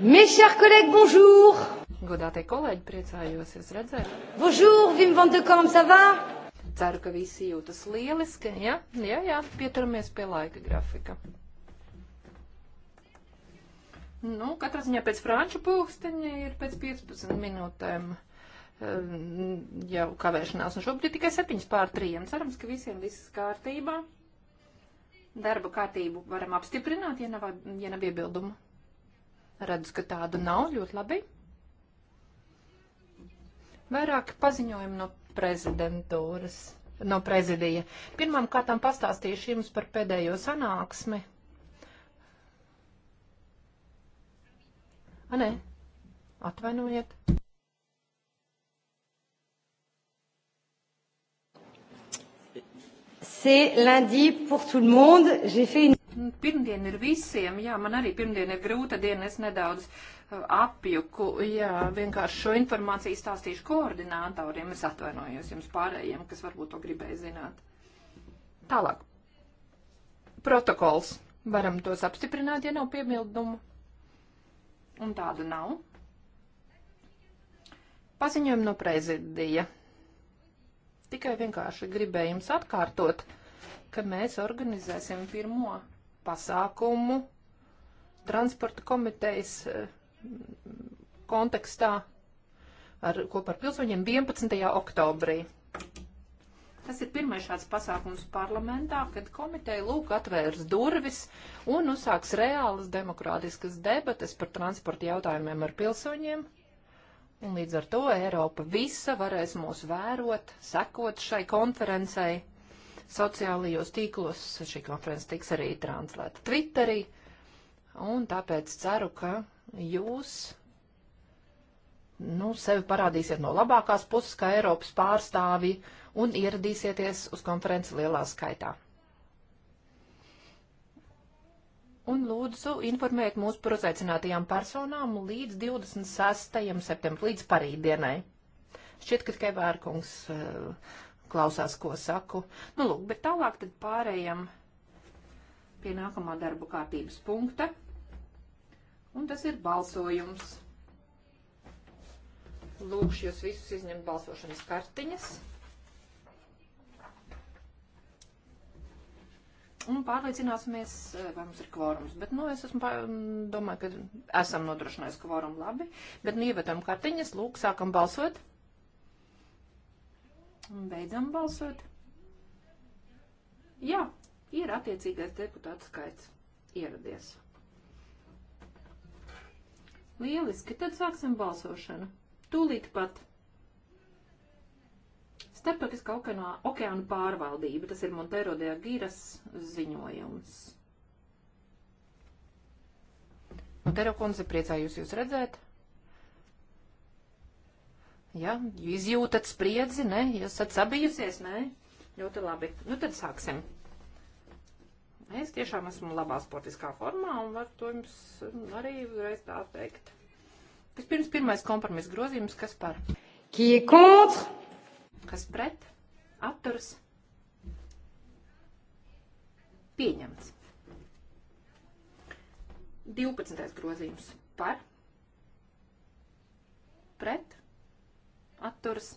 Mes chers collègues, bonjour! Godātie kolēģi, priecājos jūs redzēt. Bonjour, Vim van de Kamp, ça va? Ceru, ka visi jūtas lieliski, ja? Jā, jā, pieturamies pie laika grafika. Nu, katrā ziņā pēc franču pulksteņa ir pēc 15 minūtēm um, jau kavēšanās. Un šobrīd tikai 7 pār 3. Cerams, ka visiem viss kārtībā. Darba kārtību varam apstiprināt, ja nav, ja nav iebildumu. Redz, ka tādu nav. Ļoti labi. Vairāk paziņojumu no prezidentūras, no prezidija. Pirmām kārtām pastāstīšu jums par pēdējo sanāksmi. A, nē, atvainojiet. C'est lundi pour tout le monde. J'ai fait une. Pirmdien ir visiem, jā, man arī pirmdien ir grūta diena, es nedaudz uh, apjuku, jā, vienkārši šo informāciju stāstīšu koordinātoriem, es atvainojos jums pārējiem, kas varbūt to gribēja zināt. Tālāk. Protokols. Varam tos apstiprināt, ja nav piebildumu. Un tādu nav. Paziņojumu no prezidija. Tikai vienkārši gribēju jums atkārtot, ka mēs organizēsim pirmo pasākumu transporta komitejas eh, kontekstā ar, kopā ar pilsoņiem 11. oktobrī. Tas ir pirmais šāds pasākums parlamentā, kad komiteja lūk atvērs durvis un uzsāks reālas demokrātiskas debates par transporta jautājumiem ar pilsoņiem. Un līdz ar to Eiropa visa varēs mūs vērot, sekot šai konferencei sociālajos tīklos. Šī konference tiks arī translēta Twitterī. Un tāpēc ceru, ka jūs nu, sevi parādīsiet no labākās puses, kā Eiropas pārstāvi, un ieradīsieties uz konferenci lielā skaitā. Un lūdzu informēt mūs par uzaicinātajām personām līdz 26. septembrim, līdz parīdienai. Šķiet, ka Kevērkungs uh, eh, klausās, ko saku. Nu, lūk, bet tālāk tad pārējām pie nākamā darba kārtības punkta. Un tas ir balsojums. Lūkšu jūs visus izņemt balsošanas kartiņas. Un pārliecināsimies, eh, vai mums ir kvorums. Bet, nu, es esmu, domāju, ka esam nodrošinājuši kvorumu labi. Bet, nu, ievedam kartiņas, lūk, sākam balsot. 1, Beidzam balsot. Jā, ir attiecīgais deputāts skaits ieradies. Lieliski, tad sāksim balsošanu. Tūlīt pat. Startautiskā okeāna, okeāna pārvaldība, tas ir Montero de Agiras ziņojums. Montero kundze, priecājos jūs redzēt. Ja izjūtat spriedzi, ne? Jūs esat sabijusies, ne? Ļoti labi. Nu tad sāksim. Es tiešām esmu labā sportiskā formā un varu to jums arī uzreiz tā teikt. Vispirms pirmais kompromiss grozījums, kas par? Qui est contre? Kas pret? Atturs? Pieņemts. 12. grozījums par? Pret? atturas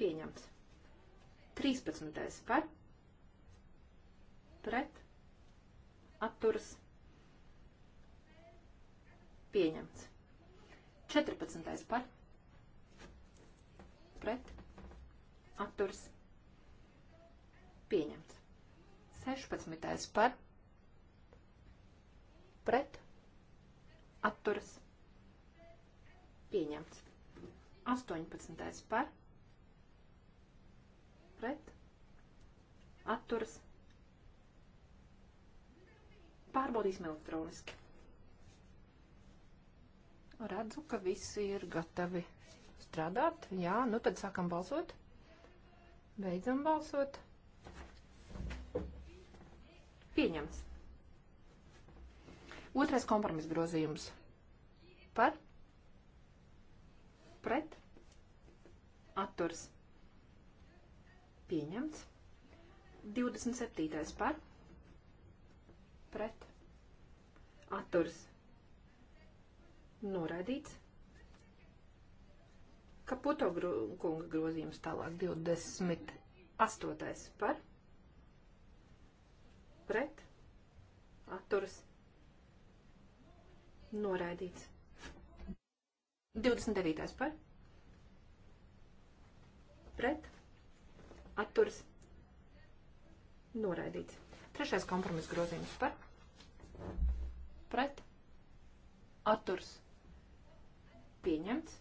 pieņemts. 13. par pret atturas pieņemts. 14. par pret atturas pieņemts. 16. par pret atturas pieņemts. 18. par pret atturas pārbaudīsim elektroniski. Redzu, ka visi ir gatavi strādāt. Jā, nu tad sākam balsot. Beidzam balsot. Pieņems. Otrais kompromis grozījums. Par? pret, atturs, pieņemts. 27. par, pret, atturs, noraidīts. Kaputo gru, kunga grozījums tālāk 28. par, pret, atturs, noraidīts. 29. par. Pret. Atturs. Noraidīts. Trešais kompromiss grozījums par. Pret. Atturs. Pieņemts.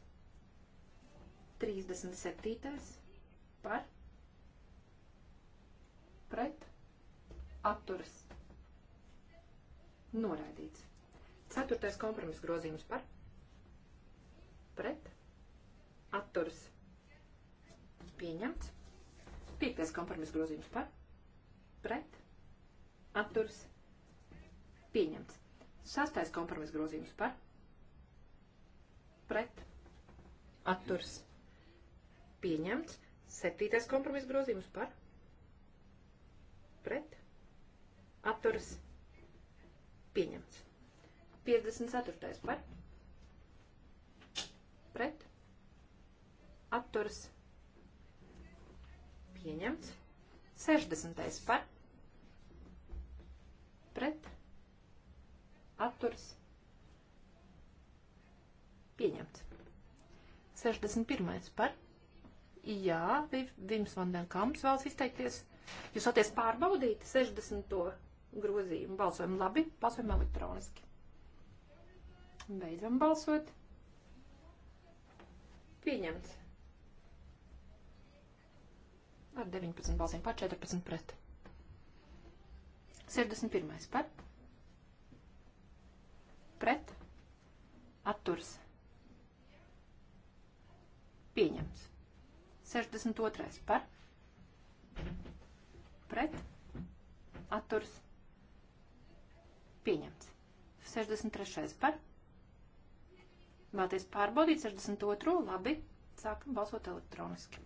37. par. Pret. Atturs. Noraidīts. Ceturtais kompromiss grozījums par pret, atturas, pieņemts. Piektais kompromiss grozījums par, pret, atturas, pieņemts. Sastais kompromiss grozījums par, pret, atturas, pieņemts. Septītais kompromiss grozījums par, pret, atturas, pieņemts. 54. par, pret pret atturas pieņemts. 60. par pret atturas pieņemts. 61. par jā, Vims Vandenkamps vēlas izteikties. Jūs vēlaties pārbaudīt 60. grozījumu. Balsojam labi, balsojam elektroniski. Beidzam balsot. Pieņemts. Ar 19 balsīm par 14 pret. 61. par. Pret. Atturs. Pieņemts. 62. par. Pret. Atturs. Pieņemts. 63. par Vēlties pārbaudīt 62. Labi, sākam balsot elektroniski.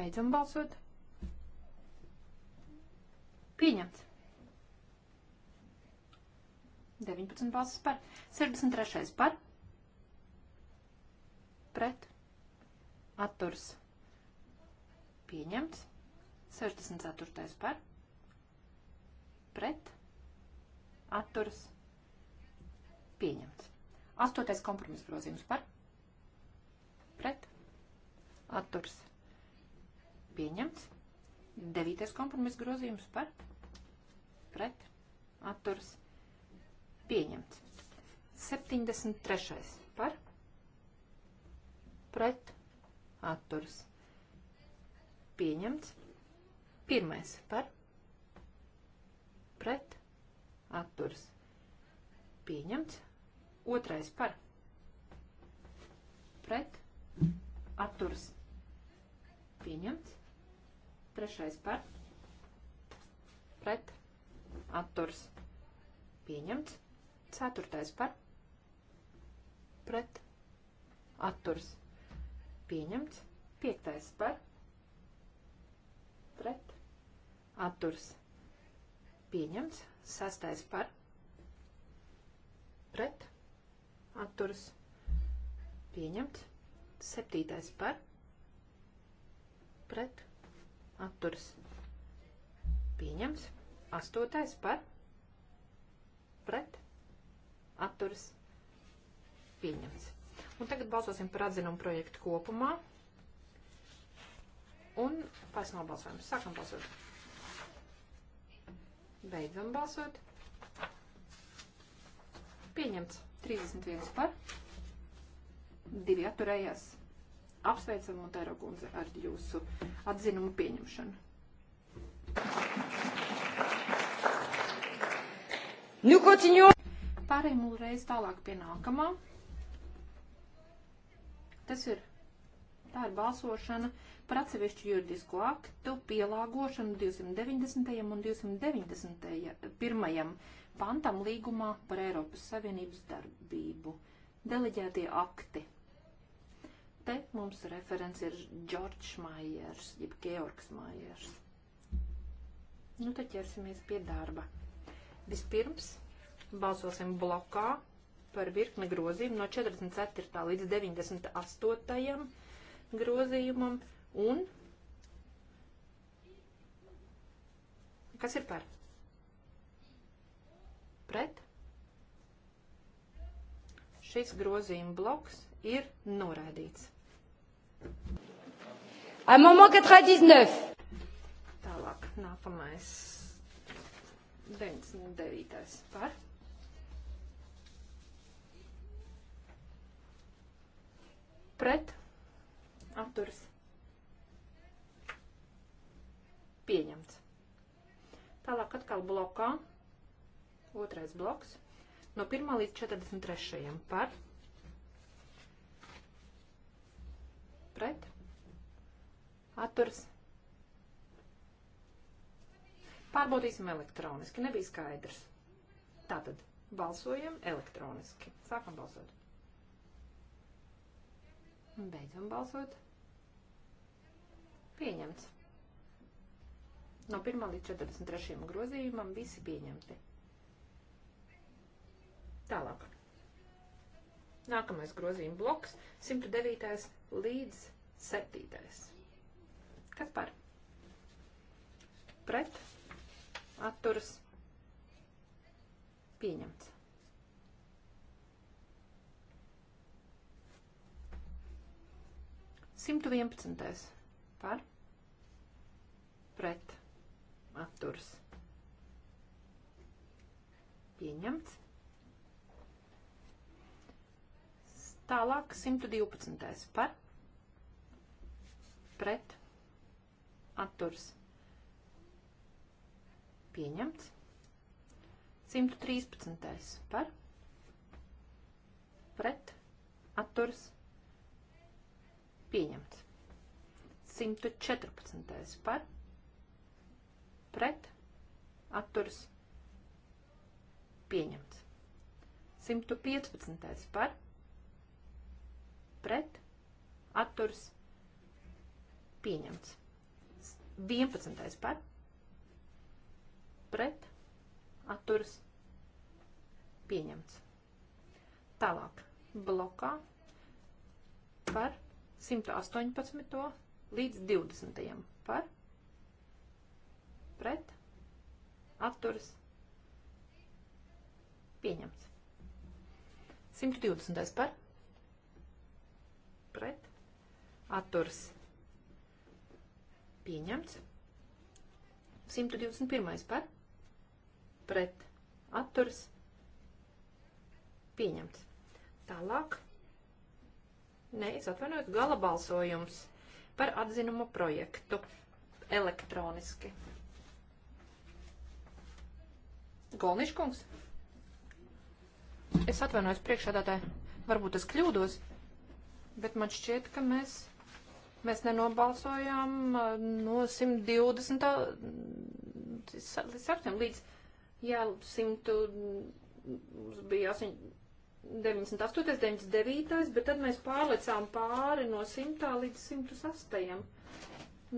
Beidzam balsot. Pieņemts. 19 balsis par. 63. par. Pret. Atturs. Pieņemts. 64. par. Pret. Atturs pieņemts. Astotais kompromiss grozījums par, pret, atturs, pieņemts. Devītais kompromiss grozījums par, pret, atturs, pieņemts. 73. par, pret, atturs, pieņemts. Pirmais par, pret, atturs, pieņemts. Otrais par. Pret. Atturs. Pieņemts. Trešais par. Pret. Atturs. Pieņemts. Ceturtais par. Pret. Atturs. Pieņemts. Piektais par. Pret. Atturs. Pieņemts. Sastais par. Pret atturas pieņemts. Septītais par pret atturas pieņemts. Astotais par pret atturas pieņemts. Un tagad balsosim par atzinumu projektu kopumā. Un personāla balsojums. Sākam balsot. Beidzam balsot. Pieņemts. 31 par, divi atturējās. Apsveicam Montero kundze ar jūsu atzinumu pieņemšanu. Nu, continuo! Pārējiem uzreiz tālāk pie nākamā. Tas ir, tā ir balsošana par atsevišķu juridisko aktu pielāgošanu 290. un 291 pantam līgumā par Eiropas Savienības darbību. Deleģētie akti. Te mums referents ir Džordžs Maiers, jeb Georgs Maiers. Nu, tad ķersimies pie darba. Vispirms balsosim blokā par virkni grozījumu no 44. līdz 98. grozījumam un kas ir par? pret. Šis grozījuma bloks ir noraidīts. Amendement 99. Tālāk, nākamais 99. par. Pret. Atturs. Pieņemts. Tālāk atkal blokā Otrais bloks. No 1 līdz 43. par. Pret. Atturs. Pārbaudīsim elektroniski. Nebija skaidrs. Tātad balsojam elektroniski. Sākam balsot. Beidzam balsot. Pieņemts. No 1 līdz 43 grozījumam visi pieņemti. Tālāk. Nākamais grozījuma bloks - 109. līdz 7. Kas par? Pret, atturas, pieņemts. Simtu vienpadsmitais par pret atturs pieņemts. Tālāk 112. par pret atturs pieņemts. 113. par pret atturs pieņemts. 114. par pret atturs pieņemts. 115. par pret pret, atturs, pieņemts. 11. par, pret, atturs, pieņemts. Tālāk blokā par 118. līdz 20. par, pret, atturs, pieņemts. 120. par, pret, atturs pieņemts. 121. par, pret, atturs pieņemts. Tālāk, nē, es atvainojos, gala balsojums par atzinumu projektu elektroniski. Golniškungs? Es atvainojos priekšādātāji, varbūt es kļūdos bet man šķiet, ka mēs, mēs nenobalsojām uh, no 120 līdz, līdz jā, 100 bija 8, 98, 99, bet tad mēs pārlecām pāri no 100 līdz 108.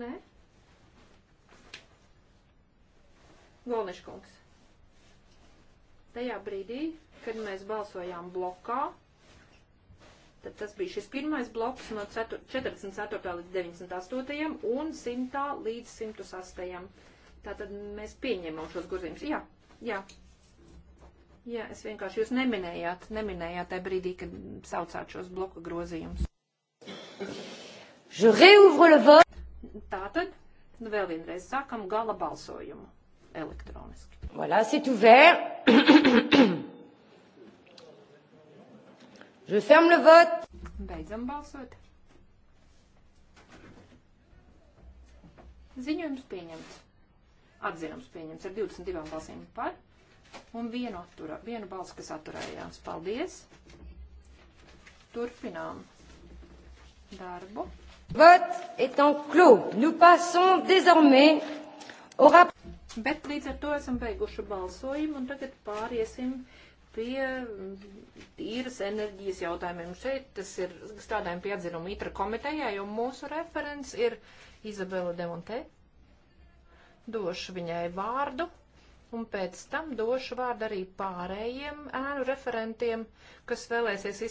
Nē? Golniškungs. Tajā brīdī, kad mēs balsojām blokā, Tad tas bija šis pirmais bloks no 44. līdz 98. un 100. līdz 108. Tātad mēs pieņemam šos grozījumus. Jā, jā. Jā, es vienkārši jūs neminējāt, neminējāt tajā brīdī, kad saucāt šos bloku grozījumus. Je réouvre le vote. Tātad, nu vēl vienreiz sākam gala balsojumu elektroniski. Voilà, c'est ouvert. Je ferme le vote. Beidzam balsot. Ziņojums pieņemts. Atzinums pieņemts ar 22 balsīm par un vienu, attura, vienu balsu, kas atturējās. Paldies. Turpinām darbu. Vote étant clos, nous passons désormais au rapport. Bet līdz ar to esam beiguši balsojumu un tagad pāriesim pie tīras mm, enerģijas jautājumiem. Šeit tas ir strādājam pie atzinuma ITRA komitejā, jo mūsu referents ir Izabela Demonte. Došu viņai vārdu, un pēc tam došu vārdu arī pārējiem ēnu referentiem, kas vēlēsies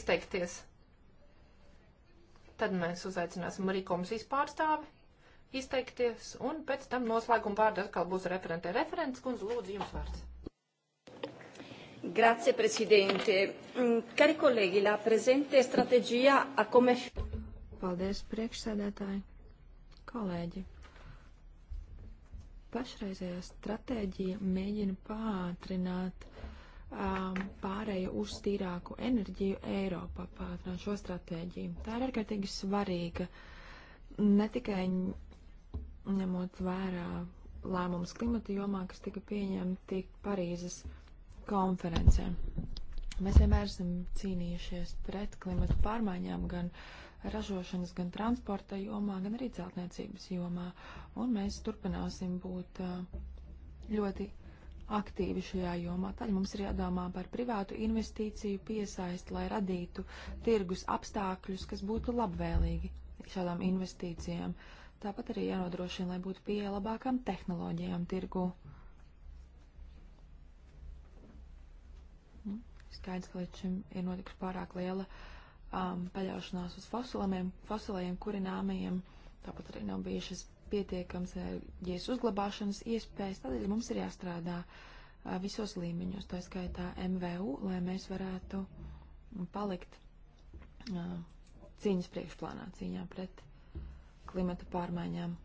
izteikties. Tad mēs uzaicināsim arī komisijas pārstāvi izteikties, un pēc tam noslēguma vārdu atkal būs referentē. Referents, kundze, lūdzu, jums vārds. Grazie Presidente. Mm, cari colleghi, la presente strategia ha come... Paldies priekšsēdētāji. Kolēģi, pašreizējā stratēģija mēģina pātrināt um, pārēju uz tīrāku enerģiju Eiropā, pātrināt šo stratēģiju. Tā ir ārkārtīgi svarīga, ne tikai ņemot vērā lēmumus klimata jomā, kas tika pieņemti Parīzes konferencēm. Mēs vienmēr esam cīnījušies pret klimatu pārmaiņām gan ražošanas, gan transporta jomā, gan arī celtniecības jomā. Un mēs turpināsim būt uh, ļoti aktīvi šajā jomā. Tad mums ir jādomā par privātu investīciju piesaisti, lai radītu tirgus apstākļus, kas būtu labvēlīgi šādām investīcijām. Tāpat arī jānodrošina, lai būtu pieeja labākām tehnoloģijām tirgu. Skaidrs, ka līdz šim ir notikusi pārāk liela um, paļaušanās uz fosiliem, fosiliem kurināmajiem, tāpat arī nav bijušas pietiekams enerģijas uzglabāšanas iespējas, tādēļ mums ir jāstrādā uh, visos līmeņos, tā skaitā MVU, lai mēs varētu palikt uh, cīņas priekšplānā, cīņā pret klimata pārmaiņām.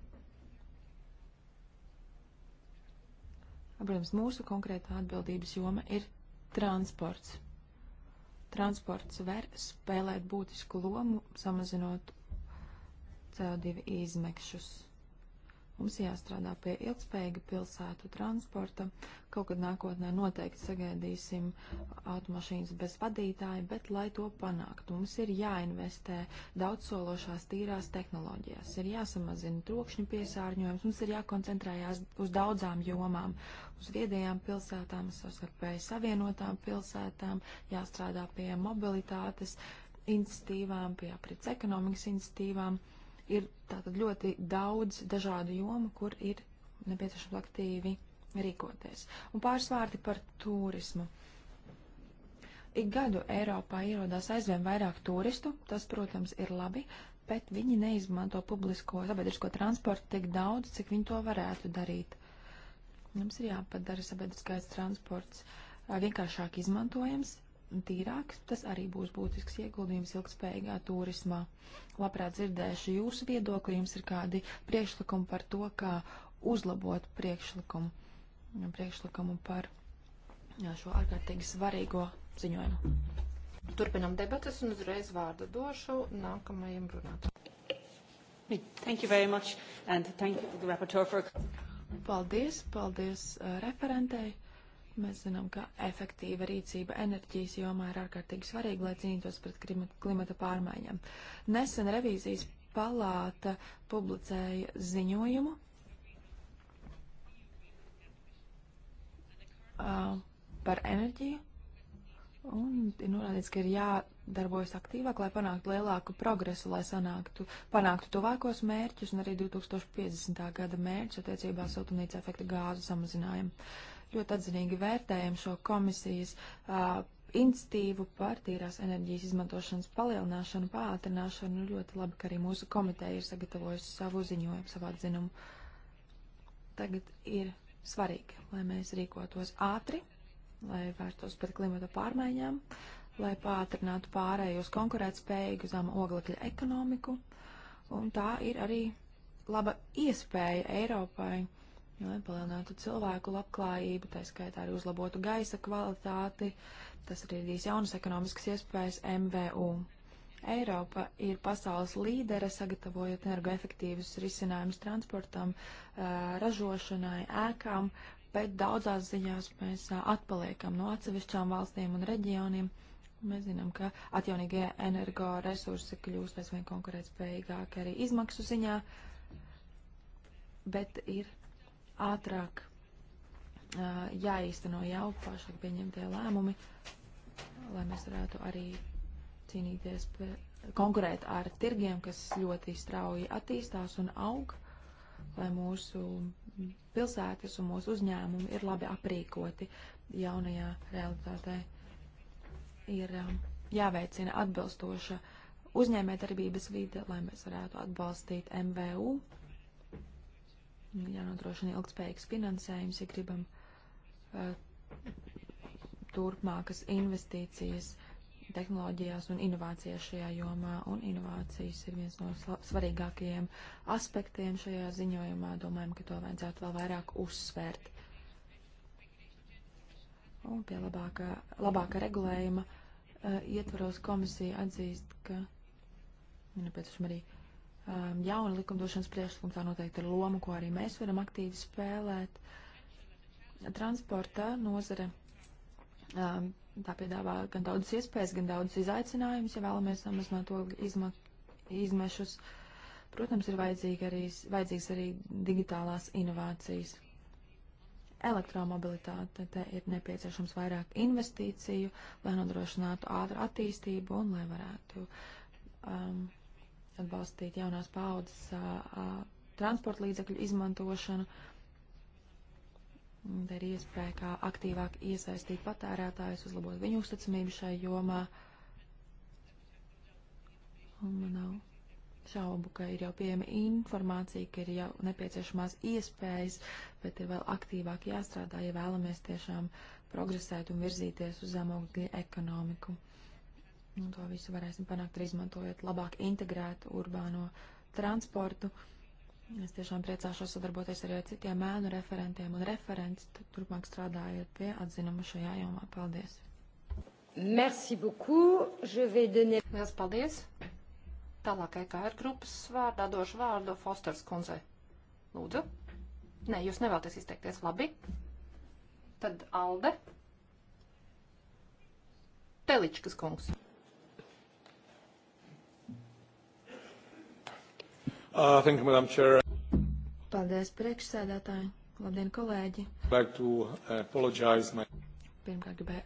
Protams, mūsu konkrētā atbildības joma ir Transports. Transports var spēlēt būtisku lomu, samazinot CO2 izmekšus. Mums jāstrādā pie ilgspējīga pilsētu transporta. Kaut kad nākotnē noteikti sagaidīsim automašīnas bez vadītāja, bet, lai to panāktu, mums ir jāinvestē daudzsološās tīrās tehnoloģijās, ir jāsamazina trokšņu piesārņojums, mums ir jākoncentrējās uz daudzām jomām, uz viedajām pilsētām, savstarpēji savienotām pilsētām, jāstrādā pie mobilitātes iniciatīvām, pie aprits ekonomikas iniciatīvām. Uh, ir tātad ļoti daudz dažādu jomu, kur ir nepieciešams aktīvi rīkoties. Un pāris vārdi par turismu. Ik gadu Eiropā ierodās aizvien vairāk turistu, tas, protams, ir labi, bet viņi neizmanto publisko sabiedrisko transportu tik daudz, cik viņi to varētu darīt. Mums ir jāpadara sabiedriskais transports vienkāršāk izmantojams, tīrāks, tas arī būs būtisks ieguldījums ilgspējīgā turismā. Labprāt dzirdēšu jūsu viedokli, jums ir kādi priekšlikumi par to, kā uzlabot priekšlikumu, priekšlikumu par jā, šo ārkārtīgi svarīgo ziņojumu. Turpinam debatas un uzreiz vārdu došu nākamajam runātājam. Thank you very much and thank you the rapporteur for... Paldies, paldies uh, referentei. Uh, Mēs zinām, ka efektīva rīcība enerģijas jomā ir ārkārtīgi svarīga, lai cīnītos pret klimata pārmaiņām. Nesen revīzijas palāta publicēja ziņojumu. Uh, par enerģiju. Un ir norādīts, ka ir jādarbojas aktīvāk, lai panāktu lielāku progresu, lai sanāktu, panāktu tuvākos mērķus un arī 2050. gada mērķus attiecībā siltumnīca efekta gāzu samazinājumu. Uh, ļoti atzinīgi vērtējam šo komisijas uh, institīvu par tīrās enerģijas izmantošanas palielināšanu, pātrināšanu. Nu, ļoti labi, ka arī mūsu komiteja ir sagatavojusi savu ziņojumu, savu atzinumu. Tagad ir svarīgi, lai mēs rīkotos ātri, lai vērstos pret klimata pārmaiņām, lai pātrinātu pārēju uz konkurētspējīgu zemu oglekļa ekonomiku. Un tā ir arī laba iespēja Eiropai uh, Nu, lai palielinātu cilvēku labklājību, tā skaitā arī uzlabotu gaisa kvalitāti. Tas arī radīs jaunas ekonomiskas iespējas MVU. Eiropa ir pasaules līdere, sagatavojot energoefektīvus risinājumus transportam, ražošanai, ēkām, bet daudzās ziņās mēs atpaliekam no atsevišķām valstīm un reģioniem. Mēs zinām, ka atjaunīgie energoresursi kļūst aizvien konkurētspējīgāki arī izmaksu ziņā, bet ir ātrāk uh, jāīsteno jau pašlaik pieņemtie lēmumi, lai mēs varētu arī cīnīties, par, konkurēt ar tirgiem, kas ļoti strauji attīstās un aug, lai mūsu pilsētas un mūsu uzņēmumi ir labi aprīkoti jaunajā realitātē. Ir um, jāveicina atbilstoša uzņēmētarbības vide, lai mēs varētu atbalstīt MVU jānodrošina ilgspējīgs finansējums, ja gribam uh, turpmākas investīcijas tehnoloģijās un inovācijās šajā jomā, un inovācijas ir viens no svarīgākajiem aspektiem šajā ziņojumā. Domājam, ka to vajadzētu vēl vairāk uzsvērt. Un pie labāka, labāka regulējuma uh, ietvaros komisija atzīst, ka nepieciešama arī uh, um, jauna likumdošanas priekšlikuma, tā noteikti ir loma, ko arī mēs varam aktīvi spēlēt. Transporta nozare um, tā piedāvā gan daudz iespējas, gan daudz izaicinājumus, ja vēlamies samazināt to izma izmešus. Protams, ir arī, vajadzīgs arī digitālās inovācijas. Elektromobilitāte te ir nepieciešams vairāk investīciju, lai nodrošinātu ātru attīstību un lai varētu um, atbalstīt jaunās paaudzes transporta līdzekļu izmantošanu. Tā ir iespēja kā aktīvāk iesaistīt patērētājus, uzlabot viņu uzticamību šai jomā. Un man nav šaubu, ka ir jau pieejama informācija, ka ir jau nepieciešamās iespējas, bet ir vēl aktīvāk jāstrādā, ja vēlamies tiešām progresēt un virzīties uz zemogļu ekonomiku. Un nu, to visu varēsim panākt arī izmantojot labāk integrētu urbāno transportu. Es tiešām priecāšos sadarboties arī ar citiem mēnu referentiem un referents, turpmāk strādājot pie atzinuma šajā jomā. Paldies! Merci beaucoup. Je vais donner... Liels paldies! Tālāk EKR grupas vārdā došu vārdu Fosters kundzei. Lūdzu. Nē, jūs nevēlaties izteikties. Labi. Tad Alde. Teličkas kungs. Uh, thank you, Madam Chair. Paldies, priekšsēdētāji. Labdien, kolēģi. Like to uh, apologize my... Pirmkārt gribēju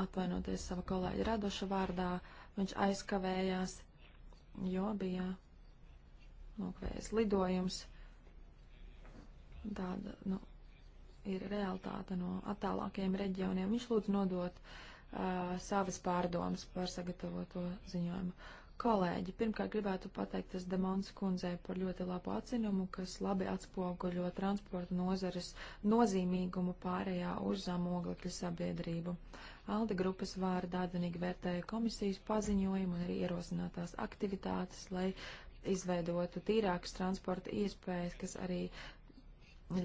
atvainoties sava kolēģa Radoša vārdā. Viņš aizkavējās, jo bija nokavējies lidojums. Tāda, nu, ir realitāte no attālākajiem reģioniem. Viņš lūdz nodot uh, savas pārdomas par sagatavoto ziņojumu kolēģi. Pirmkārt, gribētu pateikties Demons kundzei par ļoti labu atzinumu, kas labi atspoguļo transporta nozares nozīmīgumu pārējā uz zamoglikļu sabiedrību. Alde grupas vārdā atzinīgi vērtēja komisijas paziņojumu un arī ierosinātās aktivitātes, lai izveidotu tīrākas transporta iespējas, kas arī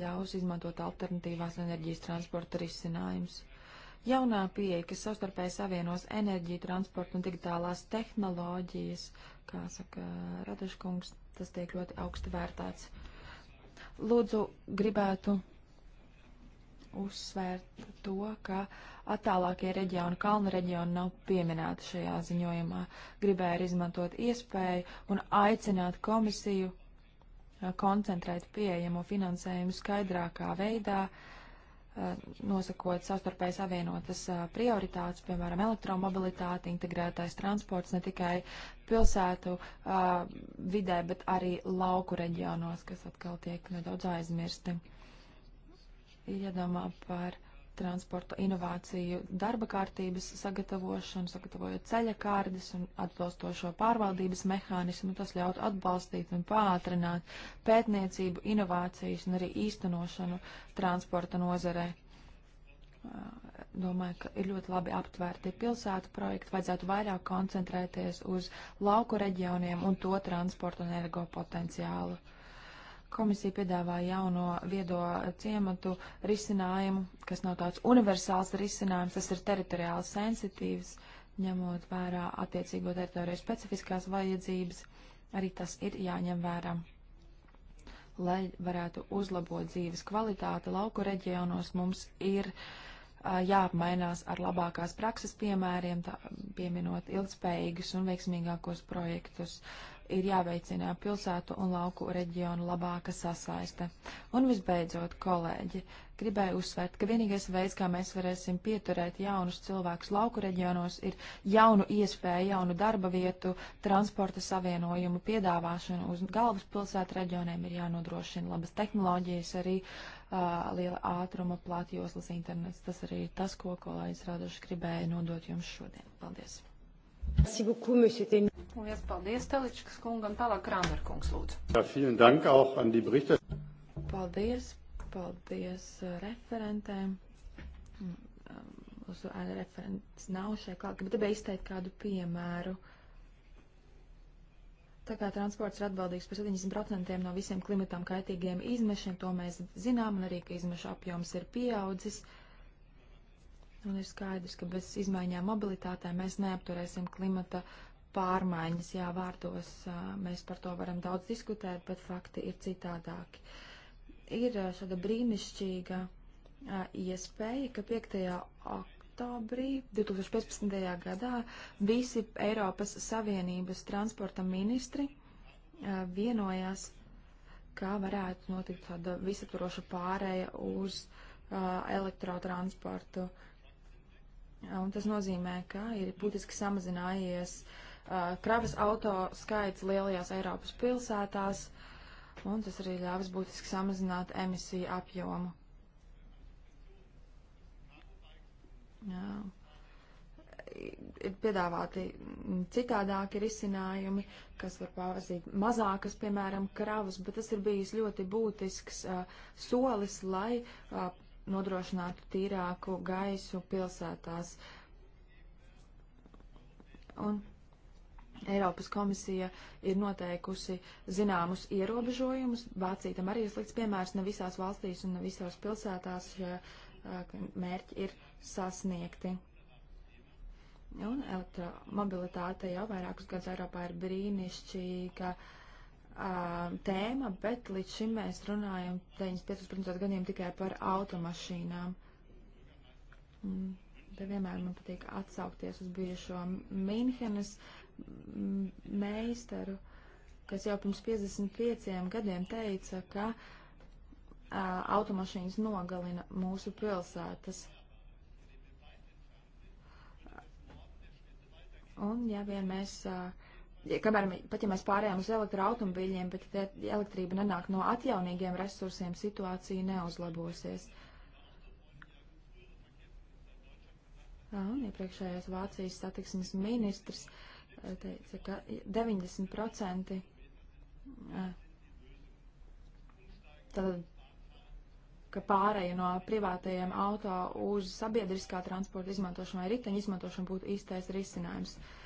ļaus izmantot alternatīvās enerģijas transporta risinājumus. Jaunā pieeja, kas savstarpēji savienos enerģiju, transportu un digitālās tehnoloģijas, kā saka Radaškungs, tas tiek ļoti augsti vērtēts. Lūdzu, gribētu uzsvērt to, ka attālākie reģioni, kalnu reģioni nav pieminēti šajā ziņojumā. Gribēju izmantot iespēju un aicināt komisiju koncentrēt pieejamo finansējumu skaidrākā veidā, uh, Eh, nosakot savstarpēji savienotas eh, prioritātes, piemēram, elektromobilitāte, integrētais transports ne tikai pilsētu eh, vidē, bet arī lauku reģionos, kas atkal tiek nedaudz aizmirsti. Ir jādomā par uh, transporta inovāciju darba kārtības sagatavošanu, sagatavojot ceļa kārdas un atbilstošo pārvaldības mehānismu. Tas ļautu atbalstīt un pātrināt pētniecību, inovācijas un arī īstenošanu transporta nozarē. Domāju, ka ir ļoti labi aptvērti pilsētu projekti, vajadzētu vairāk koncentrēties uz lauku reģioniem un to transportu un energo potenciālu. Komisija piedāvā jauno viedo ciematu risinājumu, kas nav tāds universāls risinājums, tas ir teritoriāli sensitīvs, ņemot vērā attiecīgo teritoriju specifiskās vajadzības. Arī tas ir jāņem vērā. Lai varētu uzlabot dzīves kvalitāti lauku reģionos, mums ir a, jāapmainās ar labākās prakses piemēriem, tā, pieminot ilgspējīgus un veiksmīgākos projektus. Uh, ir jāveicina pilsētu un lauku reģionu labāka sasaiste. Un visbeidzot, kolēģi, gribēju uzsvērt, ka vienīgais veids, kā mēs varēsim pieturēt jaunus cilvēkus lauku reģionos, ir jaunu iespēju, jaunu darba vietu, transporta savienojumu piedāvāšanu uz galvaspilsētu reģioniem ir jānodrošina labas tehnoloģijas, arī uh, liela ātruma platjoslas internets. Tas arī ir tas, ko kolēģis Radošs gribēja nodot jums šodien. Paldies! Lielas paldies Teličkas kungam, tālāk Krāmer kungs lūdzu. Ja, paldies, paldies uh, referentēm. Mm, um, uz uh, referents nav šeit klāt, bet gribēju izteikt kādu piemēru. Tā kā transports ir atbildīgs par 70% no visiem klimatam kaitīgiem izmešiem, to mēs zinām, un arī, ka izmešu apjoms ir pieaudzis. Uh, Un ir skaidrs, ka bez izmaiņām mobilitātē mēs neapturēsim klimata pārmaiņas. Jā, vārdos mēs par to varam daudz diskutēt, bet fakti ir citādāki. Ir šāda brīnišķīga iespēja, ka 5. oktobrī 2015. gadā visi Eiropas Savienības transporta ministri vienojās, kā varētu notikt tāda visaptvaroša pārēja uz elektrotransportu. Uh, Un tas nozīmē, ka ir būtiski samazinājies uh, kravas auto skaits lielajās Eiropas pilsētās, un tas arī ļāvis būtiski samazināt emisiju apjomu. Jā. Ir piedāvāti citādāki risinājumi, kas var pavazīt mazākas, piemēram, kravas, bet tas ir bijis ļoti būtisks uh, solis, lai uh, nodrošinātu tīrāku gaisu pilsētās. Un Eiropas komisija ir noteikusi zināmus ierobežojumus. Vācija tam arī ir slikts piemērs ne visās valstīs un ne visās pilsētās, ja mērķi ir sasniegti. Un elektromobilitāte jau vairākus gadus Eiropā ir brīnišķīga. Uh, tēma, bet līdz šim mēs runājam 95% gadiem tikai par automašīnām. Mm, te vienmēr man patīk atsaukties uz bijušo Mīnhenes meistaru, kas jau pirms 55 gadiem teica, ka a, automašīnas nogalina mūsu pilsētas. Un, ja vien mēs uh, kamēr, pat ja mēs pārējām uz elektroautomobīļiem, bet elektrība nenāk no atjaunīgiem resursiem, situācija neuzlabosies. Un iepriekšējais ja Vācijas satiksmes ministrs eh, teica, ka 90% eh, tad, ka pāreja no privātajiem auto uz sabiedriskā transporta izmantošanu vai riteņu izmantošanu būtu īstais risinājums. Uh,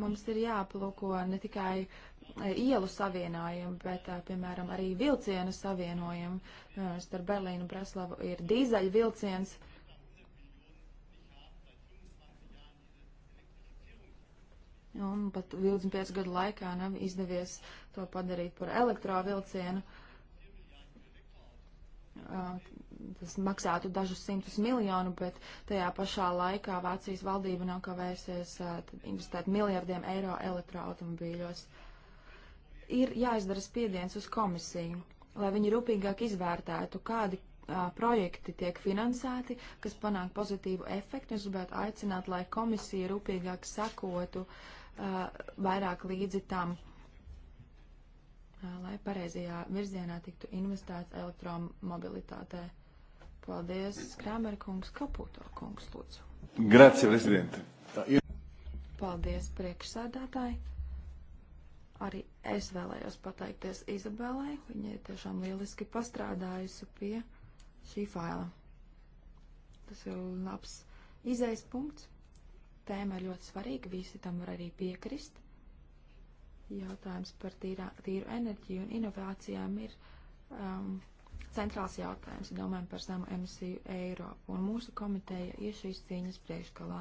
Mums ir jāaplūko ne tikai e, ielu savienojumu, bet, e, piemēram, arī vilcienu savienojumu. E, starp Berlīnu un Breslavu ir dīzeļu vilciens. Un pat 25 gadu laikā nav izdevies to padarīt par elektrovilcienu tas maksātu dažus simtus miljonu, bet tajā pašā laikā Vācijas valdība nav kavējusies investēt miljardiem eiro elektroautomobīļos. Ir jāizdara spiediens uz komisiju, lai viņi rūpīgāk izvērtētu, kādi a, projekti tiek finansēti, kas panāk pozitīvu efektu. Es gribētu aicināt, lai komisija rūpīgāk sakotu a, vairāk līdzi tam, a, lai pareizajā virzienā tiktu investēts elektromobilitātē. Paldies, Krāmer kungs, Kaputo kungs, lūdzu. Grazie, prezidente. Paldies, priekšsēdētāji. Arī es vēlējos pateikties Izabelai. Viņa ir tiešām lieliski pastrādājusi pie šī faila. Tas ir labs izējas punkts. Tēma ir ļoti svarīga, visi tam var arī piekrist. Jautājums par tīrā, tīru enerģiju un inovācijām ir um, centrāls jautājums, domājam par zemu emisiju Eiropu, un mūsu komiteja ir šīs cīņas priekšgalā.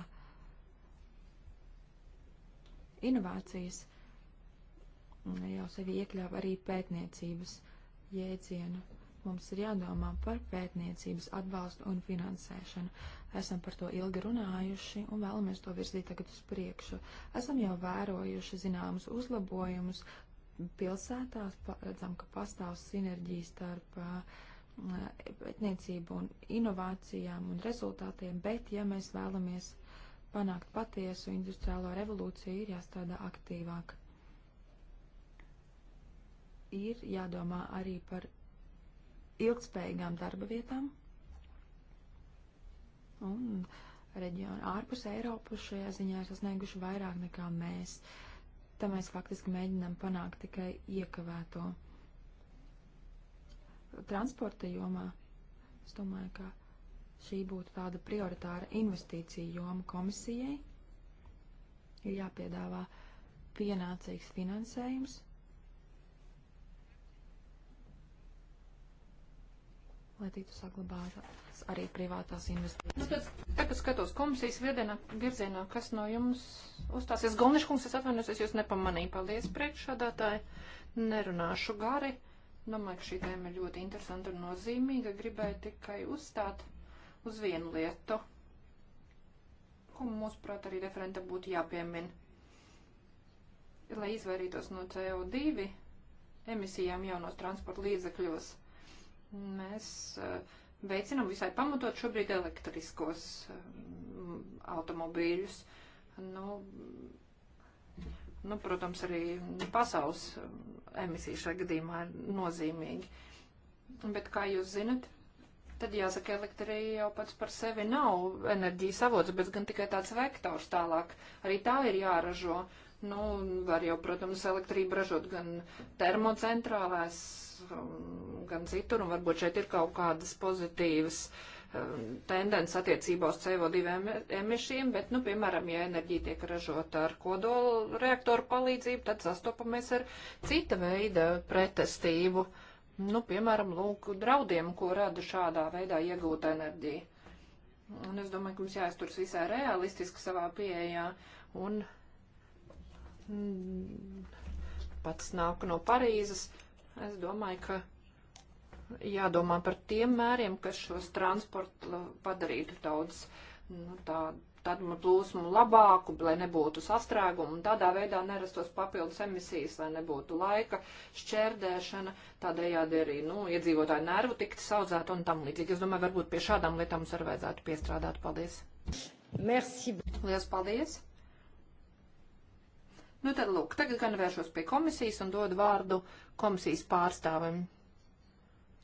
Inovācijas jau sevi iekļāva arī pētniecības jēdzienu. Mums ir jādomā par pētniecības atbalstu un finansēšanu. Esam par to ilgi runājuši un vēlamies to virzīt tagad uz priekšu. Esam jau vērojuši zināmus uzlabojumus, pilsētās redzam, ka pastāv sinerģija starp uh, pētniecību un inovācijām un rezultātiem, bet ja mēs vēlamies panākt patiesu industriālo revolūciju, ir jāstrādā aktīvāk. Ir jādomā arī par ilgspējīgām darba vietām un reģionu ārpus Eiropas šajā ziņā ir sasnieguši vairāk nekā mēs. Uh, te mēs faktiski mēģinām panākt tikai iekavēto. Transporta jomā es domāju, ka šī būtu tāda prioritāra investīcija joma komisijai. Ir jāpiedāvā pienācīgs finansējums lai tiktu saglabātas arī privātās investīcijas. Nu, tad, tagad skatos komisijas virdienā, virzienā, kas no jums uzstāsies. Golniškungs, es atvainojos, es jūs nepamanīju. Paldies, priekšādātāji. Nerunāšu gari. Domāju, ka šī tēma ir ļoti interesanta un nozīmīga. Gribēju tikai uzstāt uz vienu lietu, ko mūsuprāt arī referenta būtu jāpiemin. Lai izvairītos no CO2 emisijām jaunos transporta līdzekļos Mēs eh, veicinām visai pamatot šobrīd elektriskos eh, automobīļus. Nu, nu, protams, arī pasaules eh, emisija šajā gadījumā ir nozīmīga. Bet, kā jūs zinat, tad jāsaka, elektrija jau pats par sevi nav enerģijas avots, bet gan tikai tāds vektors tālāk. Arī tā ir jāražo. Nu, var jau, protams, elektrību ražot gan termocentrālēs Um, gan citur, un varbūt šeit ir kaut kādas pozitīvas um, tendences attiecībā uz CO2 emisijām, bet, nu, piemēram, ja enerģija tiek ražota ar kodola reaktoru palīdzību, tad sastopamies ar cita veida pretestību, nu, piemēram, lūk, draudiem, ko rada šādā veidā iegūta enerģija. Un es domāju, ka mums jāizturas visai realistiski savā pieejā. Un mm, pats nāk no Parīzes. Es domāju, ka jādomā par tiem mēriem, kas šos transportu padarītu daudz nu, tā, tādu plūsmu labāku, lai nebūtu sastrēgumu un tādā veidā nerastos papildus emisijas, lai nebūtu laika šķērdēšana, tādējādi arī, nu, iedzīvotāju nervu tikt saudzēt un tam līdzīgi. Es domāju, varbūt pie šādām lietām mums arī vajadzētu piestrādāt. Paldies! Merci! Lielas paldies! Nu tad lūk, tagad gan vēršos pie komisijas un dodu vārdu komisijas pārstāvim.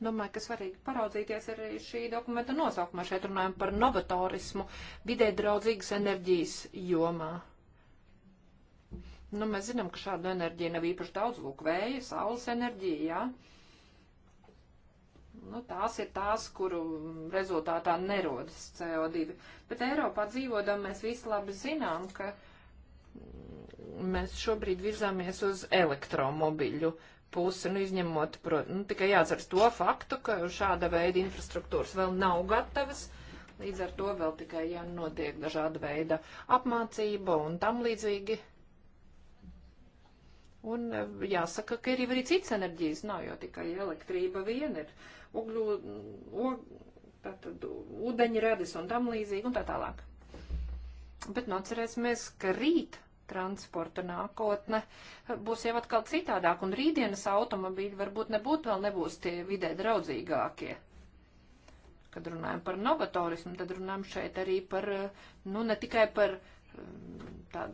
Domāju, ka svarīgi paraudzīties arī šī dokumenta nosaukumā. Šeit runājam par novatorismu vidē draudzīgas enerģijas jomā. Nu, mēs zinām, ka šādu enerģiju nav īpaši daudz, lūk, vēja, saules enerģija, jā. Nu, tās ir tās, kuru rezultātā nerodas CO2. Bet Eiropā dzīvodam mēs visi labi zinām, ka mēs šobrīd virzāmies uz elektromobiļu pusi, nu, izņemot, prot, nu, tikai jāatceras to faktu, ka šāda veida infrastruktūras vēl nav gatavas. Līdz ar to vēl tikai jānotiek dažāda veida apmācība un tam līdzīgi. Un jāsaka, ka ir arī cits enerģijas, nav jau tikai elektrība viena, ir ugļu, og, tātad ūdeņi radis un tam līdzīgi un tā tālāk. Bet nocerēsimies, ka rīt transporta nākotne būs jau atkal citādāk, un rītdienas automobīļi varbūt nebūtu vēl nebūs tie vidē draudzīgākie. Kad runājam par novatorismu, tad runājam šeit arī par, nu, ne tikai par, tā,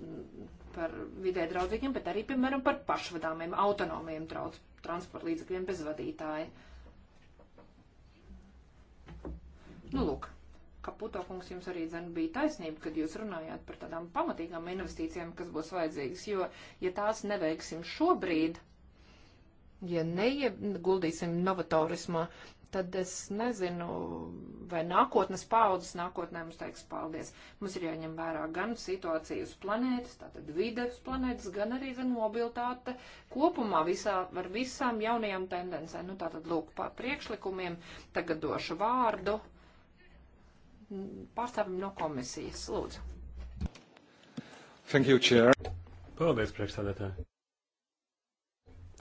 par vidē draudzīgiem, bet arī, piemēram, par pašvadāmiem, autonomiem trauc, transporta līdzekļiem bez vadītāja. Nu, lūk ka Puto kungs jums arī zin, bija taisnība, kad jūs runājāt par tādām pamatīgām investīcijām, kas būs vajadzīgas, jo ja tās neveiksim šobrīd, ja neieguldīsim novatorismā, tad es nezinu, vai nākotnes paudzes nākotnē mums teiks paldies. Mums ir jāņem vērā gan situācija uz planētas, tātad vide uz planētas, gan arī gan mobilitāte kopumā visā, ar visām jaunajām tendencēm. Nu, tātad lūk, pa priekšlikumiem tagad došu vārdu uh, pārstāvim no komisijas. Lūdzu. Thank you, Chair. Paldies, priekšstādētāji.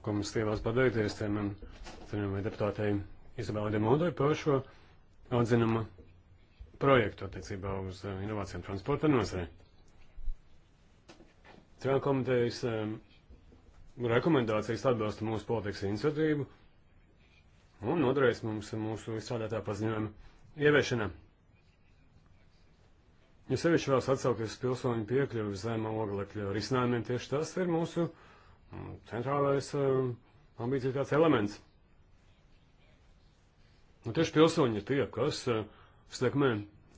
Komisija vēlas pabeigties tiem un cienījumai deputātei Izabela Demodai par šo atzinuma projektu attiecībā uz eh, inovācijām transporta nozarei. Trānu komitejas um, rekomendācijas atbalsta mūsu politikas iniciatīvu un nodarēs mums mūsu izstrādātā paziņojuma ieviešanā. Ja sevišķi vēlas atsaukties pilsoņu piekļuvi zemā oglekļa risinājumiem, tieši tas ir mūsu mm, centrālais mm, ambīcija tāds elements. Un nu, tieši pilsoņi ir tie, kas mm, stekmē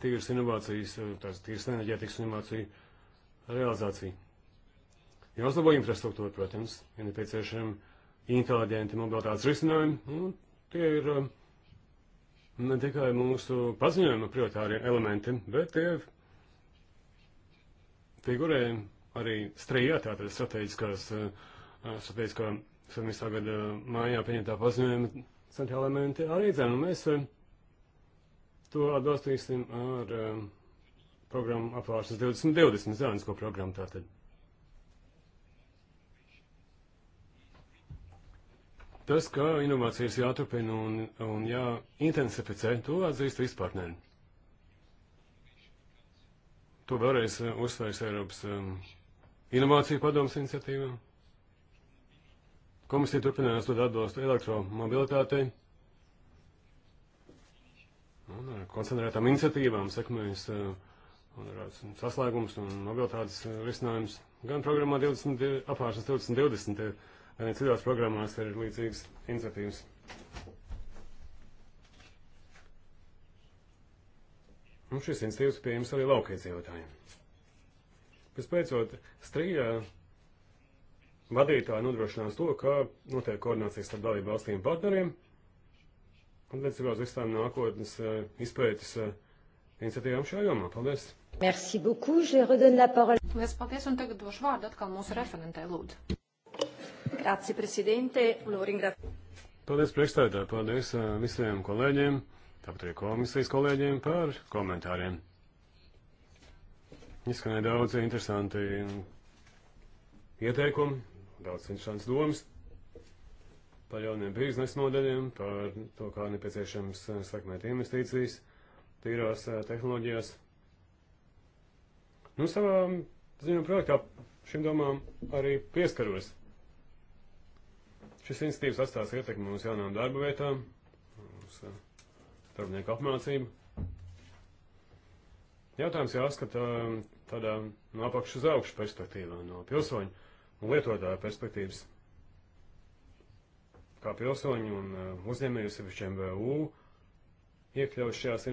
tīras inovācijas, tās tīras enerģētikas inovāciju realizāciju. Jāuzlabo infrastruktūra, protams, ir nepieciešami inteliģenti mobilitātes risinājumi, un tie ir ne tikai mūsu paziņojuma prioritārie elementi, bet tie figurē arī strījā, tātad strateģiskās, eh, strateģiskā 17. gada eh, mājā pieņemtā paziņojuma centra elementi arī dzēnu. Mēs eh, to atbalstīsim ar programmu apvāršanas 2020 zēnisko programmu tātad. Tas, ka inovācijas jāturpina un, un jāintensificē, to atzīst vispārnēm. To vēlreiz eh, uzsvērs Eiropas um, inovāciju padomas iniciatīvā. Komisija turpinās dot atbalstu elektromobilitātei un ar eh, koncentrētām iniciatīvām sekmējas uh, un saslēgums un mobilitātes risinājums gan programmā 20, apāršanas 2020, gan ir citās programmās ir līdzīgas iniciatīvas. Un nu, šis institīvs pieejams arī laukaiedzīvotājiem. Vispēcot, strīdā vadītāji nodrošinās to, ka notiek koordinācijas starp dalību valstīm partneriem, un līdzībā uz visām nākotnes eh, izpētes eh, iniciatīvām šajā jomā. Paldies! Merci beaucoup, je redonne la parole. Lies paldies, un tagad došu vārdu atkal mūsu referentē, lūdzu. Grazie, presidente, lo ringrazio. Paldies, priekšstādā, paldies eh, visiem kolēģiem tāpat arī komisijas kolēģiem par komentāriem. Izskanēja daudz interesanti ieteikumi, daudz interesants domas par jauniem biznesa modeļiem, par to, kā nepieciešams sekmēt investīcijas tīrās eh, tehnoloģijās. Nu, savā ziņā projektā šim domām arī pieskaros. Šis institīvs atstās ietekmi uz jaunām darba vietām, uz uh, darbinieku apmācību. Jautājums jāskata um, tādā no apakšu uz augšu perspektīvā, no pilsoņu un lietotāju perspektīvas. Kā pilsoņu un uh, uzņēmēju sevišķi MVU iekļaus šajās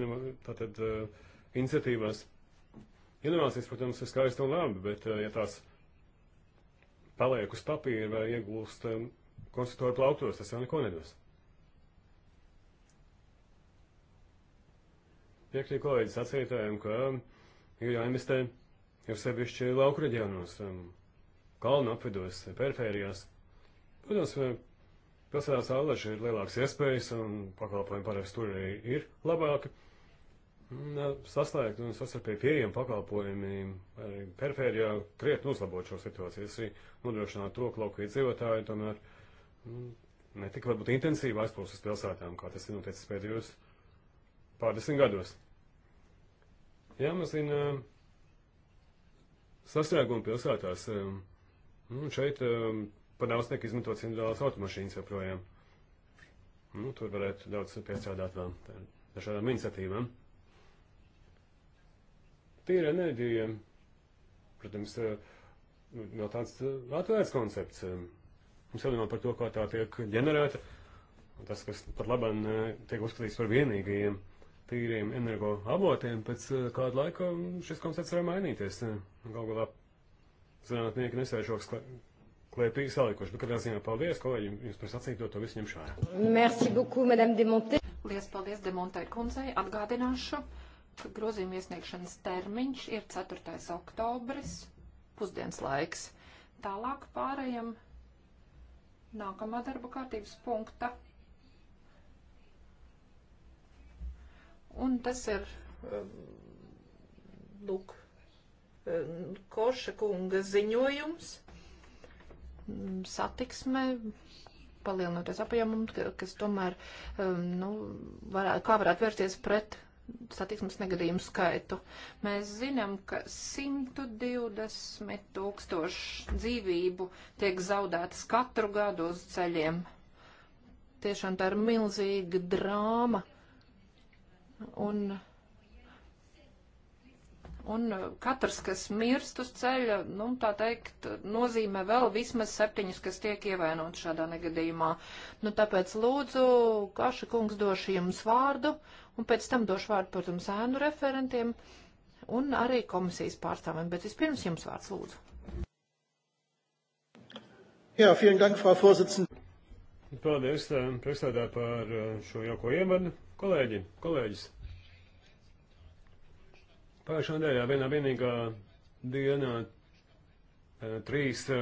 tātad, uh, iniciatīvās. Inovācijas, protams, ir skaisti un labi, bet uh, ja tās paliek uz papīra vai iegūst um, konstruktoru plauktos, tas jau neko nedos. Piekrīt kolēģis sacītājiem, ka ir jāinvestē ir sevišķi lauku reģionos, um, kalnu apvidos, perifērijās. Protams, um, pilsētā saulēši ir lielāks iespējas un pakalpojumi parasti tur arī ir labāki. Uh, saslēgt un sastarpēji pieejami pakalpojumi perifērijā krietni uzlabot šo situāciju. Es arī nodrošinātu to, ka lauku iedzīvotāji tomēr mm, netika varbūt intensīvi aizplūst uz pilsētām, kā tas ir noticis pēdējos gados pārdesmit gados. Jāmazina sastrēguma pilsētās. Nu, šeit par daudz tiek izmantots individuālas automašīnas joprojām. Nu, tur varētu daudz piestrādāt vēl dažādām iniciatīvām. Tīra enerģija, protams, nav eh, tāds eh, atvērts koncepts. Mums jādomā par to, kā tā tiek ģenerēta. Un tas, kas pat labam tiek uzskatīts par vienīgajiem tīriem energo avotiem, pēc eh, kāda laika šis koncepts var mainīties. Galu galā zinātnieki nesēžoks klēpī salikuši, bet katrā ziņā paldies, kolēģi, jums par sacīto to visu ņem šajā. Merci beaucoup, madame Demonte. Lies paldies Demontai kundzei, atgādināšu, ka grozījuma iesniegšanas termiņš ir 4. oktobris, pusdienas laiks. Tālāk pārējam nākamā darba kārtības punkta Un tas ir, um, lūk, um, Koša kunga ziņojums mm, satiksme palielinoties apjomam, kas tomēr, um, nu, varētu, kā varētu vērsties pret satiksmes negadījumu skaitu. Mēs zinām, ka 120 tūkstoši dzīvību tiek zaudētas katru gadu uz ceļiem. Tiešām tā ir milzīga drāma Un, un katrs, kas mirst uz ceļa, nu, tā teikt, nozīmē vēl vismaz septiņus, kas tiek ievainot šādā negadījumā. Nu, tāpēc lūdzu, Kaša kungs došu jums vārdu, un pēc tam došu vārdu, protams, ēnu referentiem un arī komisijas pārstāvjiem. Bet vispirms jums vārds lūdzu. Jā, vielen dank, Frau Vorsitzende. Paldies, eh, priekšstādā par eh, šo jauko ievadu. Kolēģi, kolēģis, pagājušā nedēļā vienā vienīgā dienā e, trīs e,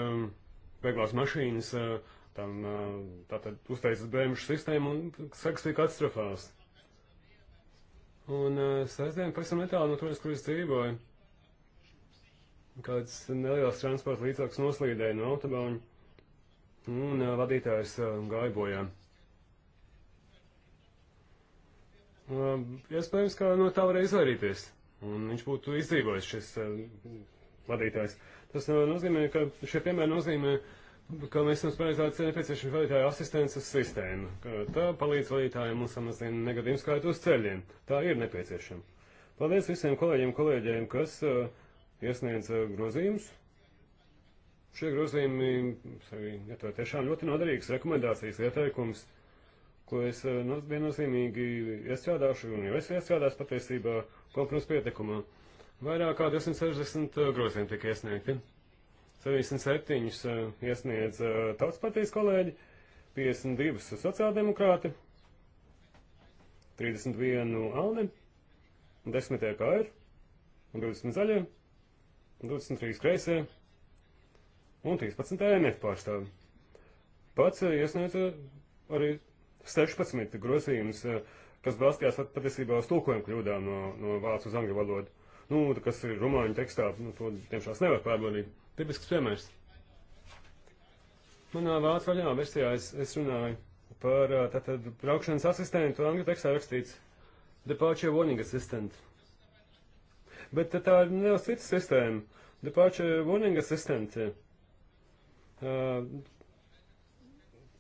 vieglās mašīnas e, tam tātad uztaisas bremžu sistēmu un sekas bija katastrofās. Un sestdien pavisam netālu no turienes, kur es dzīvoju, kāds neliels transporta līdzaklis noslīdēja no autobaņa un vadītājs gāja bojām. Um, iespējams, ka no tā varēja izvairīties. Un viņš būtu izdzīvojis šis um, vadītājs. Tas nozīmē, ka šie piemēri nozīmē, ka mēs esam spēlētāji nepieciešami vadītāju asistences sistēmu. Tā palīdz vadītājiem un samazina negadījumu skaitu uz ceļiem. Tā ir nepieciešama. Paldies visiem kolēģiem, kolēģiem, kas uh, iesniedz uh, grozījumus. Šie grozījumi, mm, ja to tiešām ļoti noderīgs rekomendācijas ieteikums. Ja ko es eh, nu, viennozīmīgi iestrādāšu, un jau es iestrādāšu patiesībā kompromisa pieteikumā. Vairāk kā 260 eh, grozījumi tika iesniegti. 77 eh, iesniedz tautas partijas kolēģi, 52 sociāldemokrāti, 31 alni, 10 kā ir, 20 zaļie, 23 kreisie un 13 e NF pārstāvi. Pats iesniedza arī 16 grozījums, eh, kas balstījās patiesībā uz tulkojumu kļūdām no, no vācu uz angļu valodu. Nu, kas ir romāņu tekstā, nu, to tiemžēl nevar pārbaudīt. Tipisks piemērs. Manā vācu vaļā versijā es, es runāju par eh, tātad braukšanas asistentu, angļu tekstā rakstīts Departure Warning Assistant. Bet tā ir nedaudz cita sistēma. Departure Warning Assistant. Uh,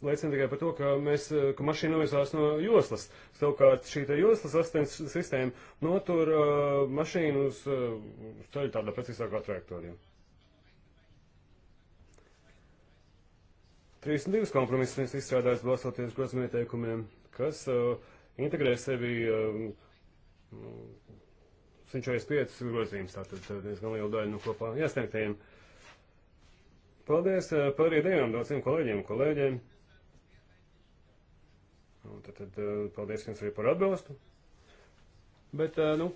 liecina tikai par to, ka, mēs, eh, ka mašīna novirzās no joslas. Savukārt šī joslas asistences sistēma notur uh, mašīnu uz uh, ceļu tādā precīzākā trajektorijā. 32 kompromisus mēs izstrādājam balstoties grozījuma ieteikumiem, kas uh, integrē sevi uh, 145 grozījumus, tātad diezgan lielu daļu no kopā iesniegtajiem. Paldies uh, par idejām daudziem kolēģiem un kolēģiem. kolēģiem. Un nu, tad, tad eh, paldies jums arī par atbalstu. Bet, eh, nu,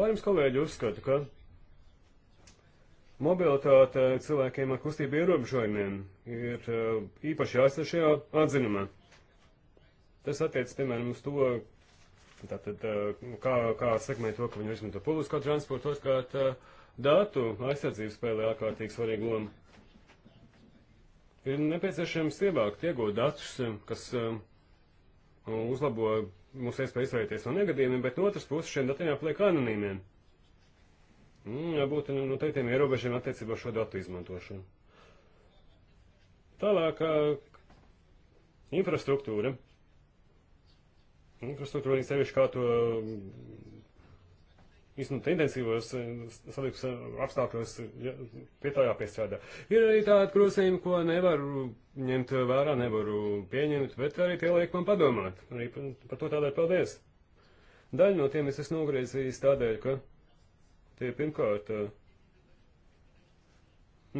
vairums kolēģi uzskata, ka mobilitāte cilvēkiem ar kustību ierobežojumiem ir eh, īpaši jāizsver šajā atzinumā. Tas attiec, piemēram, uz to, tātad, kā, kā sekmē to, ka viņi izmanto publisko transportu, otrkārt, datu aizsardzību spēlē ārkārtīgi svarīgu lomu. Ir nepieciešams ievākt, iegūt datus, eh, kas uh, uzlabo mūsu iespēju izvairīties no negadījumiem, bet no otras puses šiem datiem jāpaliek anonīmiem. Mm, jābūt eh, noteiktiem nu, ierobežiem attiecībā šo datu izmantošanu. Tālāk, infrastruktūra. Infrastruktūra, sevišķi kā to īstenot nu, intensīvos eh, satiksmes eh, apstākļos ja, pie tā jāpiestrādā. Ir arī tāda krusējuma, ko nevaru ņemt vērā, nevaru pieņemt, bet arī tie liek man padomāt. Arī par, par to tādēļ paldies. Daļu no tiem es esmu nogriezījis tādēļ, ka tie pirmkārt eh,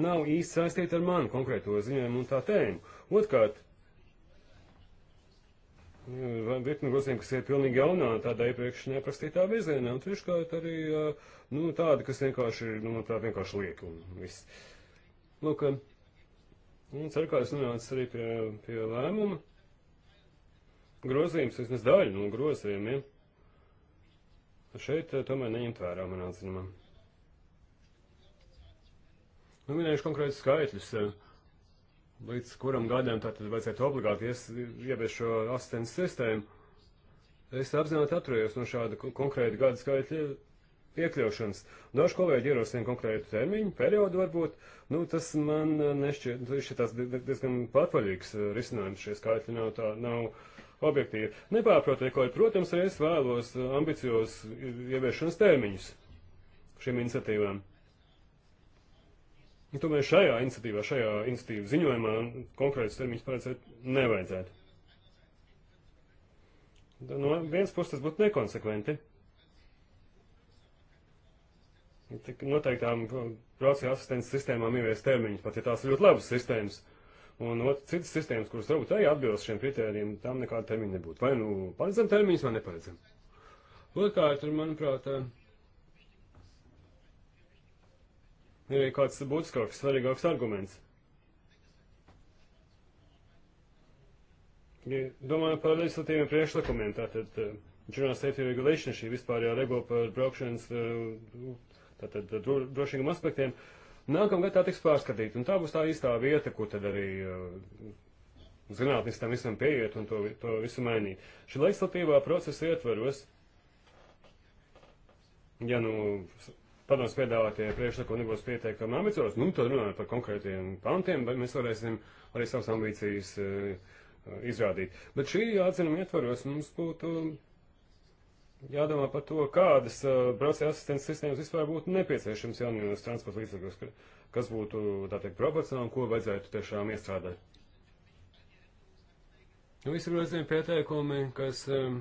nav īsti saistīti ar manu konkrēto ziņojumu un tā tēmu. Otkārt, virkni grozījumu, kas ir pilnīgi jaunā, tādā iepriekš neaprakstītā virzienā, un treškārt arī nu, tādi, kas vienkārši ir, nu, tā vienkārši liek un viss. Lūk, un ceru, kā es nonācu arī pie, pie lēmuma. Grozījums, vismaz daļa no grozījumiem, ja? šeit tomēr neņemt vērā manā zinumā. Nu, minējuši konkrētus skaitļus. Uh, līdz kuram gadam tātad vajadzētu obligāti ievies šo asistentu sistēmu. Es apzināti atturējos no šāda konkrēta gada skaitļa iekļaušanas. Daži kolēģi ierosina konkrētu termiņu, periodu varbūt. Nu, tas man nešķiet, nu, šitās diezgan patvaļīgs eh, risinājums. Šie skaitļi nav tā, nav objektīvi. Nepārprotiet, kolēģi, protams, arī es vēlos eh, ambiciozus ieviešanas termiņus šīm iniciatīvām. Un tomēr šajā iniciatīvā, šajā iniciatīvas ziņojumā konkrētus termiņus paredzēt nevajadzētu. No vienas puses tas būtu nekonsekventi. Tik noteiktām braucēju asistences sistēmām ievies termiņus, pat ja tās ir ļoti labas sistēmas. Un no citas sistēmas, kuras varbūt arī atbilst šiem kritērijiem, tam nekāda termiņa nebūtu. Vai nu paredzam termiņus, vai neparedzam. Otrkārt, manuprāt, uh, ir kāds būtiskāks, svarīgāks arguments. Ja domāju par legislatīviem priekšlikumiem, tātad uh, eh, Journal Safety Regulation, šī vispārējā regula par braukšanas uh, tātad dro, drošīgiem aspektiem, nākamgad tā tiks pārskatīta, un tā būs tā īstā vieta, kur tad arī uh, eh, zinātnis tam visam pieiet un to, to visu mainīt. Šī legislatīvā procesa ietveros, ja nu padoms piedāvātie priekšlikumi nebūs pietiekami ambiciozi, nu, tad runājot par konkrētiem pantiem, bet mēs varēsim arī savas ambīcijas eh, izrādīt. Bet šī atzinuma ietvaros mums būtu jādomā par to, kādas eh, braucēju asistences sistēmas vispār būtu nepieciešams jaunajos transporta līdzekļos, kas būtu, tā teikt, proporcionāli un ko vajadzētu tiešām iestrādāt. Nu, visi grozījumi pieteikumi, kas um,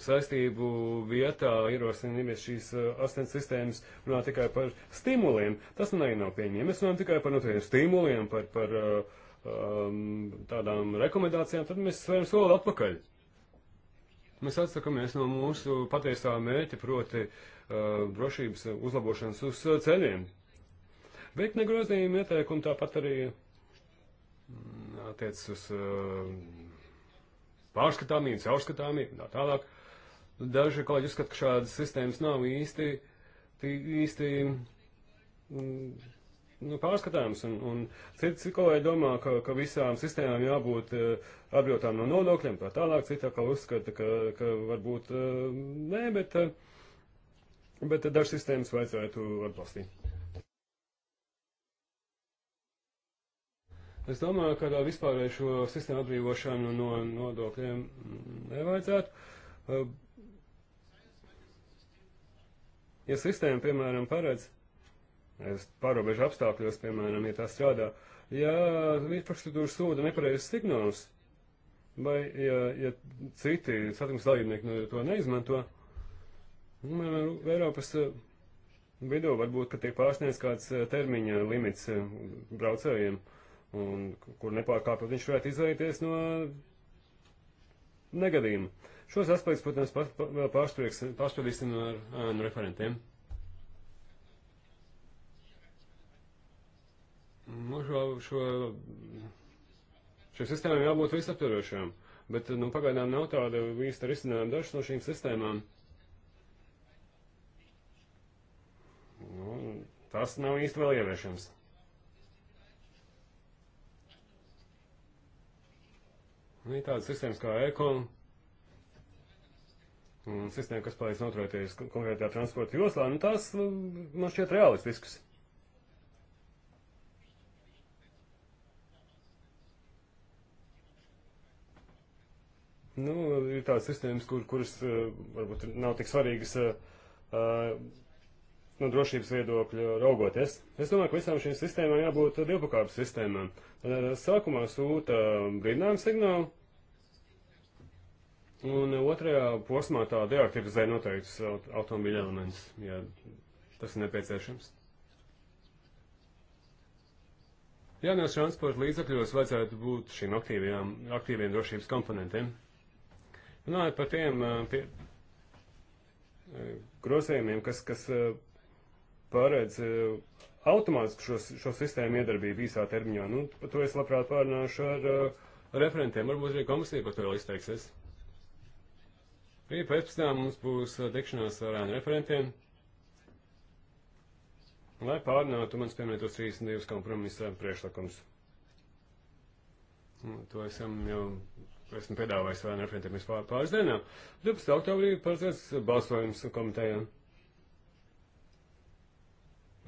saistību vietā ierosina ievies šīs eh, asins sistēmas, runā tikai par stimuliem. Tas man arī nav pieņēmis. Mēs runājam tikai par noteiktiem stimuliem, par, par eh, um, tādām rekomendācijām, tad mēs sveram soli atpakaļ. Mēs atsakamies no mūsu patiesā mērķa, proti uh, drošības uzlabošanas uz ceļiem. Veikne grozījuma ieteikumi tāpat arī mm, attiecas uz uh, pārskatāmību, caurskatāmību un tā tālāk. Daži kolēģi uzskata, ka šādas sistēmas nav īsti, īsti mm, nu, pārskatāmas, un, un citi kolēģi domā, ka, ka visām sistēmām jābūt uh, eh, apjotām no nodokļiem, tā tālāk, citā kā uzskata, ka, ka varbūt uh, nē, bet, uh, bet dažas sistēmas vajadzētu atbalstīt. Es domāju, ka vispārēju šo sistēmu atbrīvošanu no nodokļiem mm, nevajadzētu. Uh, Ja sistēma, piemēram, paredz, es pārobežu apstākļos, piemēram, ja tā strādā, ja infrastruktūra sūda nepareizes signālus, vai ja, ja citi satiksmes dalībnieki no to neizmanto, nu, piemēram, Eiropas eh, vidū varbūt, ka tiek pārsniegts kāds eh, termiņa limits eh, braucējiem, un kur nepārkāpjot viņš varētu izvairīties no negadījuma. Šos aspektus, protams, vēl pārspēlīsim ar, ar referentiem. Nu, šo, šo, šo sistēmu jābūt visaptvarošām, bet nu, pagaidām nav tāda īsta risinājuma dažas no šīm sistēmām. Nu, tas nav īsti vēl ieviešams. Nu, ir tādas sistēmas kā ekoloģija sistēma, kas palīdz noturēties konkrētā transporta joslā, nu tās nu, man šķiet realistiskas. Nu, ir tādas sistēmas, kur, kuras eh, varbūt nav tik svarīgas eh, eh, no drošības viedokļa raugoties. Es domāju, ka visām šīm sistēmām jābūt divpakāpju sistēmām. Sākumā sūta brīdinājumu signālu Un otrajā posmā tā deaktivizē noteiktus automobīļa elementus, ja tas ir nepieciešams. Jaunos transporta līdzakļos vajadzētu būt šīm aktīvajām, aktīviem drošības komponentiem. Runājot par tiem pie, grozējumiem, kas, kas pārēdz automātiski šo, šo sistēmu iedarbību īsā termiņā, nu, par to es labprāt pārnāšu ar, ar referentiem, varbūt arī komisija par to vēl izteiksies. Rīt pēcpusdienā mums būs tikšanās ar ēnu referentiem, lai pārnātu mans pieminētos 32 kompromisa priekšlikums. Nu, to esam jau esmu piedāvājis ēnu referentiem vispār pāris dienām. 12. oktobrī paredzēts balsojums komitejā.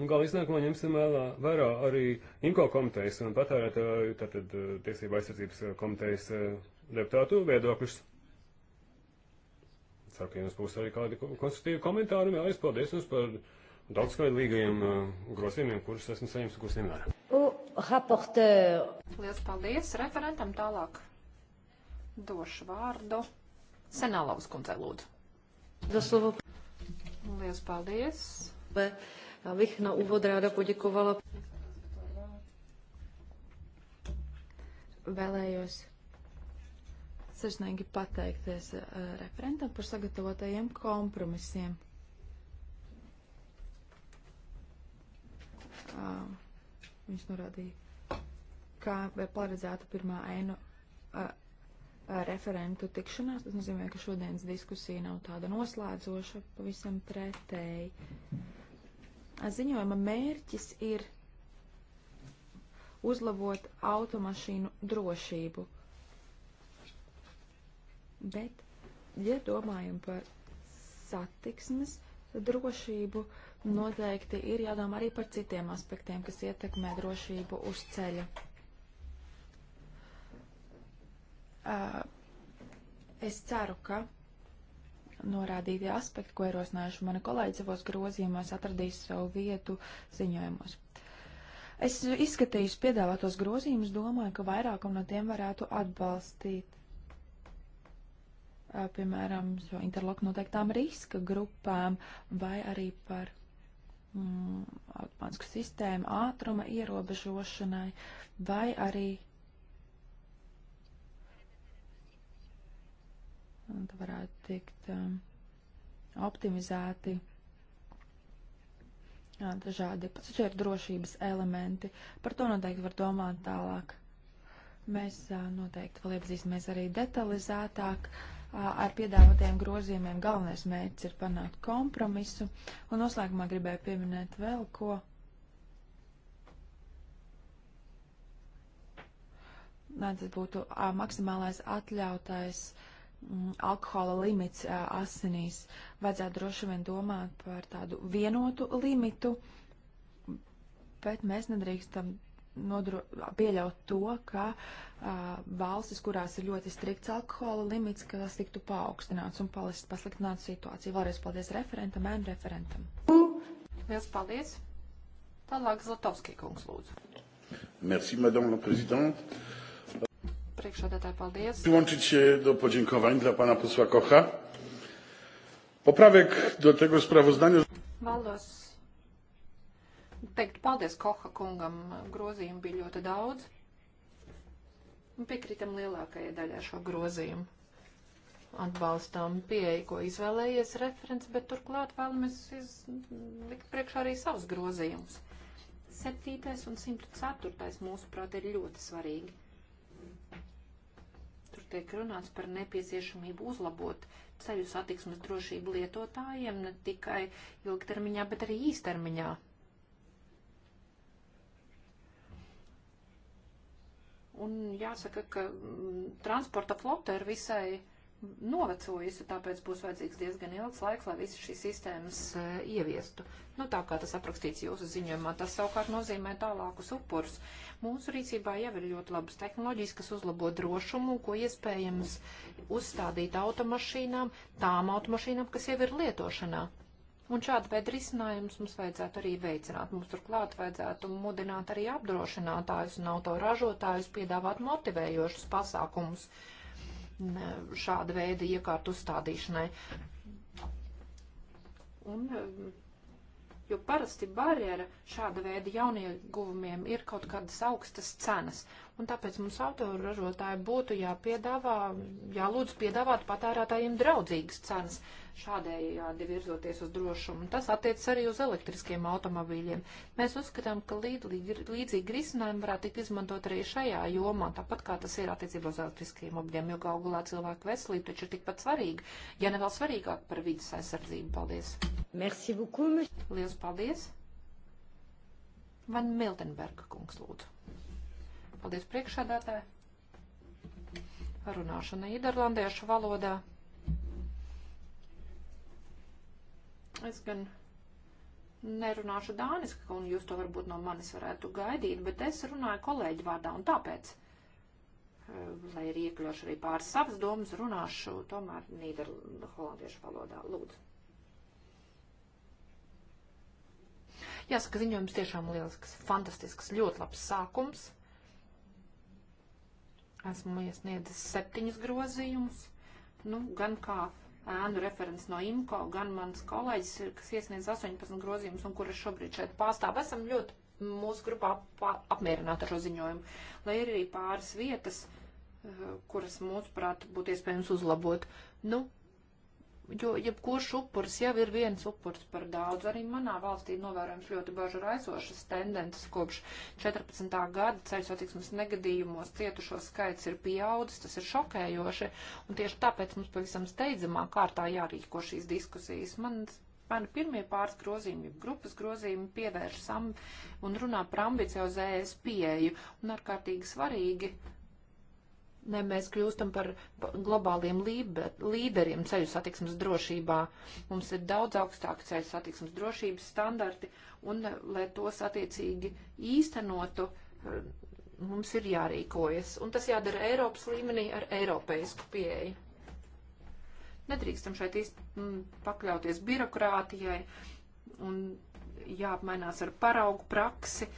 Un gal iznākumā ņemsim vēlā, vērā arī IMCO komitejas un patērētāju, tātad tiesība aizsardzības komitejas deputātu viedokļus. Ceru, ka jums būs arī kādi konstruktīvi komentāri. Vēlreiz paldies jums par daudzskaidrīgajiem uh, grozījumiem, kurus esmu saņēmis, kurus vienmēr. Lielas paldies referentam tālāk. Došu vārdu Senālovas kundzei lūdzu. Doslovo. Lielas paldies. Já bych na úvod ráda poděkovala. Vēlējos sirsnīgi pateikties uh, referentam par sagatavotajiem kompromisiem. Uh, viņš norādīja, kā paredzēta pirmā ēnu uh, referentu tikšanās. Tas nozīmē, ka šodienas diskusija nav tāda noslēdzoša, pavisam pretēji. Ziņojuma mērķis ir uzlabot automašīnu drošību. Bet, ja domājam par satiksmes drošību, noteikti ir jādomā arī par citiem aspektiem, kas ietekmē drošību uz ceļa. Es ceru, ka norādītie aspekti, ko ierosinājuši mani kolēģi savos grozījumos, atradīs savu vietu ziņojumos. Es izskatīju piedāvātos grozījumus, domāju, ka vairākam no tiem varētu atbalstīt piemēram, šo interloku noteiktām riska grupām vai arī par mm, automātisku sistēmu ātruma ierobežošanai vai arī. Tā varētu tikt um, optimizēti jā, dažādi pasažieru drošības elementi. Par to noteikti var domāt tālāk. Mēs uh, noteikti vēl iepazīsimies arī detalizētāk. Uh, ar piedāvātajiem grozījumiem galvenais mērķis ir panākt kompromisu, un noslēgumā gribēju pieminēt vēl ko. Nā, tas būtu a, maksimālais atļautais m, mm, alkohola limits a, asinīs. Vajadzētu droši vien domāt par tādu vienotu limitu, bet mēs nedrīkstam nodru, pieļaut to, ka uh, valstis, kurās ir ļoti strikts alkohola limits, ka tas tiktu paaugstināts un pasliktināts situācija. Vēlreiz paldies referentam, mēm referentam. Liels paldies! Tālāk Zlatovskī kungs lūdzu. Merci, madame la présidente. Priekšādātāji, paldies. Przyłączyć się do podziękowań dla pana posła Kocha. Poprawek do tego sprawozdania. Valdos teikt paldies Koha kungam, grozījumu bija ļoti daudz. Un piekritam lielākajai daļai šo grozījumu. Atbalstām pieeju, ko izvēlējies referents, bet turklāt vēlamies likt priekšā arī savus grozījumus. 7. un 104. mūsuprāt ir ļoti svarīgi. Tur tiek runāts par nepieciešamību uzlabot ceļu satiksmes drošību lietotājiem ne tikai ilgtermiņā, bet arī īstermiņā Un jāsaka, ka mm, transporta flota ir visai novecojusi, tāpēc būs vajadzīgs diezgan ilgs laiks, lai visas šīs sistēmas e, ieviestu. Nu, tā kā tas aprakstīts jūsu ziņojumā, tas savukārt nozīmē tālākus upurus. Mūsu rīcībā jau ir ļoti labas tehnoloģijas, kas uzlabo drošumu, ko iespējams uzstādīt automašīnām, tām automašīnām, kas jau ir lietošanā. Un šāda veida risinājumus mums vajadzētu arī veicināt. Mums turklāt vajadzētu mudināt arī apdrošinātājus un autoražotājus piedāvāt motivējošus pasākumus šāda veida iekārtu uzstādīšanai. Un, jo parasti barjera šāda veida jaunieguvumiem ir kaut kādas augstas cenas. Un tāpēc mums autoražotāji būtu jāpiedāvā, jālūdz piedāvāt patērētājiem draudzīgas cenas. Uh, šādējādi virzoties uz drošumu. Tas attiecas arī uz elektriskiem automobīļiem. Mēs uzskatām, ka līd, līd, līdzīgi risinājumi varētu tikt izmantot arī šajā jomā, tāpat kā tas ir attiecībā uz elektriskiem obļiem, jo gaugulā cilvēku veselība taču ir tikpat svarīga, ja ne vēl svarīgāk par vidas aizsardzību. Paldies! Merci beaucoup! Lielas paldies! Van Miltenberga kungs lūdzu. Paldies priekšādātāji. Runāšana Nīderlandiešu valodā. Es gan nerunāšu dāniski, un jūs to varbūt no manis varētu gaidīt, bet es runāju kolēģi vārdā, un tāpēc, eh, lai ir iekļaušu arī pāris savas domas, runāšu tomēr nīderholandiešu valodā. Lūdzu. Jāsaka, ziņojums tiešām lielisks, fantastisks, ļoti labs sākums. Esmu iesniedzis septiņus grozījumus, nu, gan kā ēnu referents no IMCO, gan mans kolēģis, kas iesniedz 18 grozījumus un kuras šobrīd šeit pārstāv. Esam ļoti mūsu grupā apmierināti ar šo ziņojumu, lai ir arī pāris vietas, eh, kuras mūsuprāt būtu iespējams uzlabot. Nu, Jo jebkurš upuris jau ir viens upuris par daudz. Arī manā valstī novērojams ļoti bažu raisošas tendences kopš 14. gada ceļu satiksmes negadījumos cietušo skaits ir pieaudzis, tas ir šokējoši, un tieši tāpēc mums pavisam steidzamā kārtā jārīko šīs diskusijas. Man, mani pirmie pāris grozījumi, grupas grozījumi pievēršam un runā par ambiciozējas pieeju, un ārkārtīgi svarīgi ne mēs kļūstam par globāliem līderiem ceļu satiksmes drošībā. Mums ir daudz augstāki ceļu satiksmes drošības standarti, un, lai tos attiecīgi īstenotu, eh, mums ir jārīkojas. Un tas jādara Eiropas līmenī ar eiropeisku pieeju. Nedrīkstam šeit īst, m, mm, pakļauties birokrātijai un jāapmainās ar paraugu praksi,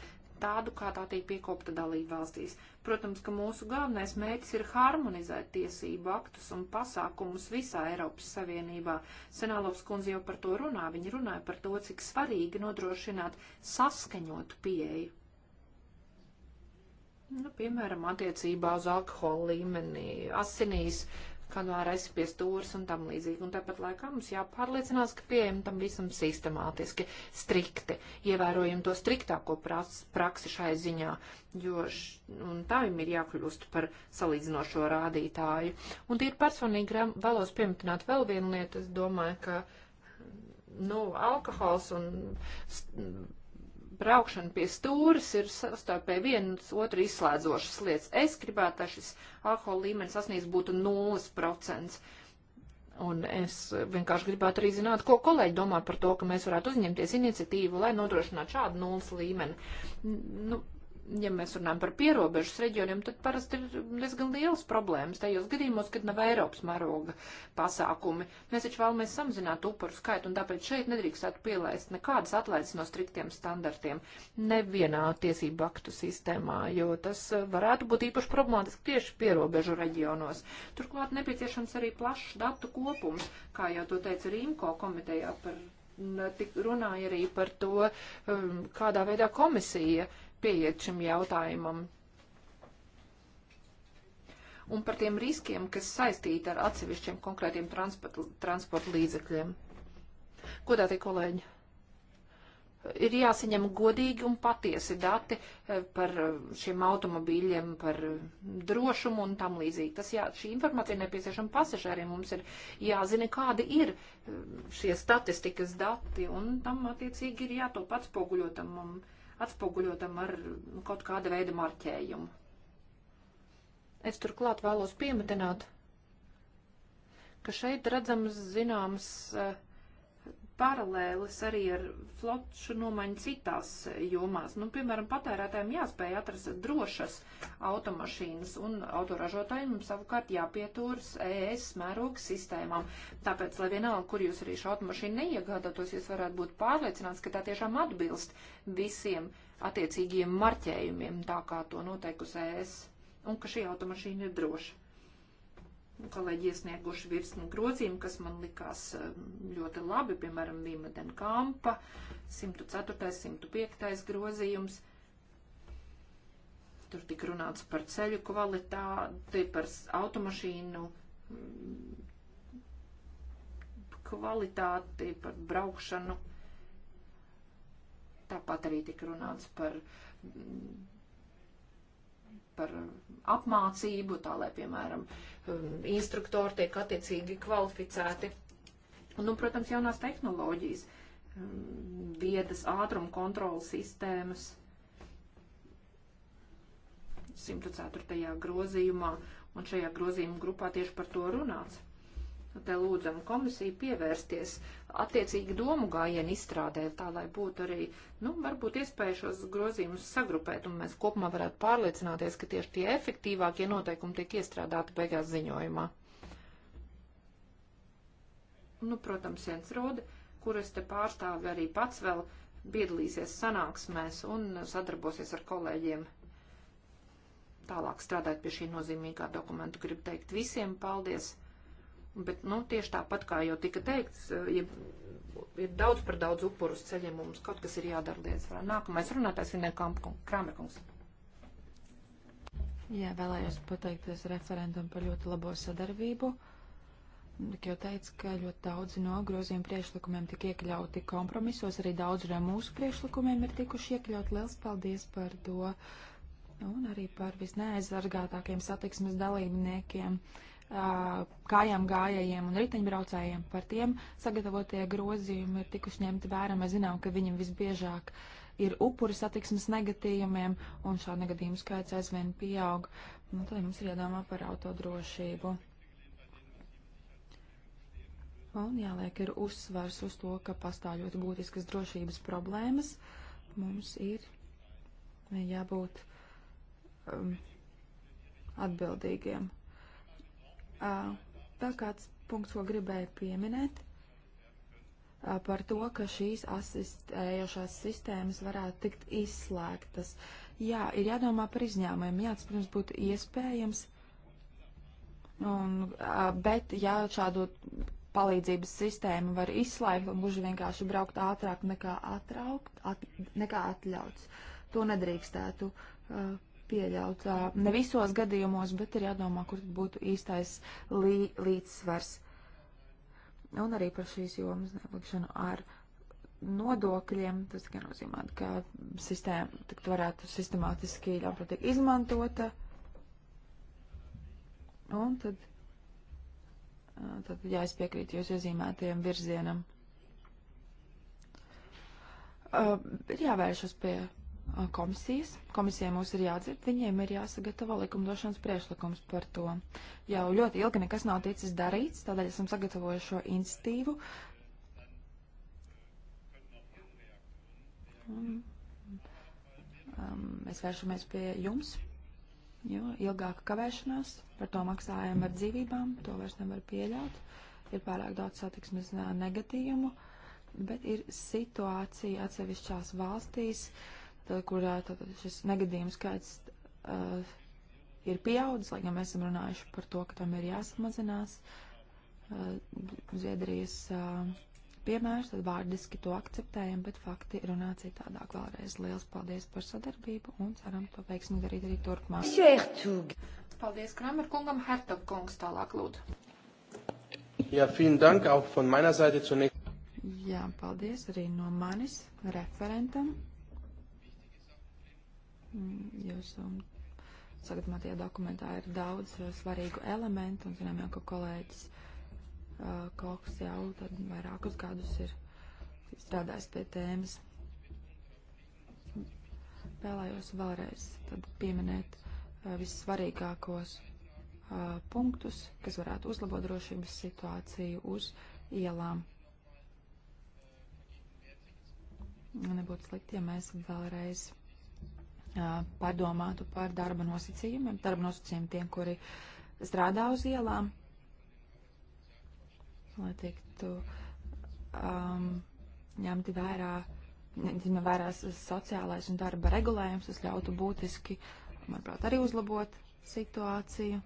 tādu, kā tā tiek piekopta dalību valstīs. Protams, ka mūsu galvenais mērķis ir harmonizēt tiesību aktus un pasākumus visā Eiropas Savienībā. Senālovs kundze jau par to runā. Viņa runāja par to, cik svarīgi nodrošināt saskaņotu pieeju. Nu, piemēram, attiecībā uz alkohola līmeni, asinīs kanārais pie stūras un tam līdzīgi. Un tāpat laikā mums jāpārliecinās, ka pieejam tam visam sistemātiski, strikti, ievērojam to striktāko praksi šai ziņā, jo š, tā jums ir jākļūst par salīdzinošo rādītāju. Un tīri personīgi vēlos pieminēt vēl vienu lietu. Es domāju, ka, nu, alkohols un braukšana pie stūras ir sastāvpēji vienas otru izslēdzošas lietas. Es gribētu, lai šis alkohola līmenis sasniedz būtu 0%. Un es vienkārši gribētu arī zināt, ko kolēģi domā par to, ka mēs varētu uzņemties iniciatīvu, lai nodrošinātu šādu nulles līmeni. Nu, ja mēs runājam par pierobežas reģioniem, tad parasti ir diezgan liels problēmas tajos gadījumos, kad nav Eiropas mēroga pasākumi. Mēs taču vēlamies samazināt upuru skaitu, un tāpēc šeit nedrīkstētu pielaist nekādas atlaides no striktiem standartiem nevienā tiesību aktu sistēmā, jo tas eh, varētu būt īpaši problemātiski tieši pierobežu reģionos. Turklāt nepieciešams arī plašs datu kopums, kā jau to teica Rīmko komitejā par. Runāja arī par to, um, kādā veidā komisija uh, pieiet šim jautājumam. Un par tiem riskiem, kas saistīti ar atsevišķiem konkrētiem transporta, transporta līdzekļiem. Ko tā tie kolēģi? Ir jāsaņem godīgi un patiesi dati eh, par eh, šiem automobīļiem, par eh, drošumu un tam līdzīgi. Tas jā, šī informācija nepieciešama pasažēriem. Mums ir jāzina, kādi ir šie statistikas dati, un tam attiecīgi ir jāto pats poguļotam. Un, um, atspoguļotam ar kaut kāda veida marķējumu. Es turklāt vēlos piemetināt, ka šeit redzams zināms uh, paralēlis arī ar flotšu nomaiņu citās jomās. Nu, piemēram, patērētājiem jāspēj atrast drošas automašīnas un autoražotājiem savukārt jāpieturas ES mēroga sistēmām. Tāpēc, lai vienalga, kur jūs arī šo automašīnu neiegādātos, jūs varētu būt pārliecināts, ka tā tiešām atbilst visiem attiecīgiem marķējumiem, tā kā to noteikusi ES, un ka šī automašīna ir droša kolēģi iesnieguši virsmu grozījumu, kas man likās um, ļoti labi, piemēram, Vīmaden Kampa, 104. 105. grozījums. Tur tika runāts par ceļu kvalitāti, par automašīnu mm, kvalitāti, par braukšanu. Tāpat arī tika runāts par mm, par um, apmācību, tā lai, piemēram, um, instruktori tiek attiecīgi kvalificēti. Un, nu, protams, jaunās tehnoloģijas, um, viedas ātruma kontrolas sistēmas. 104. grozījumā un šajā grozījuma grupā tieši par to runāts. Te lūdzam komisiju pievērsties attiecīgi domu gājienu izstrādē, tā lai būtu arī, nu, varbūt iespēja šos grozījumus sagrupēt, un mēs kopumā varētu pārliecināties, ka tieši tie efektīvākie noteikumi tiek iestrādāti beigās ziņojumā. Nu, protams, Jens Rode, kur es te pārstāvu arī pats vēl piedalīsies sanāksmēs un sadarbosies ar kolēģiem tālāk strādāt pie šī nozīmīgā dokumenta. Gribu teikt visiem paldies! Bet, nu, tieši tāpat, kā jau tika teikts, eh, ja ir daudz par daudz upurus ceļiem, mums kaut kas ir jādara lietas varā. Nākamais runātājs vienai Kramerkungs. Jā, vēlējos pateikties referentam par ļoti labo sadarbību. Kā jau teicu, ka ļoti daudzi no grozījuma priekšlikumiem tika iekļauti kompromisos, arī daudzi no mūsu priekšlikumiem ir tikuši iekļauti. Liels paldies par to! Un arī par visneaizsargātākiem satiksmes dalībniekiem. Uh, kājām gājējiem un riteņbraucējiem. Par tiem sagatavotie grozījumi ir tikuši ņemti vērā. Mēs zinām, ka viņiem visbiežāk ir upuri satiksmes negatījumiem, un šādu negadījumu skaits aizvien pieaug. Nu, tad mums ir jādomā par autodrošību. Un jāliek ir uzsvars uz to, ka pastāv ļoti būtiskas drošības problēmas. Mums ir jābūt um, atbildīgiem Vēl kāds punkts, ko gribēju pieminēt par to, ka šīs asistējošās sistēmas varētu tikt izslēgtas. Jā, ir jādomā par izņēmumiem. Jā, tas, protams, būtu iespējams. Un, bet, ja šādu palīdzības sistēmu var izslēgt un gluži vienkārši braukt ātrāk nekā, atraukt, at, nekā atļauts, to nedrīkstētu uh, pieļaut. Ne visos gadījumos, bet ir jādomā, kur būtu īstais lī, līdzsvars. Un arī par šīs jomas nelikšanu ar nodokļiem. Tas gan nozīmē, ka sistēma varētu sistemātiski ļaunprātīgi izmantota. Un tad, tad jāizpiekrīt jūs iezīmētajam virzienam. Uh, ir jāvēršas pie komisijas. Komisijai mums ir jādzird, viņiem ir jāsagatavo likumdošanas priešlikums par to. Jau ļoti ilgi nekas nav ticis darīts, tādēļ esam sagatavojuši šo institīvu. Um, mēs vēršamies pie jums, jo ilgāka kavēšanās, par to maksājam ar dzīvībām, to vairs nevar pieļaut. Ir pārāk daudz satiksmes negatīvumu, bet ir situācija atsevišķās valstīs. Uh, tā, eh, kurā tā, šis negadījums skaits uh, ir pieaudzis, lai gan mēs esam runājuši par to, ka tam ir jāsamazinās. Uh, Zviedrijas uh, piemērs, tad vārdiski to akceptējam, bet fakti runā citādāk. Vēlreiz liels paldies par sadarbību un ceram to veiksmīgi darīt arī turpmāk. Hertug. Paldies Kramer kungam, Hertog kungs tālāk lūdzu. Ja, vielen Dank auch von meiner Seite zunächst. Jā, paldies arī no manis referentam. Mm, jūs um, sagatavotajā dokumentā ir daudz uh, svarīgu elementu, un zinām jau, ka kolēģis uh, Koks jau tad vairākus gadus ir strādājis pie tēmas. Vēlējos vēlreiz tad pieminēt uh, vissvarīgākos uh, punktus, kas varētu uzlabot drošības situāciju uz ielām. Nebūtu slikti, ja mēs vēlreiz padomātu par darba nosacījumiem, darba nosacījumiem tiem, kuri strādā uz ielām, lai tiktu um, ņemti vērā, ņemti vērā sociālais un darba regulējums, tas ļautu būtiski, manuprāt, arī uzlabot situāciju.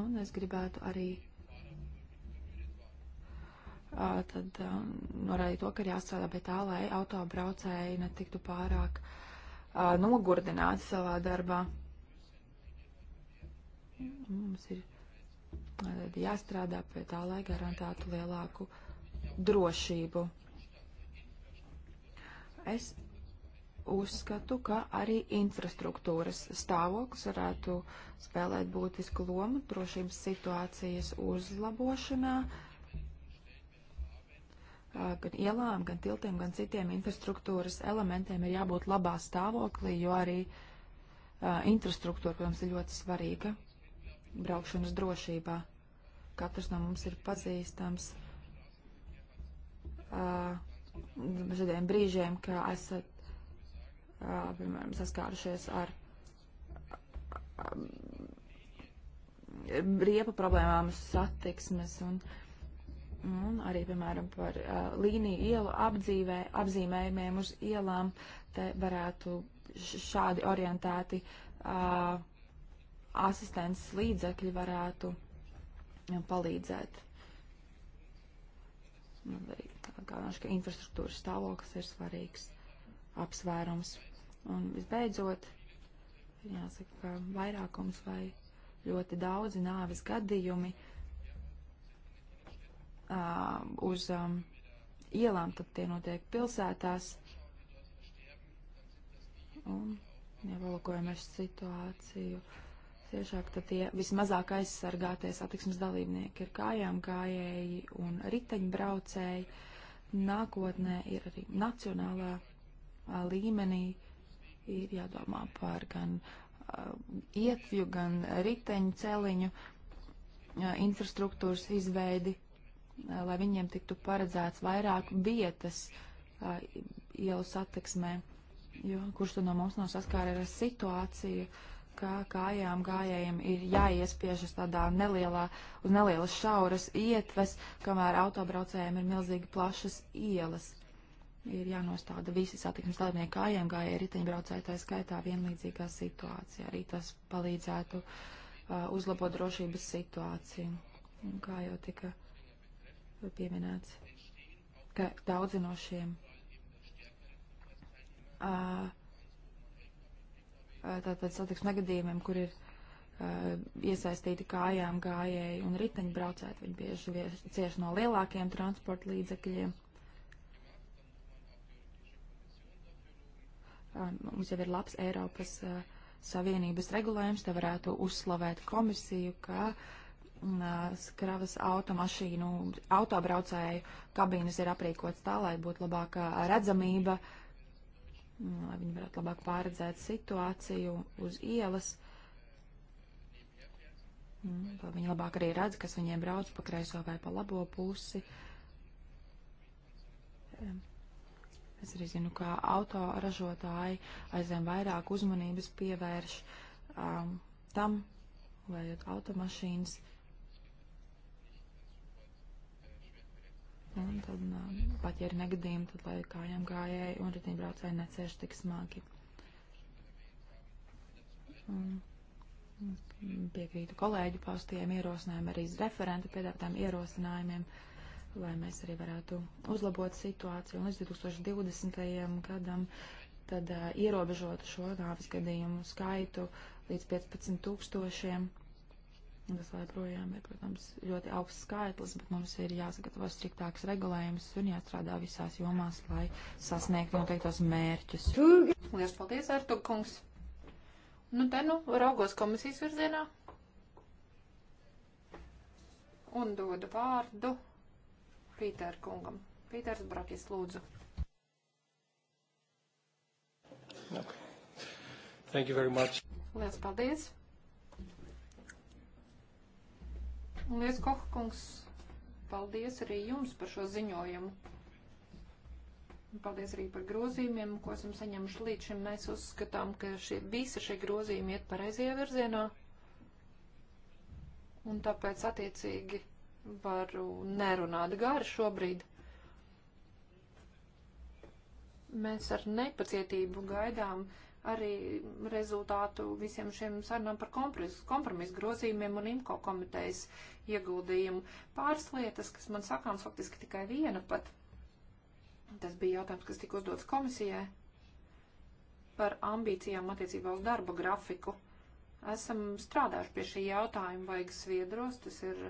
Un es gribētu arī tad norādīja to, ka ir jāstrādā pie tā, lai autobraucēji netiktu pārāk nogurdināti savā darbā. Mums ir jāstrādā pie tā, lai garantētu lielāku drošību. Es uzskatu, ka arī infrastruktūras stāvoklis varētu spēlēt būtisku lomu drošības situācijas uzlabošanā. Uh, gan ielām, gan tiltiem, gan citiem infrastruktūras elementiem ir jābūt labā stāvoklī, jo arī uh, infrastruktūra, protams, ir ļoti svarīga braukšanas drošībā. Katrs no mums ir pazīstams uh, šādiem brīžiem, kā esat, uh, piemēram, saskārušies ar riepa problēmām, satiksmes un uh, un arī, piemēram, par uh, līniju ielu apdzīvē, apzīmējumiem uz ielām, te varētu šādi orientēti uh, asistents līdzekļi varētu palīdzēt. Nu, arī tā galvenais, ka infrastruktūras stāvoklis ir svarīgs apsvērums. Un visbeidzot, jāsaka, ka vairākums vai ļoti daudzi nāves gadījumi uh, uh, uz um, ielām, tad tie notiek pilsētās. Un, ja valkojamies situāciju ciešāk, tad tie vismazāk aizsargātie satiksmes dalībnieki ir kājām kājēji un riteņbraucēji. Nākotnē ir arī nacionālā a, līmenī ir jādomā par gan a, ietvju, gan riteņu celiņu a, infrastruktūras izveidi lai viņiem tiktu paredzēts vairāk vietas ielu satiksmē, jo kurš tad no mums nav saskāri ar situāciju, ka kājām gājējiem ir jāiespiežas tādā nelielā, uz nelielas šauras ietves, kamēr autobraucējiem ir milzīgi plašas ielas. Ir jānostāda visi satiksmes dalībnieki kājām gājēji riteņbraucēji, tā skaitā vienlīdzīgā situācija. Arī tas palīdzētu uh, uzlabot drošības situāciju. Un kā jau tika uh, pieminēts, ka daudzi no šiem tātad satiksmes negadījumiem, kur ir iesaistīti kājām gājēji un riteņbraucēji, viņi bieži cieši no lielākiem transporta līdzekļiem. Mums jau ir labs Eiropas Savienības regulējums, te varētu uzslavēt komisiju, ka uh, kravas automašīnu, autobraucēju kabīnes ir aprīkots tā, lai būtu labāka redzamība, lai viņi varētu labāk pārredzēt situāciju uz ielas. Tad viņi labāk arī redz, kas viņiem brauc pa kreiso vai pa labo pusi. Es arī zinu, ka autoražotāji aizvien vairāk uzmanības pievērš um, tam, lai automašīnas uh, Un tad, nā, pat ja ir negadījumi, tad lai kājām gājēji un riteņbraucēji necēš tik smagi. Un piekrītu kolēģu paustiem ierosinājumiem, arī referenta piedāvātām ierosinājumiem, lai mēs arī varētu uzlabot situāciju un līdz 2020. gadam tad uh, ierobežotu šo nāvis gadījumu skaitu līdz 15 tūkstošiem Tas joprojām ir, protams, ļoti augsts skaitlis, bet mums ir jāsagatavo striktāks regulējums un jāstrādā visās jomās, lai sasniegtu noteiktos mērķus. Lielas paldies, Artur kungs! Nu, te nu raugos komisijas virzienā un dodu vārdu Pīter kungam. Pīters Brakis, lūdzu. Thank you very much. Lielas paldies! Lies Kohkungs, paldies arī jums par šo ziņojumu. Paldies arī par grozījumiem, ko esam saņēmuši līdz šim. Mēs uzskatām, ka šie, visi šie grozījumi iet pareizajā virzienā. Un tāpēc attiecīgi varu nerunāt gari šobrīd. Mēs ar nepacietību gaidām uh, arī rezultātu visiem šiem sarunām par kompromisu, kompromisu grozījumiem un IMCO komitejas ieguldījumu. Pāris lietas, kas man sakāms, faktiski tikai viena pat. Tas bija jautājums, kas tika uzdots komisijai par ambīcijām attiecībā uz darba grafiku. Esam strādājuši pie šī jautājuma, vajag sviedros, tas ir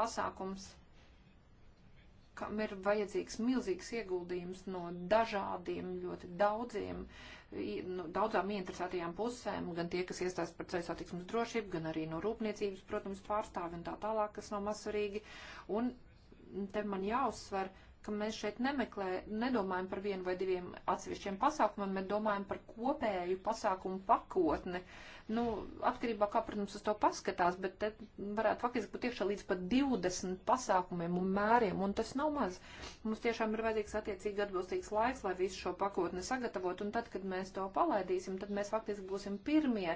pasākums, kam ir vajadzīgs milzīgs ieguldījums no dažādiem, ļoti daudziem uh, nu, daudzām ieinteresētajām pusēm, gan tie, kas iestājas par ceļu satiksmes drošību, gan arī no rūpniecības, protams, pārstāvi un tā tālāk, kas nav mazsvarīgi. Un te man jāuzsver, ka mēs šeit nemeklē, nedomājam par vienu vai diviem atsevišķiem pasākumiem, bet domājam par kopēju pasākumu pakotni, Nu, atkarībā kā, protams, uz to paskatās, bet te varētu faktiski būt iekšā līdz pat 20 pasākumiem un mēriem, un tas nav maz. Mums tiešām ir vajadzīgs attiecīgi atbilstīgs laiks, lai visu šo pakotni sagatavot, un tad, kad mēs to palaidīsim, tad mēs faktiski būsim pirmie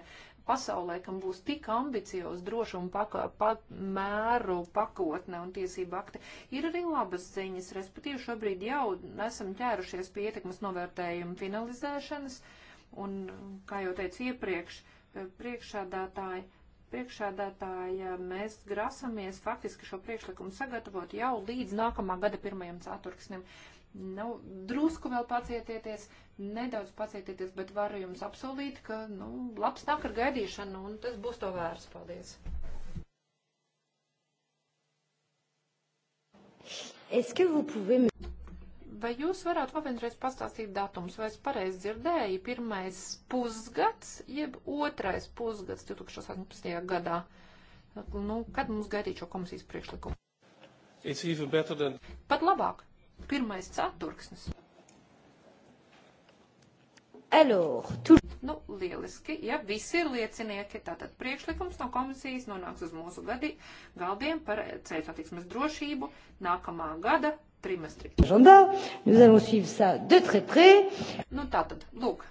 pasaulē, kam būs tik ambiciozs drošuma paka, pa, mēru pakotne un tiesība akti. Ir arī labas ziņas, respektīvi šobrīd jau esam ķērušies pie ietekmes novērtējuma finalizēšanas, un, kā jau teicu iepriekš, uh, priekšādātāji, priekšādātāji, mēs grasamies faktiski šo priekšlikumu sagatavot jau līdz nākamā gada pirmajam ceturksnim. Nu, drusku vēl pacietieties, nedaudz pacietieties, bet varu jums apsolīt, ka, nu, labs nāk ar gaidīšanu, un tas būs to vērts. Paldies! Est-ce que vous pouvez me vai jūs varētu vēl vienreiz pastāstīt datums, vai es pareizi dzirdēju, pirmais pusgads, jeb otrais pusgads 2018. gadā? Nu, kad mums gaidīt šo komisijas priekšlikumu? Than... Pat labāk. Pirmais ceturksnis. Alors, tu... Nu, lieliski, ja visi ir liecinieki, tātad priekšlikums no komisijas nonāks uz mūsu gadi, galdiem par ceļu satiksmes drošību nākamā gada trimestri. Nu, tātad, lūk,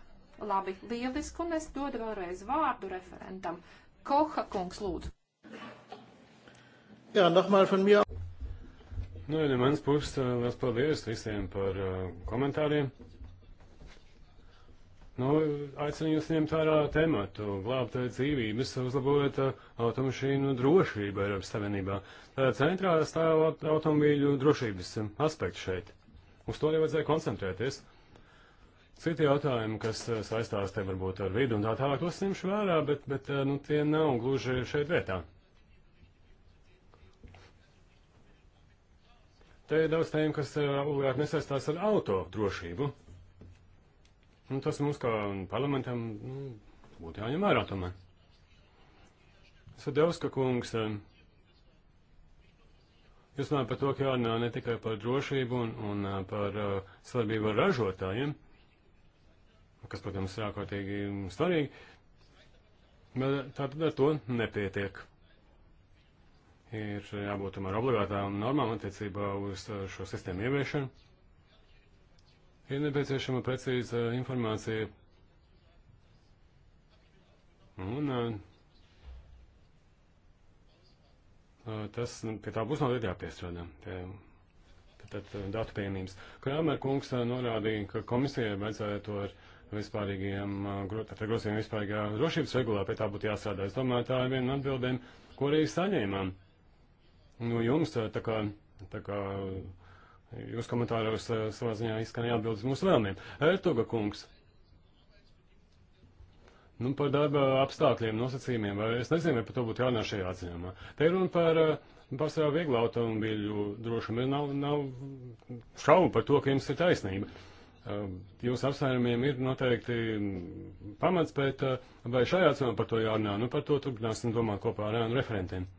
labi, lieliski, un es dodu vēlreiz vārdu referentam. Koha kungs, lūdzu. Jā, nahmēr fan mjā. Nu, ja no manas puses, liels paldies visiem par uh, komentāriem. Nu, aicinu jūs ņemt vērā tematu, glābt eh, dzīvības, uzlabot eh, automašīnu drošību Eiropas Savienībā. Eh, centrā stāv automobīļu drošības aspekts šeit. Uz to arī vajadzēja koncentrēties. Citi jautājumi, kas saistās te varbūt ar vidu un tā tālāk, tos ņemšu vērā, bet, bet nu, tie nav gluži šeit vietā. Te ir daudz tēmu, kas obligāti nesaistās ar auto drošību. Un nu, tas mums kā parlamentam nu, būtu jāņem vērā tomēr. Sadevska kungs, eh, jūs runājat par to, ka jārunā ne tikai par drošību un, un eh, par uh, eh, sadarbību ar ražotājiem, kas, protams, ir ārkārtīgi svarīgi, bet tātad ar to nepietiek. Ir jābūt tomēr obligātām normām attiecībā uz šo sistēmu ieviešanu. Ir nepieciešama precīza informācija. Un tas, nu, pie tā būs noteikti jāpiestrādā. Tad datu pieejamības. Krāmer kungs norādīja, ka komisijai vajadzētu ar vispārīgiem, ar grozījumiem vispārīgā drošības regulā pie tā būtu jāstrādā. Es domāju, tā ir viena no atbildēm, ko arī saņēmām. Nu, jums tā kā, tā kā Jūs komentāros eh, savā ziņā izskanēja atbildes mūsu vēlmiem. Ertuga kungs. Nu, par darba apstākļiem, nosacījumiem, vai es nezinu, vai par to būtu jārunā šajā atziņā. Te runa par eh, pārsvarā vieglu automobīļu drošumu. Nav, nav šaubu par to, ka jums ir taisnība. Eh, jūsu apsvērumiem ir noteikti pamats, bet vai šajā atziņā par to jārunā? Nu, par to turpināsim domāt kopā ar ēnu referentiem.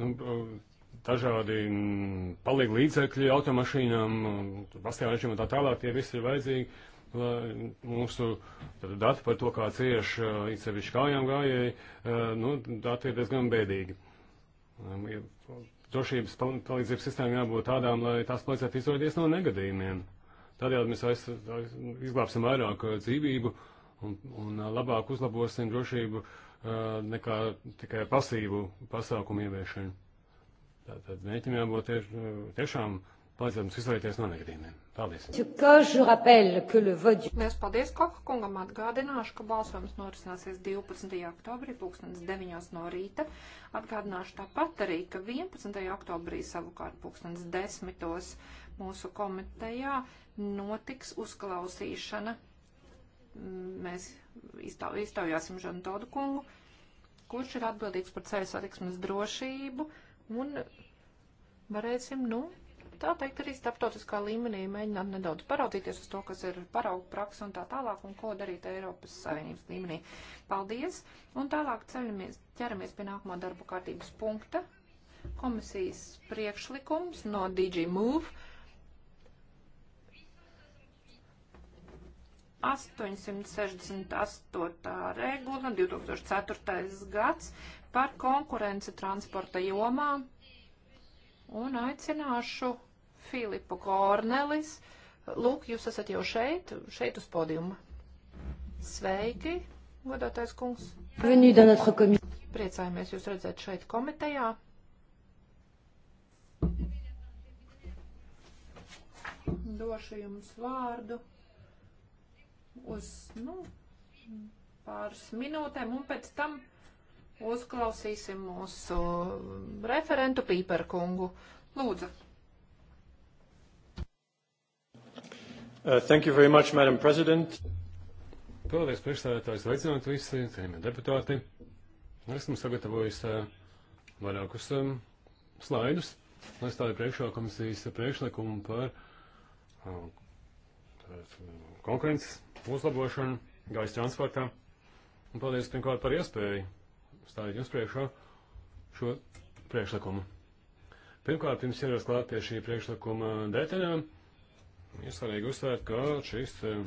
nu, dažādi mm, palīgi līdzekļi automašīnām, bastāžiem un tā tālāk, tie visi ir vajadzīgi, lai mūsu dati par to, kā cieši īcevišķi kājām gājēji, nu, dati ir diezgan bēdīgi. Drošības palīdzības sistēmām jābūt tādām, lai tās palīdzētu izvairīties no negadījumiem. Tādējādi mēs aiz, aiz, izglābsim vairāk dzīvību un, un labāk uzlabosim drošību uh, Uh, nekā tikai pasīvu pasākumu ieviešanu. Tātad mēģinām jābūt tieš, uh, tiešām palīdzēt mums izvairīties no negadījumiem. Paldies. Mēs paldies Koka kungam atgādināšu, ka balsojums norisināsies 12. oktobrī, pulkstens 9. no rīta. Atgādināšu tāpat arī, ka 11. oktobrī savukārt pulkstens 10. mūsu komitejā notiks uzklausīšana mēs iztaujāsim Žanu Todu kungu, kurš ir atbildīgs par ceļu satiksmes drošību un varēsim, nu, tā teikt, arī starptautiskā līmenī mēģināt nedaudz paraudzīties uz to, kas ir paraugu praksa un tā tālāk un ko darīt Eiropas Savienības līmenī. Paldies! Un tālāk ceļamies, ķeramies pie nākamā darba kārtības punkta. Komisijas priekšlikums no DG Move 868. regula 2004. gads par konkurenci transporta jomā un aicināšu Filipu Kornelis. Lūk, jūs esat jau šeit, šeit uz podiuma. Sveiki, godātais kungs. Priecājamies jūs redzēt šeit komitejā. Došu jums vārdu uz nu, pāris minūtēm, un pēc tam uzklausīsim mūsu referentu Pīperkungu. Lūdzu. Uh, thank you very much, Madam President. Paldies, priekšstādātājs, veicināt visi, cienījamie deputāti. Esmu sagatavojis uh, vairākus um, slaidus, lai stādu priekšā komisijas priekšlikumu par uh, konkurences uzlabošanu gaisa transportā. Un paldies pirmkārt par iespēju stādīt jums priekšā šo priekšlikumu. Pirmkārt, pirms ierast klāt pie šī priekšlikuma detaļām, ir svarīgi uzsvērt, ka šis eh,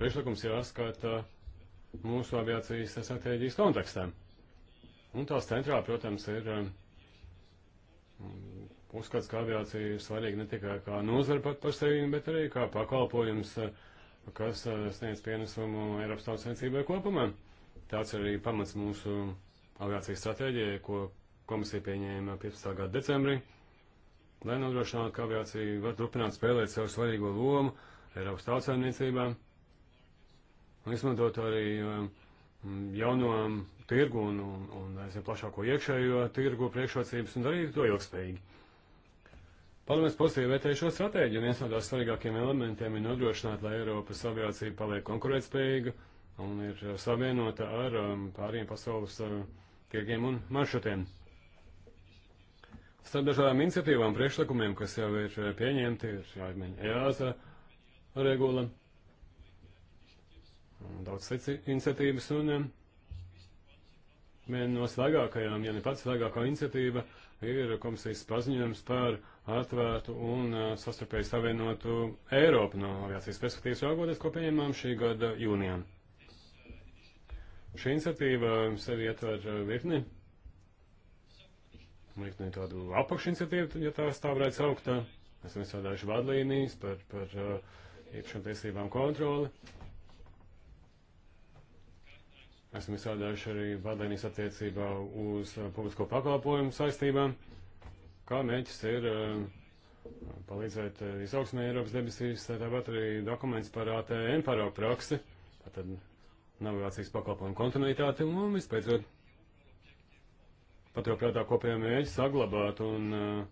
priekšlikums jāskata mūsu aviācijas stratēģijas kontekstā. Un tās centrā, protams, ir eh, uzskats, ka aviācija ir svarīga ne tikai kā nozara pat par sevi, bet arī kā pakalpojums uh, kas sniedz pienesumu Eiropas tautas saimniecībai kopumā. Tāds arī pamats mūsu aviācijas stratēģijai, ko komisija pieņēma 15. gada decembrī, lai nodrošinātu, ka aviācija var turpināt spēlēt savu svarīgo lomu Eiropas tautas saimniecībā un izmantot arī jauno tirgu un, un, un plašāko iekšējo tirgu priekšrocības un darīt to ilgspējīgi. Parlaments pozitīvi vērtē šo stratēģiju, un viens no tās svarīgākajiem elementiem ir nodrošināt, lai Eiropas aviācija paliek konkurētspējīga un ir uh, savienota ar um, pāriem pasaules uh, tirgiem un maršrutiem. Starp dažādām iniciatīvām, priekšlikumiem, kas jau ir uh, pieņemti, ir jāatmeņa EASA regula, daudz cits iniciatīvas, un um, viena no svaigākajām, ja ne pats svaigākā iniciatīva, ir komisijas paziņojums par atvērtu un uh, sastarpēji savienotu Eiropu no aviācijas perspektīvas raugoties, ko pieņemām šī gada jūnijā. Šī iniciatīva sevi ietver uh, virkni, virkni tādu apakšiniciatīvu, ja tā tā varētu saukt. Uh, esam izstrādājuši vadlīnijas par, par īpašām tiesībām kontroli. Esam izstrādājuši arī vadlīnijas attiecībā uz publisko pakalpojumu saistībām kā mēģis ir eh, palīdzēt eh, izaugsmē Eiropas debesīs, eh, tāpat arī dokuments par ATM paraugu praksi, tātad navigācijas pakalpojumu kontinuitāti un vispēcot paturprātā kopējā mēģi saglabāt un uh,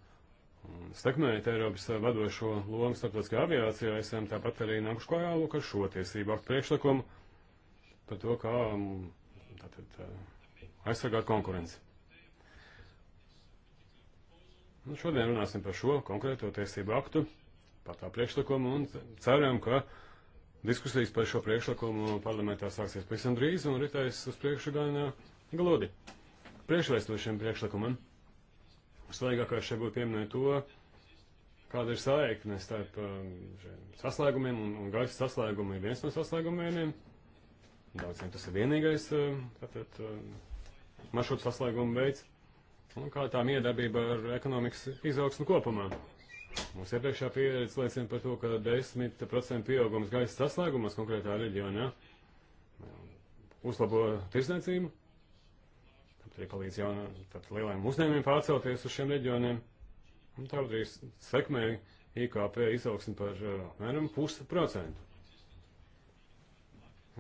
Sekmējot Eiropas vadošo lomu starptautiskajā aviācijā, esam tāpat arī nākuši klajā lūk ar šo tiesību aktu priekšlikumu par to, kā mm, tātad, aizsargāt konkurenci. Nu, šodien runāsim par šo konkrēto tiesību aktu, par tā priekšlikumu, un ceram, ka diskusijas par šo priekšlikumu parlamentā sāksies pavisam drīz un ritēs uz priekšu gan uh, gludi. Priekšvēstošiem priekšlikumam svarīgākais šeit būtu pieminēt to, kāda ir saikne starp uh, saslēgumiem un, un gaisa saslēgumu ir viens no saslēgumiem. Daudziem tas ir vienīgais uh, tātad, maršrutu saslēguma veids un kā tā miedarbība ar ekonomikas izaugsmu kopumā. Mums iepriekšā pieredze liecina par to, ka 10% pieaugums gaisa saslēgumos konkrētā reģionā um, uzlabo tirsniecību, tie palīdz jaunā, lielajiem uzņēmumiem pārcelties uz šiem reģioniem. Un tāpat arī sekmē IKP izaugsmi par uh, apmēram uh, pusi procentu.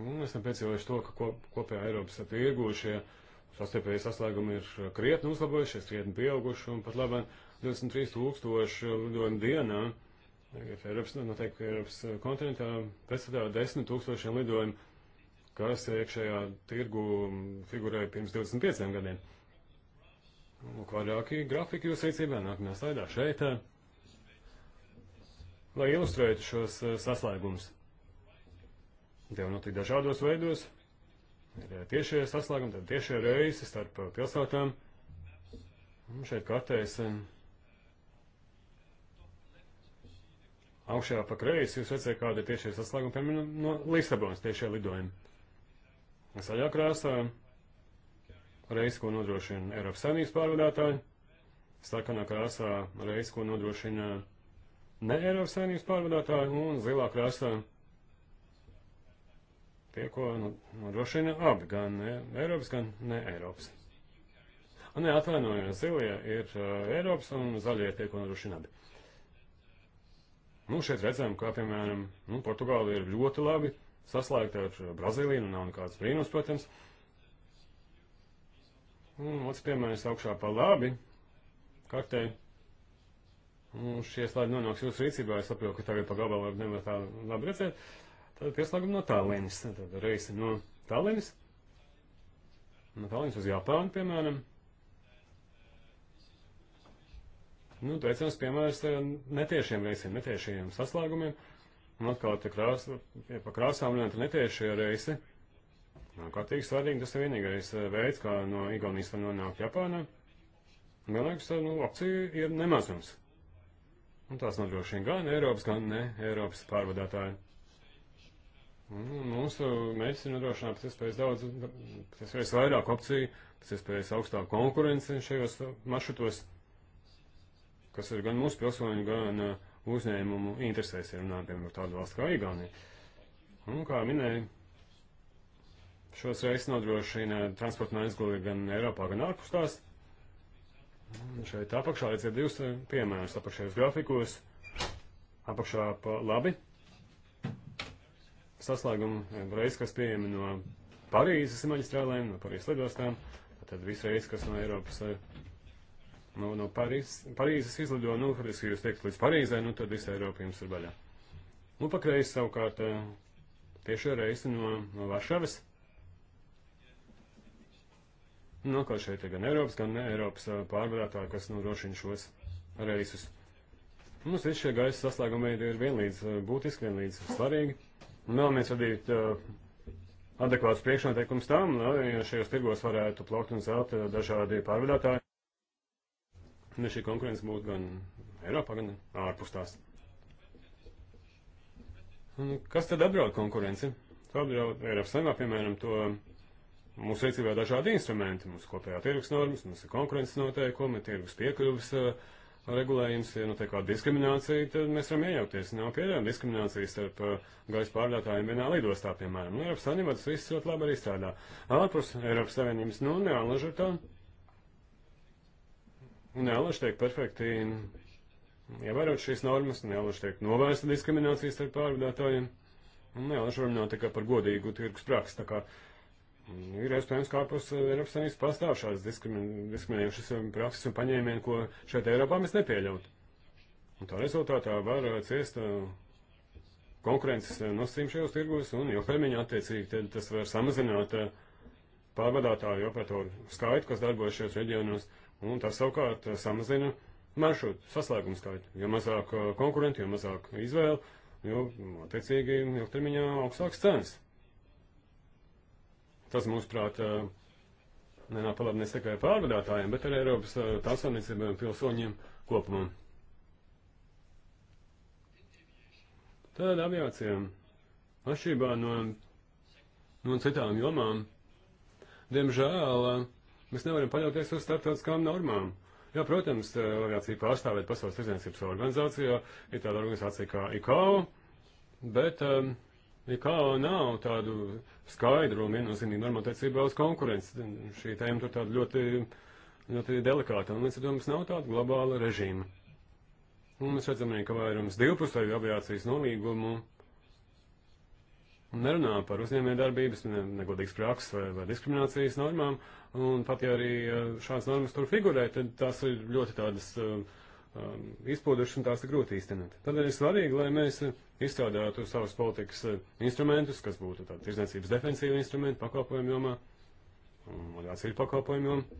Un esam piecīvojuši to, ka kop, kopējā Eiropas tirgu šie uh, Sastarpēji saslēgumi ir eh, krietni uzlabojušies, krietni pieauguši un pat labāk 23 tūkstoši lidojumu dienā. Eiropas, nu, noteikti Eiropas eh, kontinentā pretstatā 10 tūkstošiem lidojumu, kas iekšējā tirgu mm, figurēja pirms 25 gadiem. Lūk, vairāki grafiki jūs rīcībā nākamajā slaidā šeit, eh, lai ilustrētu šos saslēgumus. Tie var notikt dažādos veidos ir e, tiešie saslēgumi, tad tiešie reisi starp e, pilsētām. Un šeit kartēs augšējā pa kreisi jūs redzēja, kāda ir tiešie saslēgumi, piemēram, no Lisabonas tiešie lidojumi. Saļā krāsā reisi, ko nodrošina Eiropas saimnības pārvadātāji, sarkanā krāsā reisi, ko nodrošina ne Eiropas saimnības pārvadātāji, un zilā krāsā reisi, pie ko nu, nodrošina nu, abi, gan ne, Eiropas, gan ne Eiropas. Un, ne, atvainojos, zilie ir uh, Eiropas un zaļie tie, ko nodrošina abi. Nu, šeit redzam, kā, piemēram, nu, Portugāla ir ļoti labi saslēgta ar uh, Brazīliju, nu, nav nekāds brīnums, protams. Un otrs piemērs augšā pa labi kartē. Un šie slaidi nonāks jūsu rīcībā, es saprotu, ka tagad pa gabalu nevar tā labi redzēt. Uh, Tad pieslēgam no Tallinas. Tad reisi no Tallinas. No Tallinas uz Japānu, piemēram. Nu, teicams, piemērs eh, netiešiem reisiem, netiešajiem saslēgumiem. Un atkal te krās, ja pa krāsām runāt netiešie reisi. Nav kārtīgi svarīgi, tas ir vienīgais eh, veids, kā no Igaunijas var nonākt Japānā. Man liekas, eh, nu, opcija ir nemazums. Un tās nodrošina gan Eiropas, gan ne Eiropas pārvadātāji. Un mhm, mūsu mērķis ir nodrošināt pēc iespējas daudz, pēc iespējas vairāk opciju, pēc iespējas augstāku konkurenci šajos maršrutos, kas ir gan mūsu pilsoņu, gan uh, uzņēmumu interesēs, ja runājam, piemēram, tādu valstu kā Igaunija. Un, kā minēju, šos reizes nodrošina transporta aizgūli gan Eiropā, gan ārpus tās. Un šeit apakšā redziet divus piemērus apakšējos grafikos. Apakšā pa labi saslēguma eh, reizi, kas pieejami no Parīzes maģistrālēm, no Parīzes lidostām, tad visu reizi, kas no Eiropas, eh, no, no Parīzes, Parīzes izlido, nu, faktiski ja jūs tiekat līdz Parīzē, nu, tad visa Eiropa jums ir baļā. Nu, pakreiz savukārt eh, tiešo reizi no, no Varšavas. Nu, kā šeit ir gan Eiropas, gan ne Eiropas pārvarētāji, kas nodrošina nu, šos reisus. Mums visi šie gaisa saslēgumi ir vienlīdz būtiski, vienlīdz svarīgi. Un vēlamies radīt uh, adekvātus priekšnoteikumus tam, lai šajos tirgos varētu plaukt un zelt uh, dažādi pārvadātāji. Un nu, šī konkurence būtu gan Eiropā, gan ārpus tās. Un kas tad apdraud konkurenci? Tā apdraud Eiropas saimā, piemēram, to mūsu rīcībā dažādi instrumenti, mūsu kopējā tirgus normas, mums ir konkurences noteikumi, tirgus piekļuvis. Uh, regulējums, ja notiek nu, kāda diskriminācija, tad mēs varam iejaukties. Nav pieļaujama diskriminācija starp uh, gaisa pārvadātājiem vienā lidostā, piemēram. Nu, Eiropas Savienībā tas viss ļoti labi arī strādā. Ārpus Eiropas Savienības, nu, nealaži ir tā. Nealaži tiek perfekti ievērot šīs normas, nealaži tiek novērsta diskriminācija starp pārvadātājiem. Un nealaži varam nav tikai par godīgu tirgus praksi. Tā kā ir iespējams kāpus eh, Eiropas Savienības pastāv šādas diskriminējušas eh, prakses un paņēmieni, ko šeit Eiropā mēs nepieļautu. Un tā rezultātā var eh, ciest konkurences nosacījumi šajos tirgos, un jo fermiņā attiecīgi tad tas var samazināt pārvadātāju operatoru skaitu, kas darbojas šajos reģionos, un tas savukārt samazina maršrutu saslēgumu skaitu. Jo mazāk konkurenti, jo mazāk izvēle, jo attiecīgi ilgtermiņā augstāks cenas. Tas, mūsuprāt, nenāk palabi ne tikai pārvadātājiem, bet arī Eiropas tautsāniecībiem un pilsoņiem kopumā. Tad aviācijām, atšķirībā no, no citām jomām, diemžēl mēs nevaram paļauties uz starptautiskām normām. Jā, protams, aviācija pārstāvēt Pasaules tirdzniecības organizācijā, ir tāda organizācija kā ICAO, bet um, nekā nav tādu skaidru un viennozīmīgu normu attiecībā uz konkurenci. Šī tēma tur tāda ļoti, ļoti delikāta, un līdz ar to mums nav tāda globāla režīma. Un mēs redzam arī, ka vairums divpusēju aviācijas nolīgumu nerunā par uzņēmējdarbības, ne, negodīgas prakses vai, vai diskriminācijas normām, un pat ja arī eh, šādas normas tur figurē, tad tās ir ļoti tādas uh, Um, izpilduši un tās ir grūti īstenot. Tādēļ ir svarīgi, lai mēs uh, izstrādātu savus politikas uh, instrumentus, kas būtu tādi tirdzniecības defensīvi instrumenti pakalpojumu jomā, tās ir pakalpojumu jomā,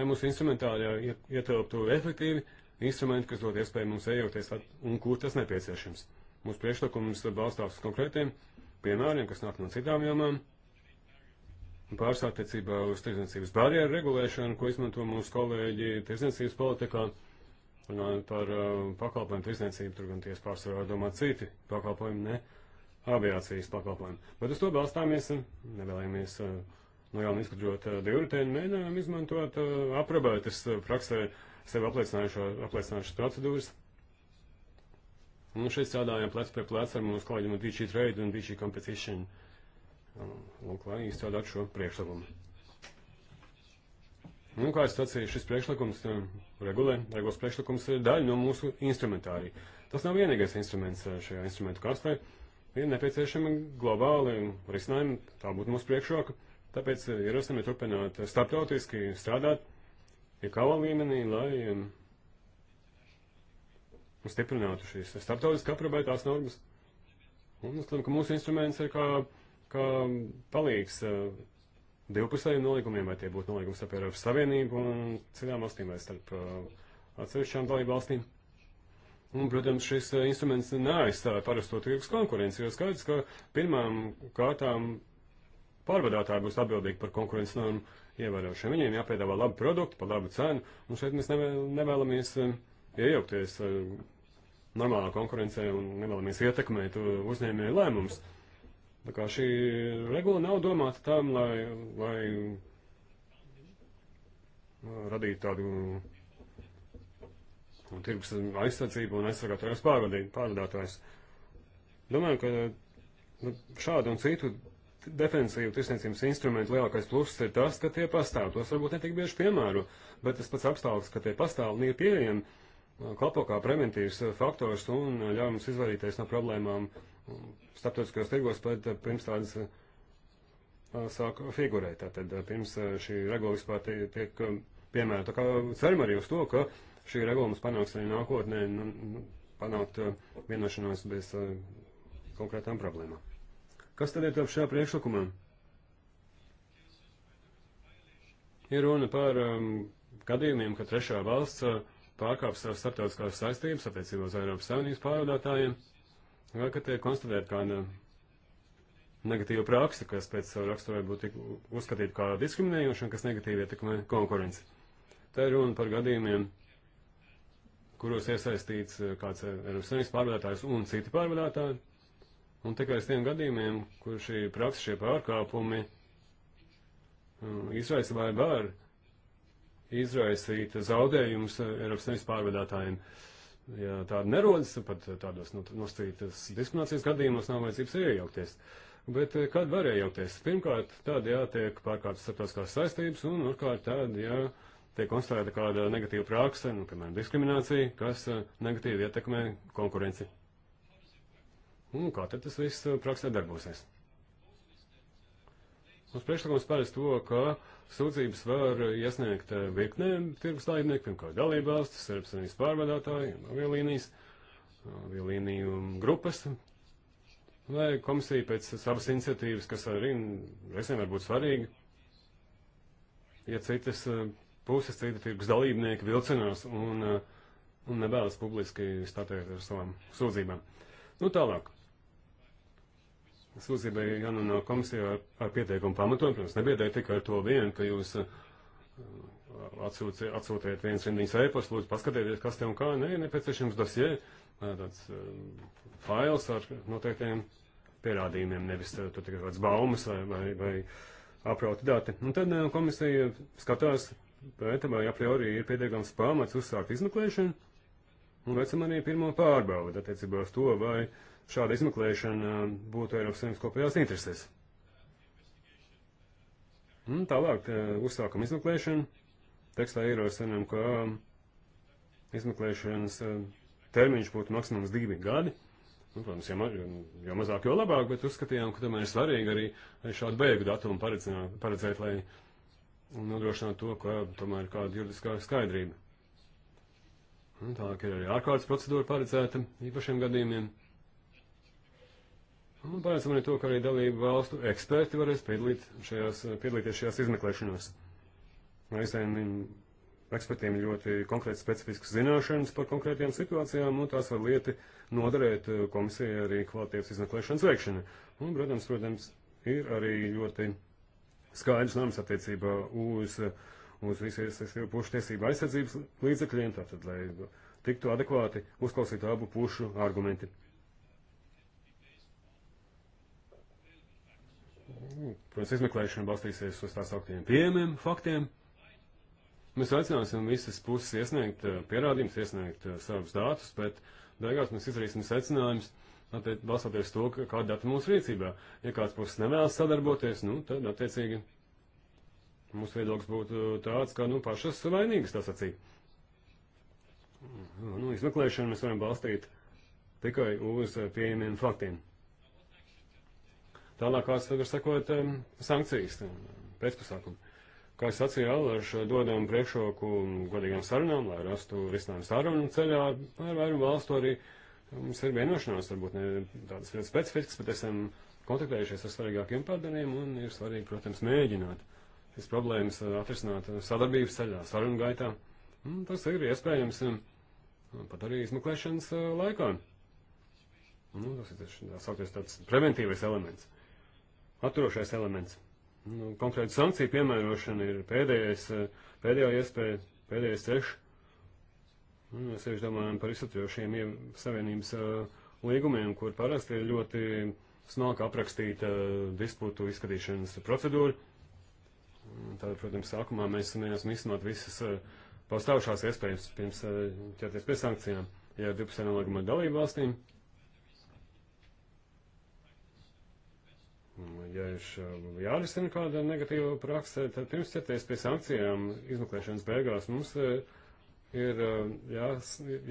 lai mūsu instrumentārijā uh, ietilptu efektīvi instrumenti, kas dod iespēju mums ejauties un kur tas nepieciešams. Mūsu priekšlikums balstās uz konkrētiem piemēriem, kas nāk no citām jomām. Pārsātiecībā uz tirdzniecības barjeru regulēšanu, ko izmanto mūsu kolēģi tirdzniecības politikā Runājot par uh, pakalpojumu tirsniecību, tur gan tiesa pārsvarā domā citi pakalpojumi, ne aviācijas pakalpojumi. Bet uz to balstāmies, nevēlējamies uh, no jauna izgudrot uh, divritēnu, mēģinājām izmantot uh, aprabētas uh, praksē sev apliecinājušas procedūras. Un šeit strādājām plec pie plec ar mūsu kolēģiem no DG Trade un DG Competition. Um, lūk, lai izstrādātu šo priekšlikumu. Un, nu, kā es sacīju, šis priekšlikums, eh, regulē, regulas priekšlikums ir daļa no mūsu instrumentārija. Tas nav vienīgais instruments eh, šajā instrumentu kastē. Ir nepieciešami globāli risinājumi, tā būtu mūsu priekšroka. Tāpēc eh, ierosinām ir turpināt starptautiski strādāt iekāvā līmenī, lai stiprinātu šīs starptautiski aprobētās normas. Un es domāju, ka mūsu instruments ir kā, kā palīgs divpusējiem nolīgumiem, vai tie būtu nolīgums starp Eiropas Savienību un citām valstīm vai starp uh, atsevišķām dalību valstīm. Un, protams, šis uh, instruments neaizstāja parasto tirgus konkurenci, jo skaidrs, ka pirmām kārtām pārvadātāji būs atbildīgi par konkurences normu ievērošanu. Viņiem jāpiedāvā labi produkti par labu cenu, un šeit mēs nevēlamies uh, iejaukties normālā konkurencē un nevēlamies ietekmēt uzņēmēju lēmumus. Tā kā šī regula nav domāta tam, lai, lai radītu tādu un tirgus aizsardzību un aizsargātājus pārvadātājus. Domāju, ka nu, šādu un citu defensīvu tirsniecības instrumentu lielākais pluss ir tas, ka tie pastāv. Tos varbūt netik bieži piemēro, bet tas pats apstākļus, ka tie pastāv un ir pieejami, uh, kalpo kā preventīvs uh, faktors un uh, ļauj mums izvairīties no problēmām starptautiskajos tirgos pat eh, pirms tādas eh, sāk figurēt. Tātad eh, pirms šī regula vispār tiek piemēra. Tā kā ceram arī uz to, ka šī regula mums panāks arī nākotnē nu, nu panākt vienošanos bez konkrētām problēmām. Kas tad ir tev šajā priekšlikumā? Ir runa par um, gadījumiem, ka trešā valsts uh, pārkāpj savas starptautiskās saistības attiecībā uz Eiropas Savienības pārvadātājiem. Vai, ka tiek konstatēta kāda negatīva praksa, kas pēc savu raksturoju būtu uzskatīta kā diskriminējoša un kas negatīvi ietekmē konkurenci. Tā ir runa par gadījumiem, kuros iesaistīts eh, kāds Eiropas Savienības pārvadātājs un citi pārvadātāji, un tikai uz tiem gadījumiem, kur šī praksa, šie pārkāpumi eh, izraisa vai var izraisīt zaudējumus eh, Eiropas Savienības pārvadātājiem. Uh, ja tāda nerodas, pat tādos nu, nostrītas diskriminācijas gadījumos nav vajadzības iejaukties. Bet eh, kad var iejaukties? Pirmkārt, tad jātiek pārkārtas starptautiskās saistības, un otrkārt, tad jātiek konstatēta kāda negatīva prakse, nu, piemēram, diskriminācija, kas eh, negatīvi ietekmē konkurenci. Un kā tad tas viss eh, praksē darbosies? Mums priekšlikums paredz to, ka sūdzības var iesniegt eh, virknēm tirgus laidniekiem, kā dalībvalstis, Eiropas Savienības pārvadātāji, aviolīnijas, aviolīniju grupas, lai komisija pēc savas iniciatīvas, kas arī reizēm var būt svarīga, ja citas eh, puses, citi tirgus dalībnieki vilcinās un, eh, un nevēlas publiski statēt ar savām sūdzībām. Nu tālāk. Sūdzība ir jānonāk komisijā ar pieteikumu pamatojumu. Protams, nebiedēja tikai ar to vienu, ka jūs uh, atsūci, atsūtiet viens rindiņas ēpastu, lūdzu paskatieties, kas te un kā. Nē, nepieciešams dosie, uh, tāds um, fails ar noteiktiem pierādījumiem, nevis uh, tur tikai kāds baumas vai, vai, vai aprauti dati. Un tad komisija skatās, pēta vai a priori ir pietiekams pamats uzsākt izmeklēšanu un veicam arī pirmo pārbaudi attiecībā uz to, vai. Uh, šāda izmeklēšana būtu Eiropas Savienības kopējās interesēs. Un tālāk eh, uzsākam izmeklēšanu. Tekstā ierosinām, ka izmeklēšanas eh, termiņš būtu maksimums divi gadi. Un, nu, protams, jau, ma jau mazāk, jau labāk, bet uzskatījām, ka tomēr ir svarīgi arī šādu beigu datumu paredzēt, lai nodrošinātu to, ka tomēr ir kāda juridiskā skaidrība. Un tālāk ir arī ārkārtas procedūra paredzēta īpašiem gadījumiem. Ja Un nu, paredzam arī to, ka arī dalību valstu eksperti varēs piedalīt šajās, piedalīties šajās izmeklēšanās. Reizēm ekspertiem ir ļoti konkrēti specifiskas zināšanas par konkrētiem situācijām, un tās var lieti noderēt eh, komisijai arī kvalitātes izmeklēšanas veikšana. Un, protams, protams, ir arī ļoti skaidrs normas attiecībā uz, uz visies pušu tiesību aizsardzības līdzekļiem, tātad, lai tiktu adekvāti uzklausīt abu pušu argumenti. protams, izmeklēšana balstīsies uz tās augtiem pieejamiem faktiem. Mēs aicināsim visas puses iesniegt eh, pierādījumus, iesniegt eh, savus datus, bet beigās mēs izdarīsim secinājumus, balstoties to, kāda data mūsu rīcībā. Ja kāds puses nevēlas sadarboties, nu, tad attiecīgi mūsu viedoklis būtu eh, tāds, ka, nu, pašas vainīgas tas acī. Nu, nu, izmeklēšanu mēs varam balstīt tikai uz pieejamiem faktiem. Tālākās, var sakot, um, sankcijas, um, pēcpasākumi. Kā es sacīju, Alars uh, dodam um, priekšroku godīgām sarunām, lai rastu risinājumu sarunu ceļā ar vairumu valstu arī. Mums ir vienošanās, varbūt ne tādas ļoti specifiskas, bet esam kontaktējušies ar svarīgākiem partneriem un ir svarīgi, protams, mēģināt šīs problēmas uh, atrisināt uh, sadarbības ceļā, sarunu gaitā. Un tas ir iespējams pat arī izmeklēšanas laikā. Nu, tas ir tā saukties tāds preventīvais elements atturošais elements. Nu, konkrēti sankciju piemērošana ir pēdējais, eh, pēdējā iespēja, pēdējais ceļš. Nu, mēs tieši domājam par izsatrošiem savienības uh, līgumiem, kur parasti ir ļoti smalki aprakstīta uh, eh, disputu izskatīšanas procedūra. Tad, protams, sākumā mēs mēģinām izsnot visas uh, pastāvušās iespējas pirms ķerties pie sankcijām, ja ir 12 nolīguma dalību valstīm. Mm, ja ir um, jārisina kāda negatīva praksa, tad pirms ķerties pie sankcijām izmeklēšanas beigās mums uh, ir um, jā,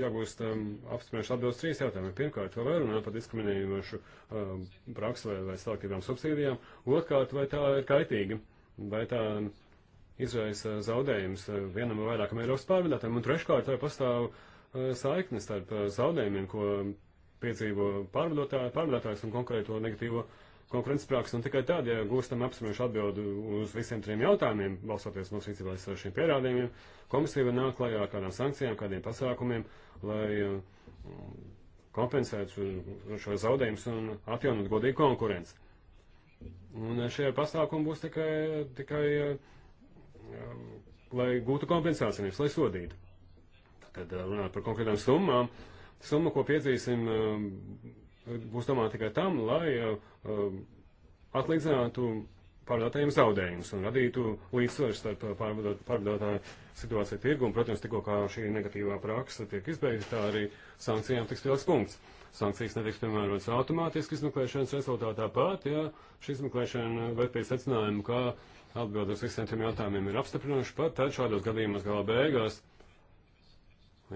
jāgūst um, apspriešu atbildes trīs jautājumiem. Pirmkārt, vai var runāt par diskriminējošu praksu vai, vai stāvkībām subsīdijām. Otkārt, vai tā ir kaitīga, vai tā izraisa zaudējums uh, vienam vai vairākam Eiropas pārvadātājiem. Un treškārt, vai pastāv uh, saiknes starp zaudējumiem, ko piedzīvo pārvadātājs un konkrēto negatīvo praksu konkurences prakses, un tikai tad, ja gūstam apspriešu atbildi uz visiem trim jautājumiem, balsoties mūsu rīcībā esošiem pierādījumiem, komisija var nākt klajā ar kādām sankcijām, kādiem pasākumiem, lai uh, kompensētu šo zaudējumus un atjaunot godīgu konkurenci. Un šie pasākumi būs tikai, tikai uh, lai gūtu kompensācijas, lai sodītu. Tad uh, runāt par konkrētām summām. Summa, ko piedzīsim būs domāta tikai tam, lai um, atlīdzinātu pārvadātājiem zaudējumus un radītu līdzsvaru starp pārvadātāju situāciju tirgu. Un, protams, tikko kā šī negatīvā praksa tiek izbeigta, tā arī sankcijām tiks pieliks punkts. Sankcijas netiks piemērotas automātiski izmeklēšanas rezultātā pat, ja šī izmeklēšana ved pie secinājuma, ka atbildes visiem tiem jautājumiem ir apstiprinoši, pat tad šādos gadījumos gala beigās uh,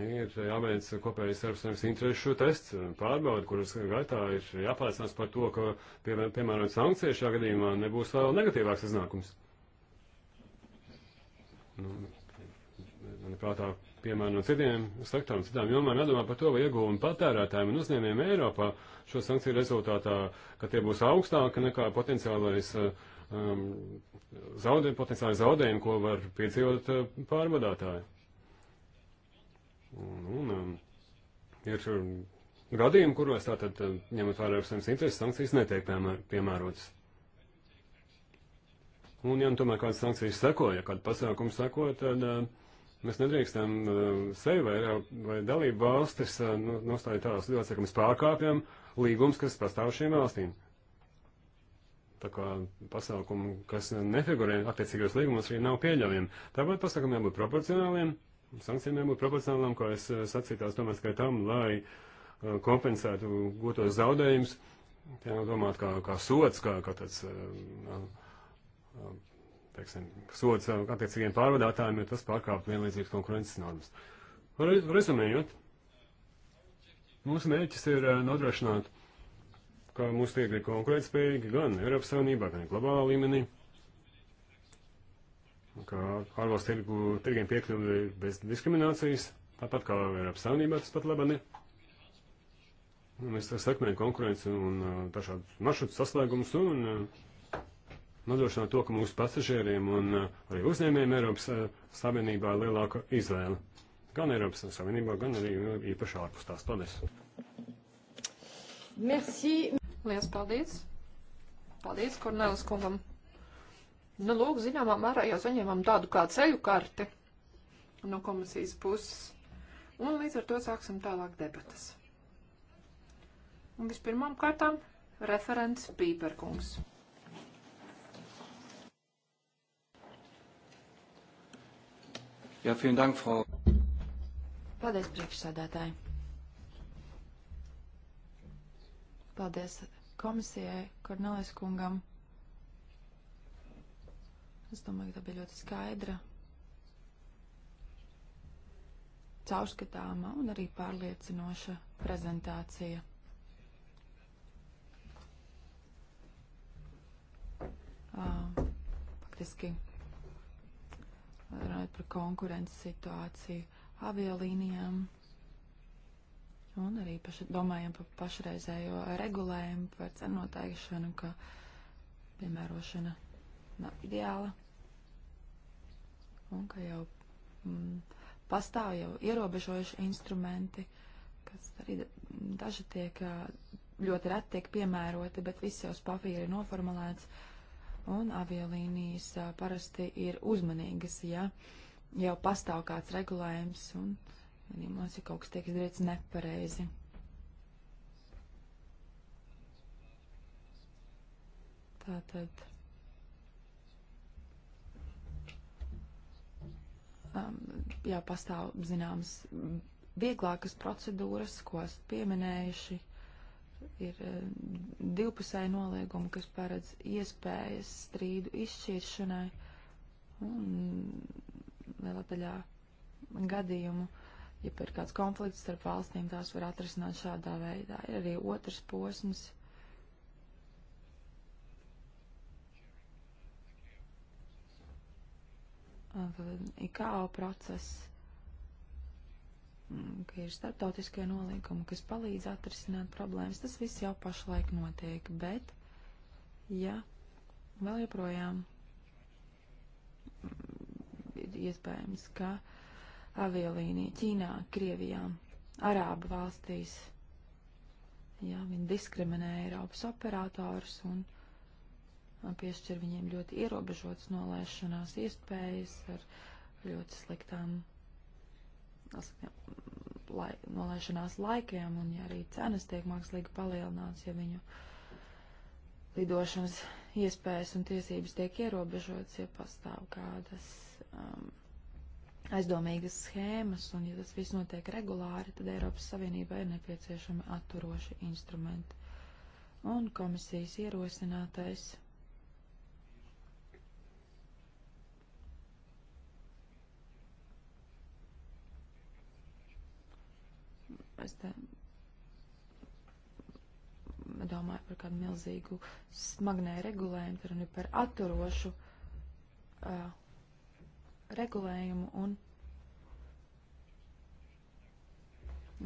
Ir jāveic kopējais Eiropas Savienības interešu tests, pārbauda, kuras gaitā ir jāpārliecinās par to, ka, pie, piemēram, sankcijas šā gadījumā nebūs vēl negatīvāks iznākums. Nu, manuprātā, piemēram, no citiem sektoriem, citām jomām jādomā par to, vai ieguvumi patērētājiem un uzņēmējiem Eiropā šo sankciju rezultātā, ka tie būs augstāki nekā potenciālais um, zaudējumi, potenciālais zaudējumi, ko var piedzīvot uh, pārvadātāji. Un, un, um, ir gadījumi, um, kuros tātad um, ņemot vērā savas intereses, sankcijas netiek piemērotas. Un, ja nu tomēr kādas sankcijas seko, ja kāda pasākuma seko, tad uh, mēs nedrīkstam uh, sevi vai, uh, vai dalību valstis uh, nostāja tās ļoti, ka mēs pārkāpjam līgums, kas pastāv šīm valstīm. Tā kā pasākumu, kas nefigurē attiecīgos līgumos, arī nav pieļaujami. Tāpat pasākumiem jābūt proporcionāliem. Ja Sankcijām jābūt proporcionālām, kā es eh, sacīju, tās domās kā tam, lai eh, kompensētu gotos zaudējumus. Tie nav domāti kā, kā sots, kā, kā tāds, eh, teiksim, sots attiecīgiem pārvadātājiem, jo tas pārkāptu vienlīdzības konkurences normas. Rezumējot, mūsu mērķis ir nodrošināt, ka mūsu tirgi ir konkurētspējīgi gan Eiropas Savienībā, gan globālā līmenī ka ārvalstu tirgu, tirgiem piekļuvi bez diskriminācijas, tāpat kā Eiropas Savienībā tas pat labani. Mēs sekmējam konkurenci un uh, dažādu maršrutu saslēgumus un uh, nodrošinām to, ka mūsu pasažieriem un uh, arī uzņēmējiem Eiropas Savienībā ir lielāka izvēle. Gan Eiropas Savienībā, gan arī īpaši ārpus tās. Paldies! Merci! Liels paldies! Paldies Kornelis kungam! Nu, lūk, zināmā mērā jau saņēmām tādu kā ceļu karti no komisijas puses. Un līdz ar to sāksim tālāk debatas. Un vispirmām kārtām referents Pīperkungs. Jā, vielen dank, Frau. Paldies, priekšsādātāji. Paldies komisijai, Kornelis kungam Es domāju, ka tā bija ļoti skaidra, caurskatāma un arī pārliecinoša prezentācija. Uh, faktiski runājot par konkurences situāciju aviolīnijām un arī paša, domājam par pašreizējo regulējumu, par cenu noteikšanu, ka piemērošana nav ideāla un ka jau mm, pastāv jau ierobežojuši instrumenti, kas arī daži tiek ļoti reti tiek piemēroti, bet viss jau uz papīra ir noformulēts, un aviolīnijas parasti ir uzmanīgas, ja jau pastāv kāds regulējums, un arī mums ir kaut kas tiek izdarīts nepareizi. Tātad. um, jā, pastāv zināmas vieglākas procedūras, ko esat pieminējuši. Ir um, divpusēji noliegumi, kas paredz iespējas strīdu izšķiršanai un lielā daļā gadījumu, ja ir kāds konflikts starp valstīm, tās var atrisināt šādā veidā. Ir arī otrs posms, Eh, IKO process, mm, ka ir starptautiskie nolīgumi, kas palīdz atrisināt problēmas. Tas viss jau pašlaik notiek, bet, ja vēl joprojām ir iespējams, ka aviolīnija Ķīnā, Krievijā, Arābu valstīs, ja viņi diskriminē Eiropas operatorus un piešķir viņiem ļoti ierobežotas nolaišanās iespējas ar ļoti sliktām lai, nolaišanās laikiem, un ja arī cenas tiek mākslīgi palielināts, ja viņu lidošanas iespējas un tiesības tiek ierobežotas, ja pastāv kādas um, aizdomīgas schēmas, un ja tas viss notiek regulāri, tad Eiropas Savienībai ir nepieciešami atturoši instrumenti. Un komisijas ierosinātais Es tā domāju par kādu milzīgu smagnē regulējumu, tur un par atturošu uh, regulējumu un,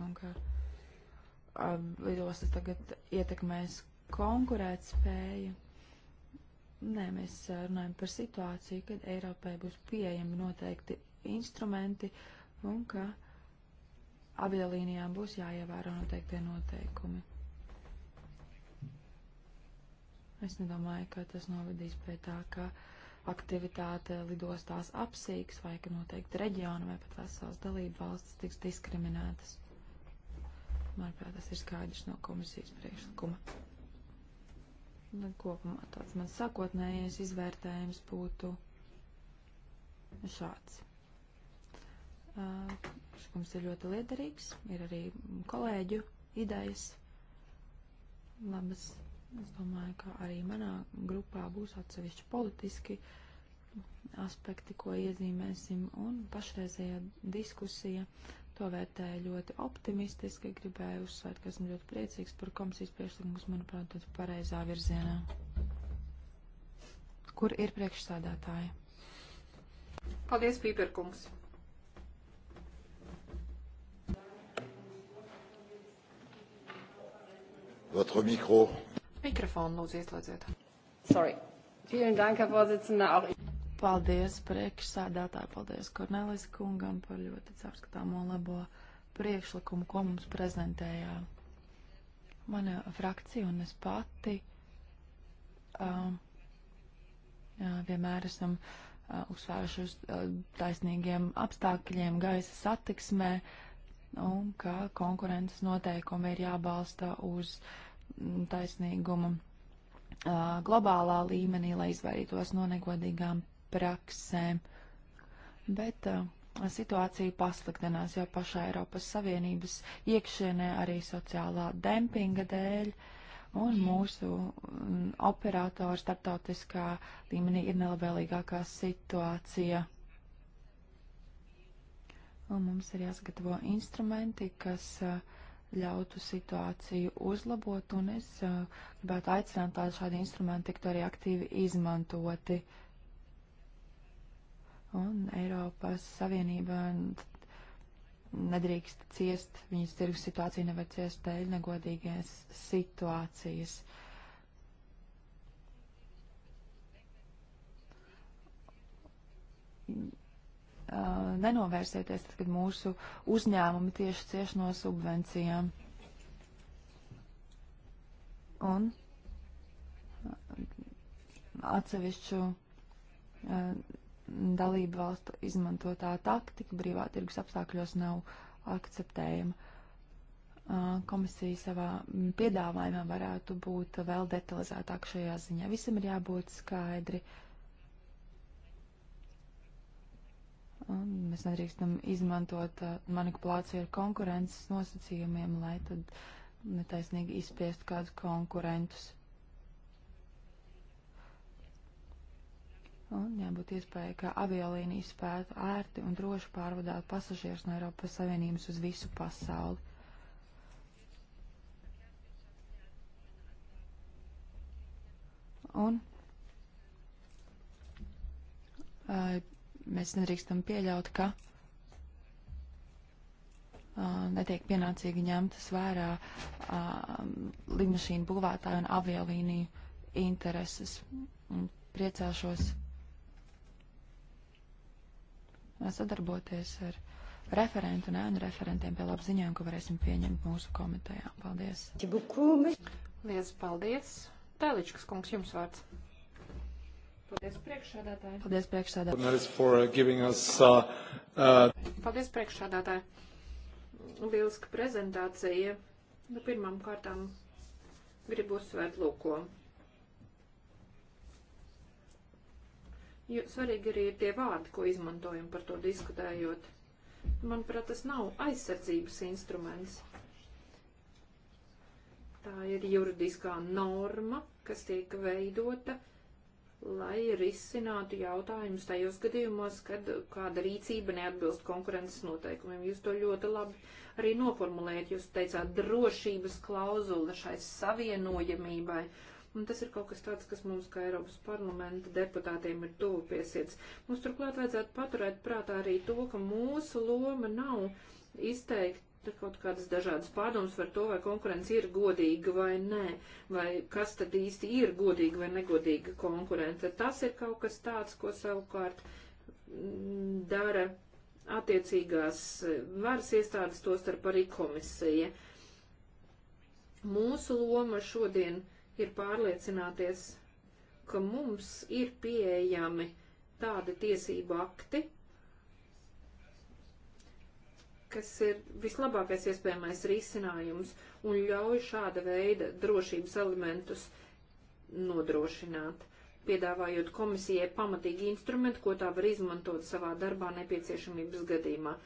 un ka uh, lidostas tagad ietekmēs konkurēt spēju. Nē, mēs uh, runājam par situāciju, kad Eiropai būs pieejami noteikti instrumenti un ka uh, avialīnijām būs jāievēro noteiktie noteikumi. Es nedomāju, ka tas novedīs pie tā, ka aktivitāte lidostās apsīks vai ka noteikti reģionu vai pat vesels dalību valstis tiks diskriminētas. Manuprāt, tas ir skaidrs no komisijas priekšlikuma. Nu, kopumā tāds mans sākotnējais izvērtējums būtu šāds. Mums ir ļoti liederīgs, ir arī kolēģu idejas labas. Es domāju, ka arī manā grupā būs atsevišķi politiski aspekti, ko iezīmēsim, un pašreizējā diskusija to vērtēja ļoti optimistiski. Gribēju uzsvērt, ka esmu ļoti priecīgs par komisijas priekšlikumu, kas, manuprāt, ir pareizā virzienā. Kur ir priekšsādātāji? Paldies, Pīperkungs! Votre mikro. Mikrofonu lūdzu ieslēdziet. Sorry. Vielen Dank, Herr Vorsitzender. Paldies priekšsādātāji, paldies Kornelis kungam par ļoti caurskatāmo labo priekšlikumu, ko mums prezentējā mana frakcija un es pati. Um, jā, vienmēr esam uh, uzsvēruši uz uh, taisnīgiem apstākļiem gaisa satiksmē. Uh, un ka konkurences noteikumi ir jābalsta uz taisnīgumu globālā līmenī, lai izvairītos no negodīgām praksēm. Bet uh, situācija pasliktinās jau pašā Eiropas Savienības iekšienē arī sociālā dempinga dēļ, un mūsu operatori starptautiskā līmenī ir nelabvēlīgākā situācija. Un mums ir jāsagatavo instrumenti, kas ļautu situāciju uzlabot, un es gribētu aicināt, lai šādi instrumenti tiktu arī aktīvi izmantoti. Un Eiropas Savienība nedrīkst ciest, viņas tirgus situācija nevar ciest dēļ negodīgās situācijas uh, nenovērsieties, tad, kad mūsu uzņēmumi tieši cieši no subvencijām. Un atsevišķu uh, dalību valstu izmantotā taktika brīvā tirgus apstākļos nav akceptējama. Uh, komisija savā piedāvājumā varētu būt vēl detalizētāk šajā ziņā. Visam ir jābūt skaidri uh, Mēs nedrīkstam izmantot uh, manipulāciju ar konkurences nosacījumiem, lai tad netaisnīgi izspiest kādus konkurentus. Un jābūt iespēja, ka aviolīnijas spētu ērti un droši pārvadāt pasažierus no Eiropas Savienības uz visu pasauli. Un uh, mēs nedrīkstam pieļaut, ka uh, netiek pienācīgi ņemtas vērā uh, lidmašīnu būvētāju un aviolīniju intereses. Un priecāšos sadarboties ar referentu un ēnu referentiem pie labziņām, ko varēsim pieņemt mūsu komitejā. Paldies! Liels paldies! Tēličkas kungs, jums vārds! Paldies priekšsādātāji. Paldies priekšsādātāji. Uh, us, uh, uh... Paldies priekšsādātāji. Lieliska prezentācija. Nu, pirmām kārtām gribu uzsvērt lūko. Jo svarīgi arī ir tie vārdi, ko izmantojam par to diskutējot. Manuprāt, tas nav aizsardzības instruments. Tā ir juridiskā norma, kas tiek veidota lai risinātu jautājumus tajos gadījumos, kad kāda rīcība neatbilst konkurences noteikumiem. Jūs to ļoti labi arī noformulējat. Jūs teicāt drošības klauzula šai savienojamībai. Un tas ir kaut kas tāds, kas mums, kā Eiropas parlamenta deputātiem, ir tuvu piesiets. Mums turklāt vajadzētu paturēt prātā arī to, ka mūsu loma nav izteikt te kaut kādas dažādas pārdomas par to, vai konkurence ir godīga vai nē, vai kas tad īsti ir godīga vai negodīga konkurence. Tas ir kaut kas tāds, ko savukārt mm, dara attiecīgās e, varas iestādes, to starp arī komisija. Mūsu loma šodien ir pārliecināties, ka mums ir pieejami tādi tiesību akti, kas ir vislabākais iespējamais risinājums un ļauj šāda veida drošības elementus nodrošināt, piedāvājot komisijai pamatīgi instrumentu, ko tā var izmantot savā darbā nepieciešamības gadījumā.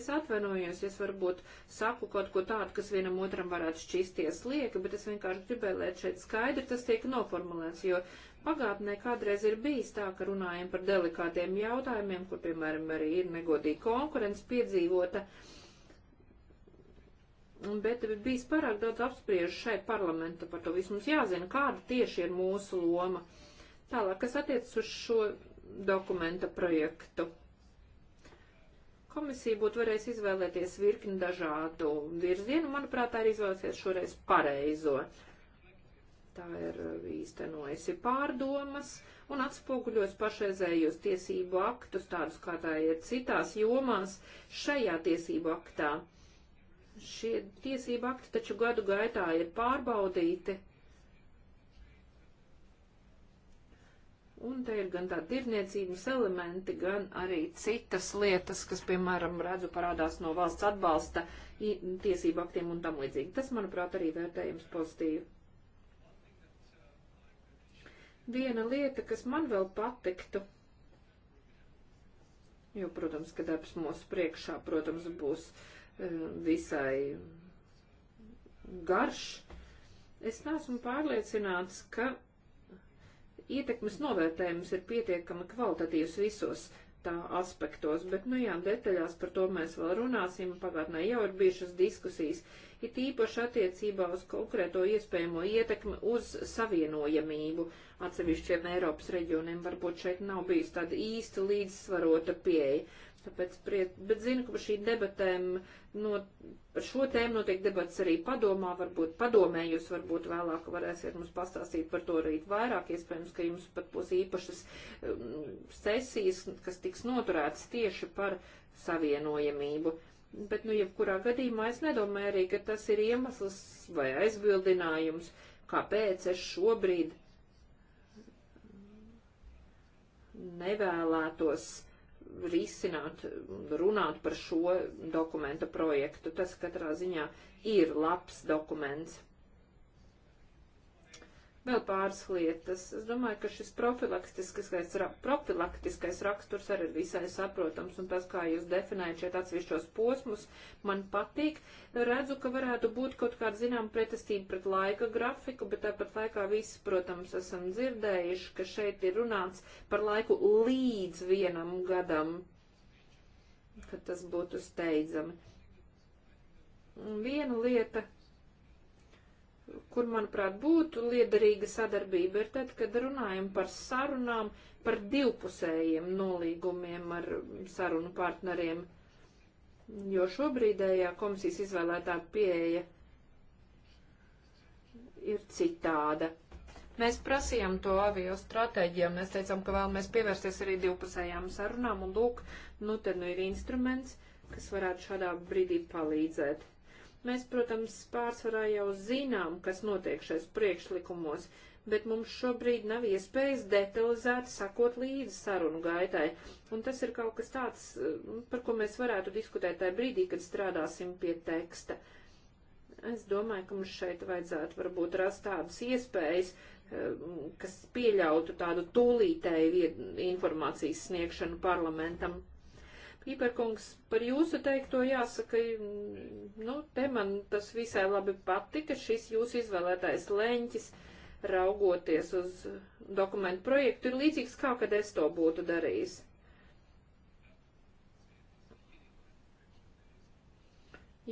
Es atvainojos, es varbūt saku kaut ko tādu, kas vienam otram varētu šķisties lieka, bet es vienkārši gribēju, lai šeit skaidri tas tiek noformulēts, jo Pagātnē kādreiz ir bijis tā, ka runājam par delikātiem jautājumiem, kur, piemēram, arī ir negodīga konkurence piedzīvota, bet bijis pārāk daudz apspriežu šai parlamenta par to visu. Mums jāzina, kāda tieši ir mūsu loma. Tālāk, kas attiecas uz šo dokumenta projektu. Komisija būtu varējusi izvēlēties virkni dažādu virzienu, manuprāt, arī izvēlēties šoreiz pareizo. Uh, tā ir uh, īstenojusi pārdomas un atspoguļos pašreizējos tiesību aktus, tādus kā tā ir citās jomās šajā tiesību aktā. Šie tiesību akti taču gadu gaitā ir pārbaudīti. Un te ir gan tādi tirniecības elementi, gan arī citas lietas, kas, piemēram, redzu parādās no valsts atbalsta tiesību aktiem un tam līdzīgi. Tas, manuprāt, arī vērtējums pozitīvi viena lieta, kas man vēl patiktu, jo, protams, ka darbs mūsu priekšā, protams, būs eh, visai garš, es neesmu pārliecināts, ka ietekmes novērtējums ir pietiekami kvalitatīvs visos tā aspektos, bet, nu jā, detaļās par to mēs vēl runāsim, pagātnē jau ir bijušas diskusijas, uh, it īpaši attiecībā uz konkrēto iespējamo ietekmi uz savienojamību. Atsevišķiem Eiropas reģioniem varbūt šeit nav bijis tāda īsta līdzsvarota pieeja. Tāpēc, priet, bet zinu, ka par šī debatēm, no, par šo tēmu notiek debats arī padomā, varbūt padomē jūs varbūt vēlāk varēsiet mums pastāstīt par to arī vairāk, iespējams, ka jums pat būs īpašas um, sesijas, kas tiks noturētas tieši par savienojamību. Uh, Bet, nu, jebkurā gadījumā es nedomāju arī, ka tas ir iemesls vai aizbildinājums, kāpēc es šobrīd nevēlētos risināt, runāt par šo dokumenta projektu. Tas katrā ziņā ir labs dokuments. Vēl pāris lietas. Es domāju, ka šis profilaktiskais, profilaktiskais raksturs arī ir visai saprotams, un tas, kā jūs definējat šeit atsevišķos posmus, man patīk. Redzu, ka varētu būt kaut kāda zinām pretestība pret laika grafiku, bet tāpat laikā visi, protams, esam dzirdējuši, ka šeit ir runāts par laiku līdz vienam gadam, ka tas būtu steidzami. Viena lieta, kur, manuprāt, būtu liederīga sadarbība, ir tad, kad runājam par sarunām, par divpusējiem nolīgumiem ar sarunu partneriem, jo šobrīdējā komisijas izvēlētā pieeja ir citāda. Mēs prasījām to avio stratēģijām, mēs teicām, ka vēlamies pievērsties arī divpusējām sarunām, un lūk, nu te nu ir instruments, kas varētu šādā brīdī palīdzēt. Mēs, protams, pārsvarā jau zinām, kas notiek šais priekšlikumos, bet mums šobrīd nav iespējas detalizēti sakot līdzi sarunu gaitai. Un tas ir kaut kas tāds, mm, par ko mēs varētu diskutēt tajā brīdī, kad strādāsim pie teksta. Es domāju, ka mums šeit vajadzētu varbūt rast tādas iespējas, mm, kas pieļautu tādu tūlītēju informācijas sniegšanu parlamentam. Pīperkungs, par jūsu teikto jāsaka, nu, te man tas visai labi patika, šis jūsu izvēlētais leņķis, raugoties uz dokumentu projektu, ir līdzīgs kā, kad es to būtu darījis.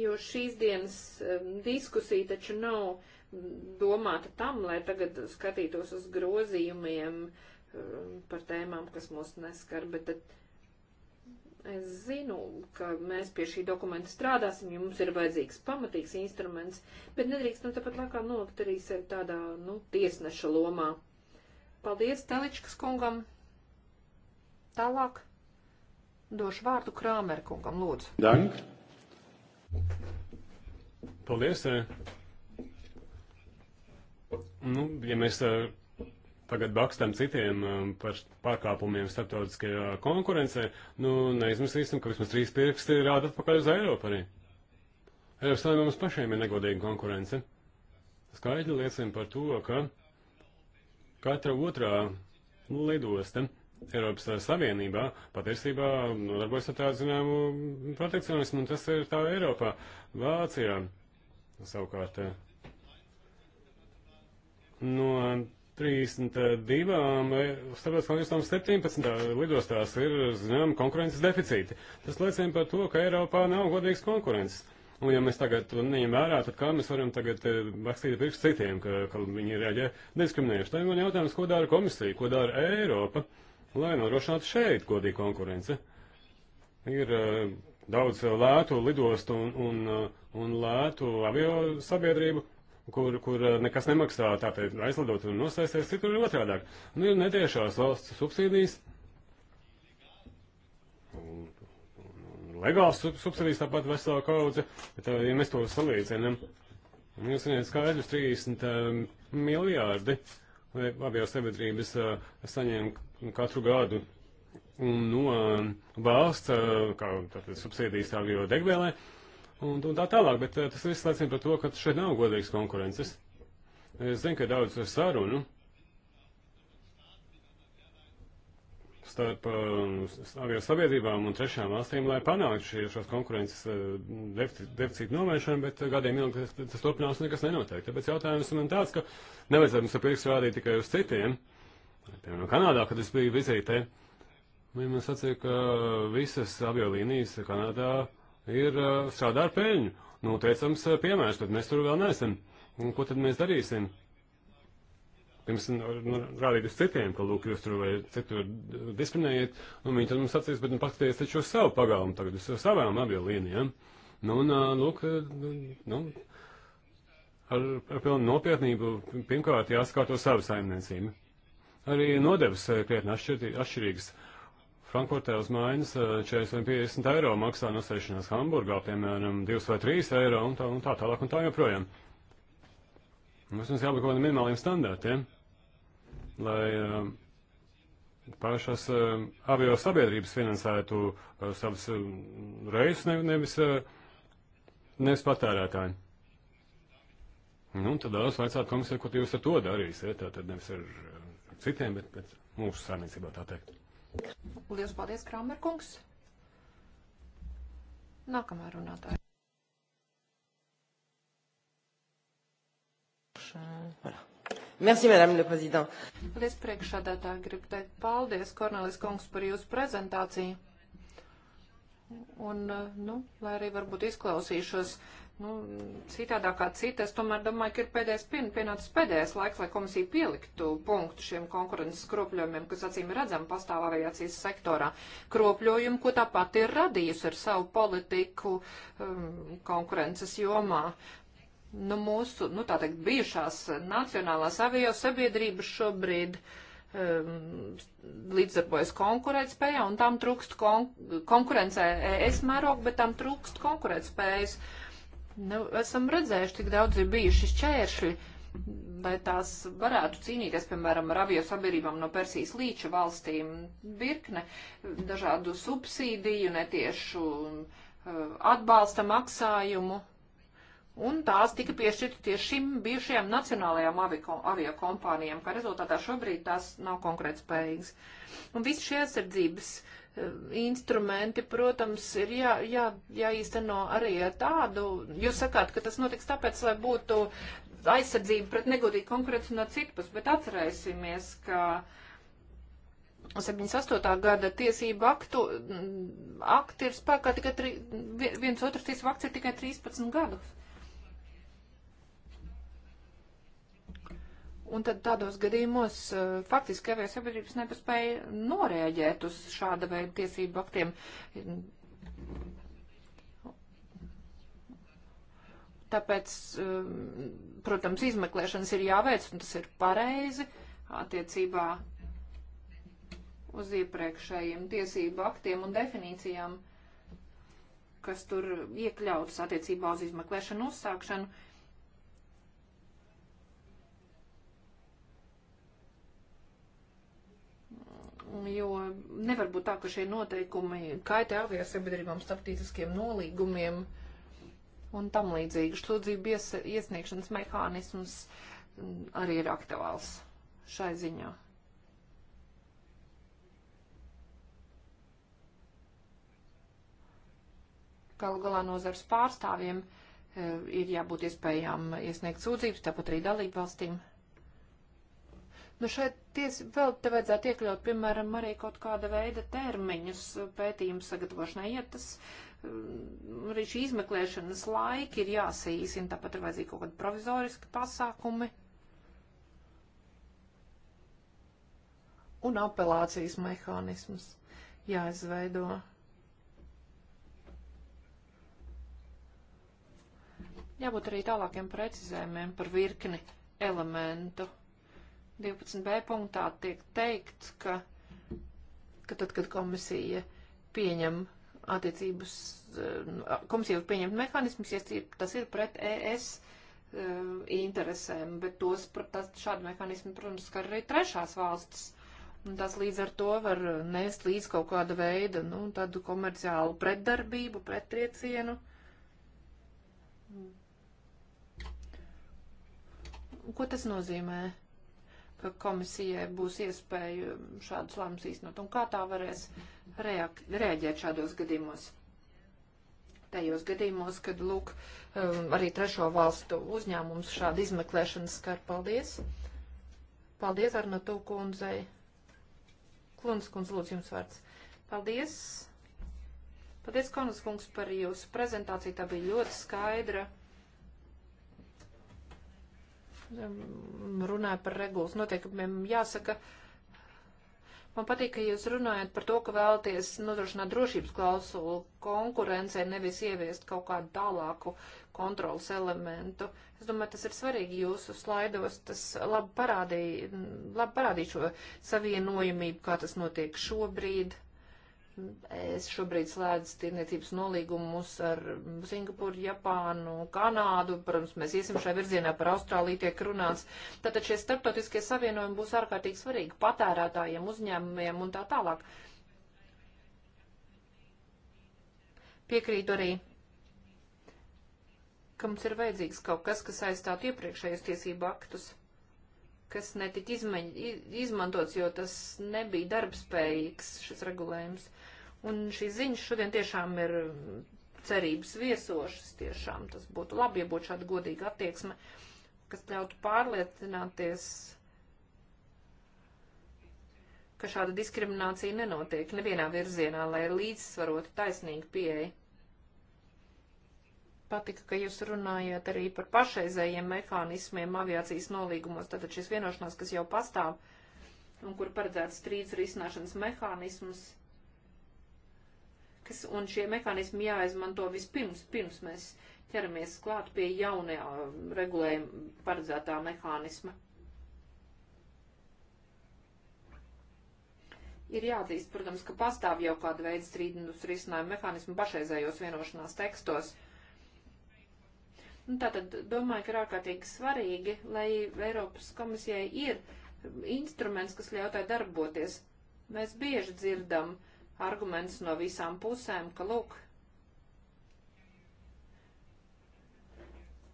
Jo šīs dienas diskusija taču nav domāta tam, lai tagad skatītos uz grozījumiem par tēmām, kas mūs neskar, bet tad Es zinu, ka mēs pie šī dokumenta strādāsim, jo mums ir vajadzīgs pamatīgs instruments, bet nedrīkst nu tāpat laikā nolikt arī sevi tādā, nu, tiesneša lomā. Paldies Teličkas kungam. Tālāk došu vārdu Krāmer kungam, lūdzu. Dank. Paldies. Eh. Nu, ja mēs eh, tagad bakstam citiem um, par pārkāpumiem starptautiskajā konkurencē, nu, neizmirsīsim, ka vismaz trīs pirksti rāda atpakaļ uz Eiropu arī. Eiropas Savienībā mums pašiem ir negodīga konkurence. Skaidri liecina par to, ka katra otrā lidosta Eiropas Savienībā patiesībā darbojas ar tādu zināmu protekcionismu, un tas ir tā Eiropā, Vācijā savukārt. Eh, no 32 eh, starptautiskām lidostām 17 lidostās ir zinām konkurences deficīti. Tas liecina par to, ka Eiropā nav godīgas konkurences. Un ja mēs tagad to neņem vērā, tad kā mēs varam tagad rakstīt eh, priekš citiem, ka, ka viņi reaģē diskriminējuši? Tā ir man jautājums, ko dara komisija, ko dara Eiropa, lai norošinātu šeit godīgu konkurenci. Ir uh, daudz lētu lidostu un, un, un lētu avio sabiedrību kur, kur eh, nekas nemaksā, tātad aizlidot un nosēsties citur ir otrādāk. Nu, ir netiešās valsts subsīdijas, un, un, un legāls sub, subsīdijas tāpat veselā kaudze, bet, eh, ja mēs to salīdzinām, jūs zināt, skaidrs 30 eh, miljārdi abiem sabiedrības saņēma katru gadu no valsts, kā tātad subsīdijas agrio degvielai, un, un tā tālāk, bet eh, tas viss liecina par to, ka šeit nav godīgas konkurences. Es zinu, ka ir daudz sarunu starp eh, avio sabiedrībām un trešām valstīm, lai panāktu šos konkurences eh, deficītu novēršanu, bet gadiem ilgi tas, tas turpinās un nekas nenotiek. Tāpēc jautājums man tāds, ka nevajadzētu mums ar pirkstu rādīt tikai uz citiem. Piemēram, Kanādā, kad es biju vizītē, viņi man sacīja, ka visas aviolīnijas Kanādā ir strādā ar peļņu. Nu, teicams, piemērs, bet mēs tur vēl neesam. Un ko tad mēs darīsim? pirms nu, nu rādīt uz citiem, ka, lūk, jūs tur vai citur diskriminējat, un viņi tad mums sacīs, bet nu, paskatieties taču uz savu pagalmu tagad, uz savām aviolīnijām. Nu, un, lūk, nu, ar, ar pilnu nopietnību pirmkārt jāskato savu saimniecību. Arī nodevs krietni atšķirīgas Frankfurtē uz mājas 40-50 eh, eiro maksā nosēšanās Hamburgā, piemēram, 2 vai 3 eiro un tā, un tā tālāk un tā joprojām. Mums mums jābūt kaut kādiem minimāliem standartiem, lai uh, pašas uh, avio sabiedrības finansētu uh, savus uh, reisus, ne, nevis, uh, nevis patērētāji. Nu, tad daudz vajadzētu komisiju, ko jūs ar to darīsiet, tad nevis ar citiem, bet, bet mūsu saimniecībā tā teikt. Lielas paldies, Kramerkungs. Nākamā runātāja. Voilà. Merci, Madame le Président. Paldies, priekšādātāji. Gribu teikt paldies, Kornelis Kungs, par jūsu prezentāciju. Un, nu, lai arī varbūt izklausīšos Nu, citādā kā citas, tomēr domāju, ka ir pēdējais pien, pienācis pēdējais laiks, lai komisija pieliktu punktu šiem konkurences kropļojumiem, kas acīm redzam pastāv aviācijas sektorā. Kropļojumu, ko tāpat ir radījusi ar savu politiku um, konkurences jomā. Nu, mūsu, nu, tā teikt, bijušās nacionālās avio sabiedrības šobrīd. Uh, līdzdarbojas konkurētspējā, un tam trūkst kon konkurence ES mēroga, bet tam trūkst konkurētspējas. Uh, Nu, esam redzējuši, cik daudz ir bijuši šķēršļi, lai tās varētu cīnīties, piemēram, ar avio sabiedrībām no Persijas līča valstīm. Birkne dažādu subsīdiju, netiešu uh, atbalsta maksājumu. Un tās tika piešķirta tieši šim bijušajām nacionālajām aviokompānijām, kā rezultātā šobrīd tās nav konkrēti spējīgas. Un visi šie aizsardzības uh, instrumenti, protams, ir jā, jā, jāīsteno arī ar tādu. Jūs sakāt, ka tas notiks tāpēc, lai būtu aizsardzība pret negodīgu konkurenci no citas, bet atcerēsimies, ka 78. gada tiesību aktu, akti ir spēkā tikai, tri, viens otrs tiesību akts ir tikai 13 gadus. Un tad tādos gadījumos eh, faktiski avio sabiedrības nepaspēja norēģēt uz šāda veida tiesību aktiem. Tāpēc, eh, protams, izmeklēšanas ir jāveic, un tas ir pareizi attiecībā uz iepriekšējiem tiesību aktiem un definīcijām, kas tur iekļautas attiecībā uz izmeklēšanu uzsākšanu jo nevar būt tā, ka šie noteikumi kaitē aviosabiedrībām starptautiskiem nolīgumiem un tam līdzīgi. Sūdzību ies, iesniegšanas mehānisms mm, arī ir aktuāls šai ziņā. Galu galā nozars pārstāvjiem eh, ir jābūt iespējām iesniegt sūdzības, tāpat arī dalību valstīm. Nu šeit ties, vēl te vajadzētu iekļaut, piemēram, arī kaut kāda veida termiņus pētījumu sagatavošanai, ja tas mm, arī šī izmeklēšanas laika ir jāsīsina, tāpat ir vajadzīgi kaut kādi provizoriski pasākumi. Un apelācijas mehānisms jāizveido. Jābūt arī tālākiem precizējumiem par virkni elementu. 12b punktā tiek teikts, ka, ka tad, kad komisija pieņem attiecības, eh, komisija var pieņemt mehānismus, ja tas ir pret ES eh, interesēm, bet tos, tas, šādi mehānismi, protams, skar arī trešās valstis. Un tas līdz ar to var nest līdz kaut kāda veida, nu, tādu komerciālu pretdarbību, pretriecienu. Ko tas nozīmē? ka komisijai būs iespēja šādus lēmumus īstenot un kā tā varēs reak, reaģēt šādos gadījumos. Tajos gadījumos, kad lūk, um, arī trešo valstu uzņēmums šādu izmeklēšanu skar. Paldies! Paldies, Arna Tūkundzei! Klundz, kundz, lūdzu jums vārds. Paldies! Paldies, Konas kungs, par jūsu prezentāciju. Tā bija ļoti skaidra runāja par regulas noteikumiem, jāsaka, man patīk, ka jūs runājat par to, ka vēlaties nodrošināt drošības klausulu konkurencei, nevis ieviest kaut kādu tālāku kontrolas elementu. Es domāju, tas ir svarīgi jūsu slaidos, tas labi parādīja, labi parādīja šo savienojumību, kā tas notiek šobrīd. Es šobrīd slēdzu tirniecības nolīgumus ar Singapuru, Japānu, Kanādu. Protams, mēs iesim šai virzienā par Austrāliju tiek runāts. Tātad šie starptautiskie savienojumi būs ārkārtīgi svarīgi patērētājiem, uzņēmumiem un tā tālāk. Piekrītu arī ka mums ir vajadzīgs kaut kas, kas aizstātu iepriekšējos tiesību aktus, kas netika izmaņ, izmantots, jo tas nebija darbspējīgs šis regulējums. Un šīs ziņas šodien tiešām ir um, cerības viesošas. Tiešām tas būtu labi, ja būtu šāda godīga attieksme, kas ļautu pārliecināties, ka šāda diskriminācija nenotiek nevienā virzienā, lai ir līdzsvarota taisnīga pieeja. Patika, ka jūs runājāt arī par pašreizējiem mehānismiem aviācijas nolīgumos, tātad šis vienošanās, kas jau pastāv un kur paredzēts strīdus risināšanas mehānismus sekas, un šie mehānismi jāizmanto vispirms, pirms mēs ķeramies klāt pie jaunajā um, regulējuma paredzētā mehānisma. Ir jāatzīst, protams, ka pastāv jau kāda veida strīdus risinājumu mehānismu pašreizējos vienošanās tekstos. Nu, tātad domāju, ka ir ārkārtīgi svarīgi, lai Eiropas komisijai ir instruments, kas ļauj tai darboties. Mēs bieži dzirdam uh, arguments no visām pusēm, ka lūk,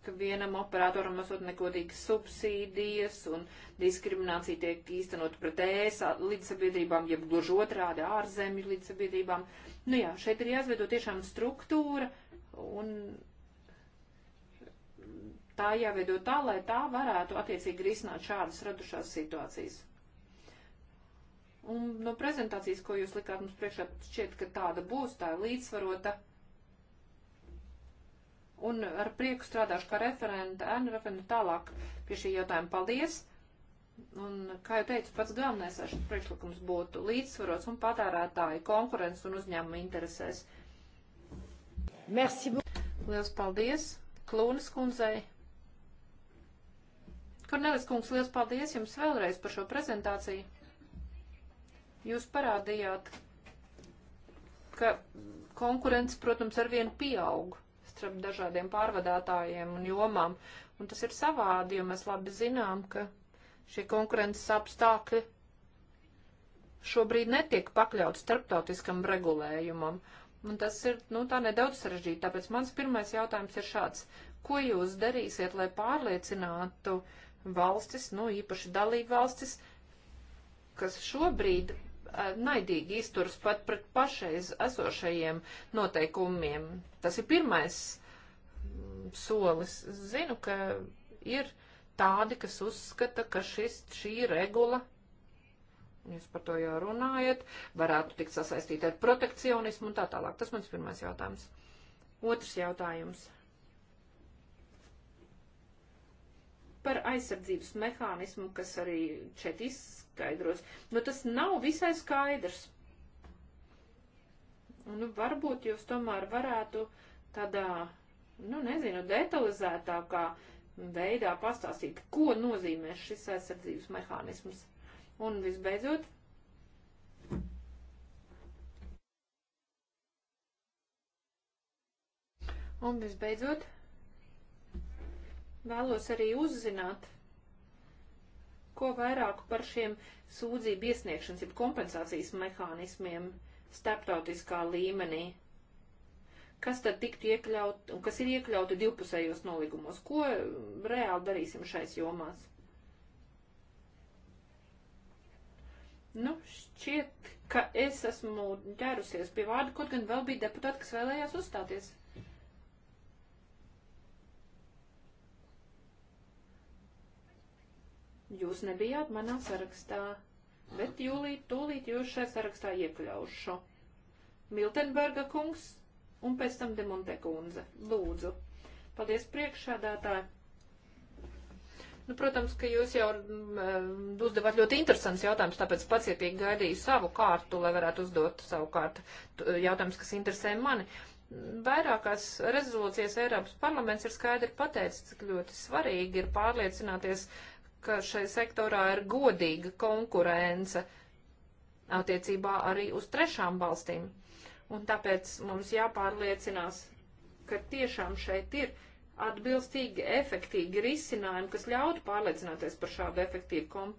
ka vienam operatoram esot nekodīgas subsīdijas un diskriminācija tiek īstenot pret ēs līdzsabiedrībām, jeb gluži otrādi ārzemju līdzsabiedrībām. Nu jā, šeit ir jāizveido tiešām struktūra un tā jāveido tā, lai tā varētu attiecīgi risināt šādas radušās situācijas. Un no prezentācijas, ko jūs likāt mums priekšā, šķiet, ka tāda būs, tā līdzsvarota. Un ar prieku strādāšu kā referenta, ēnu referenta tālāk pie šī jautājuma. Paldies! Un, kā jau teicu, pats galvenais ar šis priekšlikums būtu līdzsvarots un patērētāju konkurences un uzņēmuma interesēs. Merci beaucoup. Liels paldies Klūnas kundzei. Kornelis kungs, liels paldies jums vēlreiz par šo prezentāciju. Jūs parādījāt, ka konkurence, protams, arvien pieaug starp dažādiem pārvadātājiem un jomām, un tas ir savādi, jo mēs labi zinām, ka šie konkurences apstākļi šobrīd netiek pakļauts starptautiskam regulējumam. Un tas ir, nu, tā nedaudz sarežģīti. Tāpēc mans pirmais jautājums ir šāds. Ko jūs darīsiet, lai pārliecinātu valstis, nu, īpaši dalību valstis, kas šobrīd Eh, naidīgi izturas pat pret pašreiz esošajiem noteikumiem. Tas ir pirmais mm, solis. Zinu, ka ir tādi, kas uzskata, ka šis, šī regula, jūs par to jau runājat, varētu tikt sasaistīta ar protekcionismu un tā tālāk. Tas mans pirmais jautājums. Otrs jautājums. Par aizsardzības mehānismu, kas arī šeit izskatās jāpaskaidros. Nu, tas nav visai skaidrs. Un, nu, varbūt jūs tomēr varētu tādā, nu, nezinu, detalizētākā veidā pastāstīt, ko nozīmē šis aizsardzības mehānisms. Un visbeidzot, Un visbeidzot, vēlos arī uzzināt, ko vairāk par šiem sūdzību iesniegšanas, jeb kompensācijas mehānismiem starptautiskā līmenī kas tad tiktu iekļaut un kas ir iekļauti divpusējos nolīgumos. Ko reāli darīsim šais jomās? Nu, šķiet, ka es esmu ķērusies pie vārda, kaut gan vēl bija deputāti, kas vēlējās uzstāties. Jūs nebijāt manā sarakstā, bet jūlīt, tūlīt jūs šajā sarakstā iekļaušu. Miltenberga kungs un pēc tam Demonte kundze. Lūdzu. Paldies priekšādātāji. Nu, protams, ka jūs jau mm, eh, uzdevāt ļoti interesants jautājums, tāpēc pacietīgi gaidīju savu kārtu, lai varētu uzdot savu kārtu eh, jautājums, kas interesē mani. Vairākās rezolūcijas Eiropas parlaments ir skaidri pateicis, cik ļoti svarīgi ir pārliecināties, uh, ka šai sektorā ir godīga konkurence attiecībā arī uz trešām valstīm. Un tāpēc mums jāpārliecinās, ka tiešām šeit ir atbilstīgi, efektīvi risinājumi, kas ļautu pārliecināties par šādu efektīvu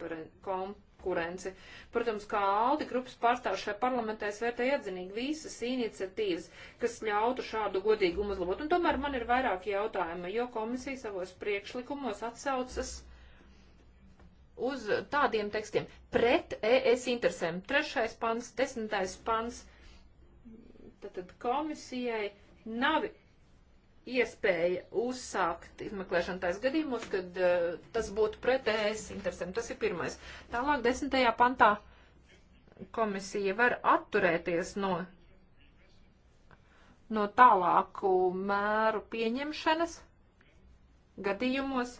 konkurenci. Protams, kā Aldi grupas pārstāvs šai parlamentā es vērtēju atzinīgi visas iniciatīvas, kas ļautu šādu godīgumu uzlabot. Un tomēr man ir vairāk jautājumi, jo komisija savos priekšlikumos atsaucas uz tādiem tekstiem pret ES interesēm. Trešais pants, desmitais pants. Tātad komisijai nav iespēja uzsākt izmeklēšanu tais gadījumos, kad uh, tas būtu pret ES interesēm. Tas ir pirmais. Tālāk desmitajā pantā komisija var atturēties no, no tālāku mēru pieņemšanas gadījumos,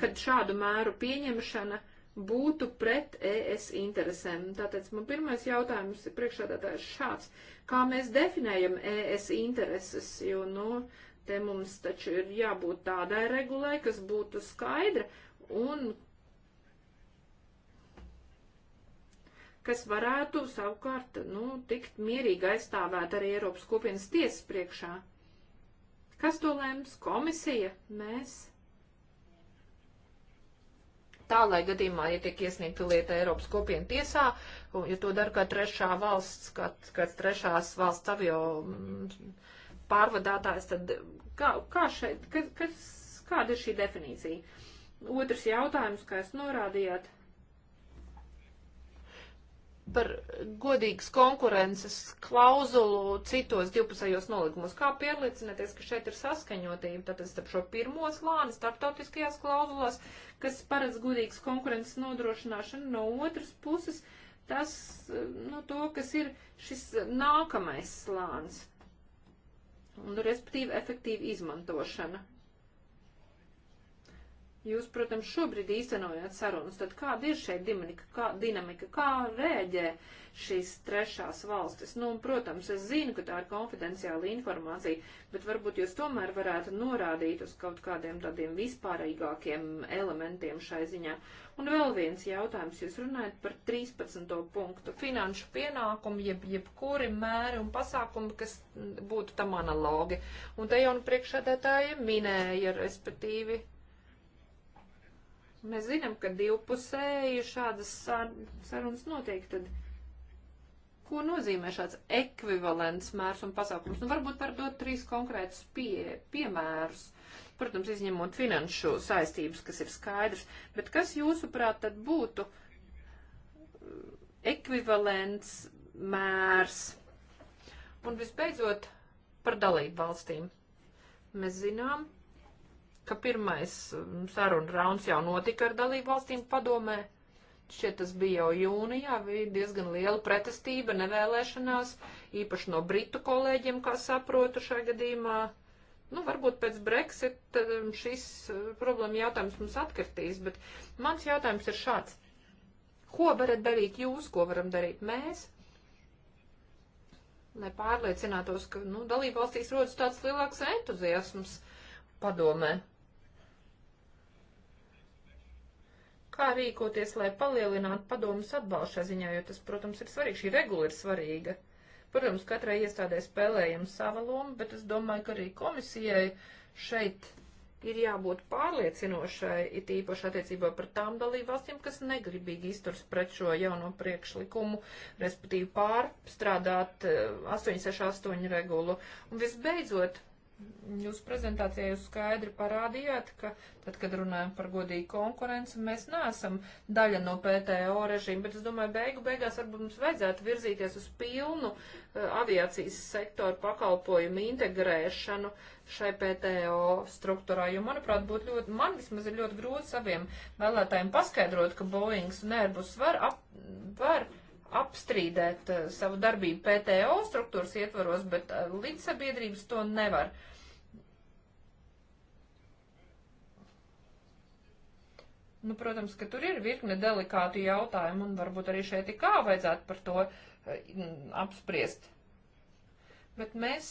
kad šādu mēru pieņemšana būtu pret ES interesēm. Tātad man pirmais jautājums ir priekšādātājs šāds. Kā mēs definējam ES intereses? Jo, nu, te mums taču ir jābūt tādai regulai, kas būtu skaidra un kas varētu savukārt, nu, tikt mierīgi aizstāvēt arī Eiropas kopienas tiesas priekšā. Kas to lēms? Komisija? Mēs? tā, lai gadījumā, ja tiek iesniegta lieta Eiropas kopienu tiesā, un, ja to dara kā trešā valsts, kā, kāds trešās valsts avio mm, pārvadātājs, tad kā, kā šeit, kas, kas, kāda ir šī definīcija? Otrs jautājums, kā jūs norādījāt, par godīgas konkurences klauzulu citos divpusējos nolīgumos. Kā pierliecināties, ka šeit ir saskaņotība, tātad starp šo pirmo slāni starptautiskajās klauzulās, kas paredz godīgas konkurences nodrošināšanu, no otras puses tas, nu, to, kas ir šis nākamais slānis, un, respektīvi, efektīva izmantošana. Jūs, protams, šobrīd īstenojat sarunas, tad kāda ir šeit dinamika, kā, dinamika, kā rēģē šīs trešās valstis? Nu, un, protams, es zinu, ka tā ir konfidenciāla informācija, bet varbūt jūs tomēr varētu norādīt uz kaut kādiem tādiem vispārīgākiem elementiem šai ziņā. Un vēl viens jautājums, jūs runājat par 13. punktu - finanšu pienākumu, jeb, jebkuri mēri un pasākumi, kas būtu tam analogi. Un te jau nu priekšādētāji minēja, respektīvi Mēs zinām, ka divpusēji šādas sarunas notiek. Tad ko nozīmē šāds ekvivalents mērs un pasākums? Nu, varbūt var dot trīs konkrētus pie, piemērus. Protams, izņemot finanšu saistības, kas ir skaidrs. Bet kas jūsuprāt tad būtu uh, ekvivalents mērs? Un visbeidzot par dalību valstīm. Mēs zinām, ka pirmais um, saruna rauns jau notika ar dalību valstīm padomē. Šķiet, tas bija jau jūnijā, bija diezgan liela pretestība, nevēlēšanās, īpaši no britu kolēģiem, kā saprotu šajā gadījumā. Nu, varbūt pēc Brexit um, šis uh, problēma jautājums mums atkartīs, bet mans jautājums ir šāds. Ko varat darīt jūs, ko varam darīt mēs, lai pārliecinātos, ka nu, dalībvalstīs rodas tāds lielāks entuziasms padomē kā rīkoties, lai palielinātu padomus atbalstu šā ziņā, jo tas, protams, ir svarīgi, šī regula ir svarīga. Protams, katrai iestādē spēlējam sava loma, bet es domāju, ka arī komisijai šeit ir jābūt pārliecinošai, it īpaši attiecībā par tām dalībvalstīm, kas negribīgi izturs pret šo jauno priekšlikumu, respektīvi pārstrādāt 868 eh, regulu. Un visbeidzot, Jūs prezentācijā jūs skaidri parādījāt, ka tad, kad runājam par godīgu konkurenci, mēs neesam daļa no PTO režīma, bet es domāju, beigu beigās varbūt mums vajadzētu virzīties uz pilnu uh, aviācijas sektoru pakalpojumu integrēšanu šai PTO struktūrā, jo, manuprāt, būtu ļoti, man vismaz ir ļoti grūti saviem vēlētājiem paskaidrot, ka Boeings un Airbus var, ap, var uh, apstrīdēt eh, savu darbību PTO struktūras ietvaros, bet eh, līdzsabiedrības to nevar. Nu, protams, ka tur ir virkne delikātu jautājumu, un varbūt arī šeit kā vajadzētu par to eh, apspriest. Bet mēs,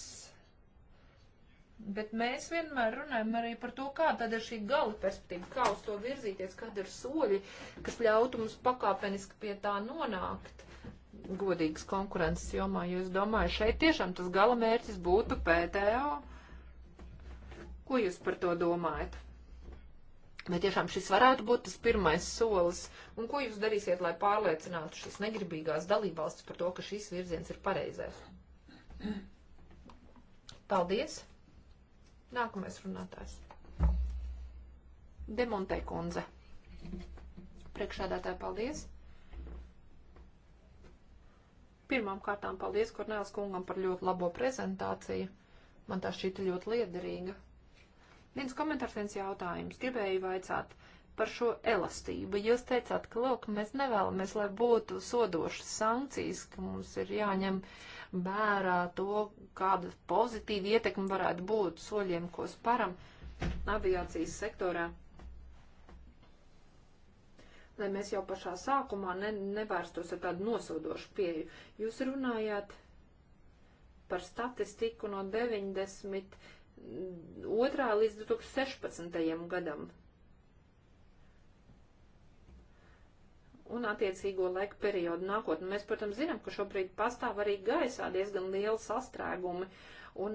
bet mēs vienmēr runājam arī par to, kā tad ir šī gala perspektīva, kā uz to virzīties, kāda ir soļi, kas ļautu mums pakāpeniski pie tā nonākt godīgas konkurences jomā, jo es domāju, šeit tiešām tas gala mērķis būtu PTO. Ko jūs par to domājat? Vai tiešām šis varētu būt tas pirmais solis? Un ko jūs darīsiet, lai pārliecinātu šīs negribīgās dalībvalstis par to, ka šis virziens ir pareizais? Paldies! Nākamais runātājs. Demontē kundze. Priekšādātāji, paldies! Pirmām kārtām paldies Kornēls kungam par ļoti labo prezentāciju. Man tā šķita ļoti liederīga. Viens komentārs, viens jautājums. Gribēju vaicāt par šo elastību. Jūs teicāt, ka, lūk, mēs nevēlamies, lai būtu sodošas sankcijas, ka mums ir jāņem vērā to, kāda pozitīva ietekme varētu būt soļiem, ko sparam aviācijas sektorā lai mēs jau pašā sākumā ne, nevērstos ar tādu nosodošu pieeju. Jūs runājāt par statistiku no 92. līdz 2016. gadam. Un attiecīgo laika periodu nākotnē. Mēs, protams, zinām, ka šobrīd pastāv arī gaisā diezgan liela sastrēgumi un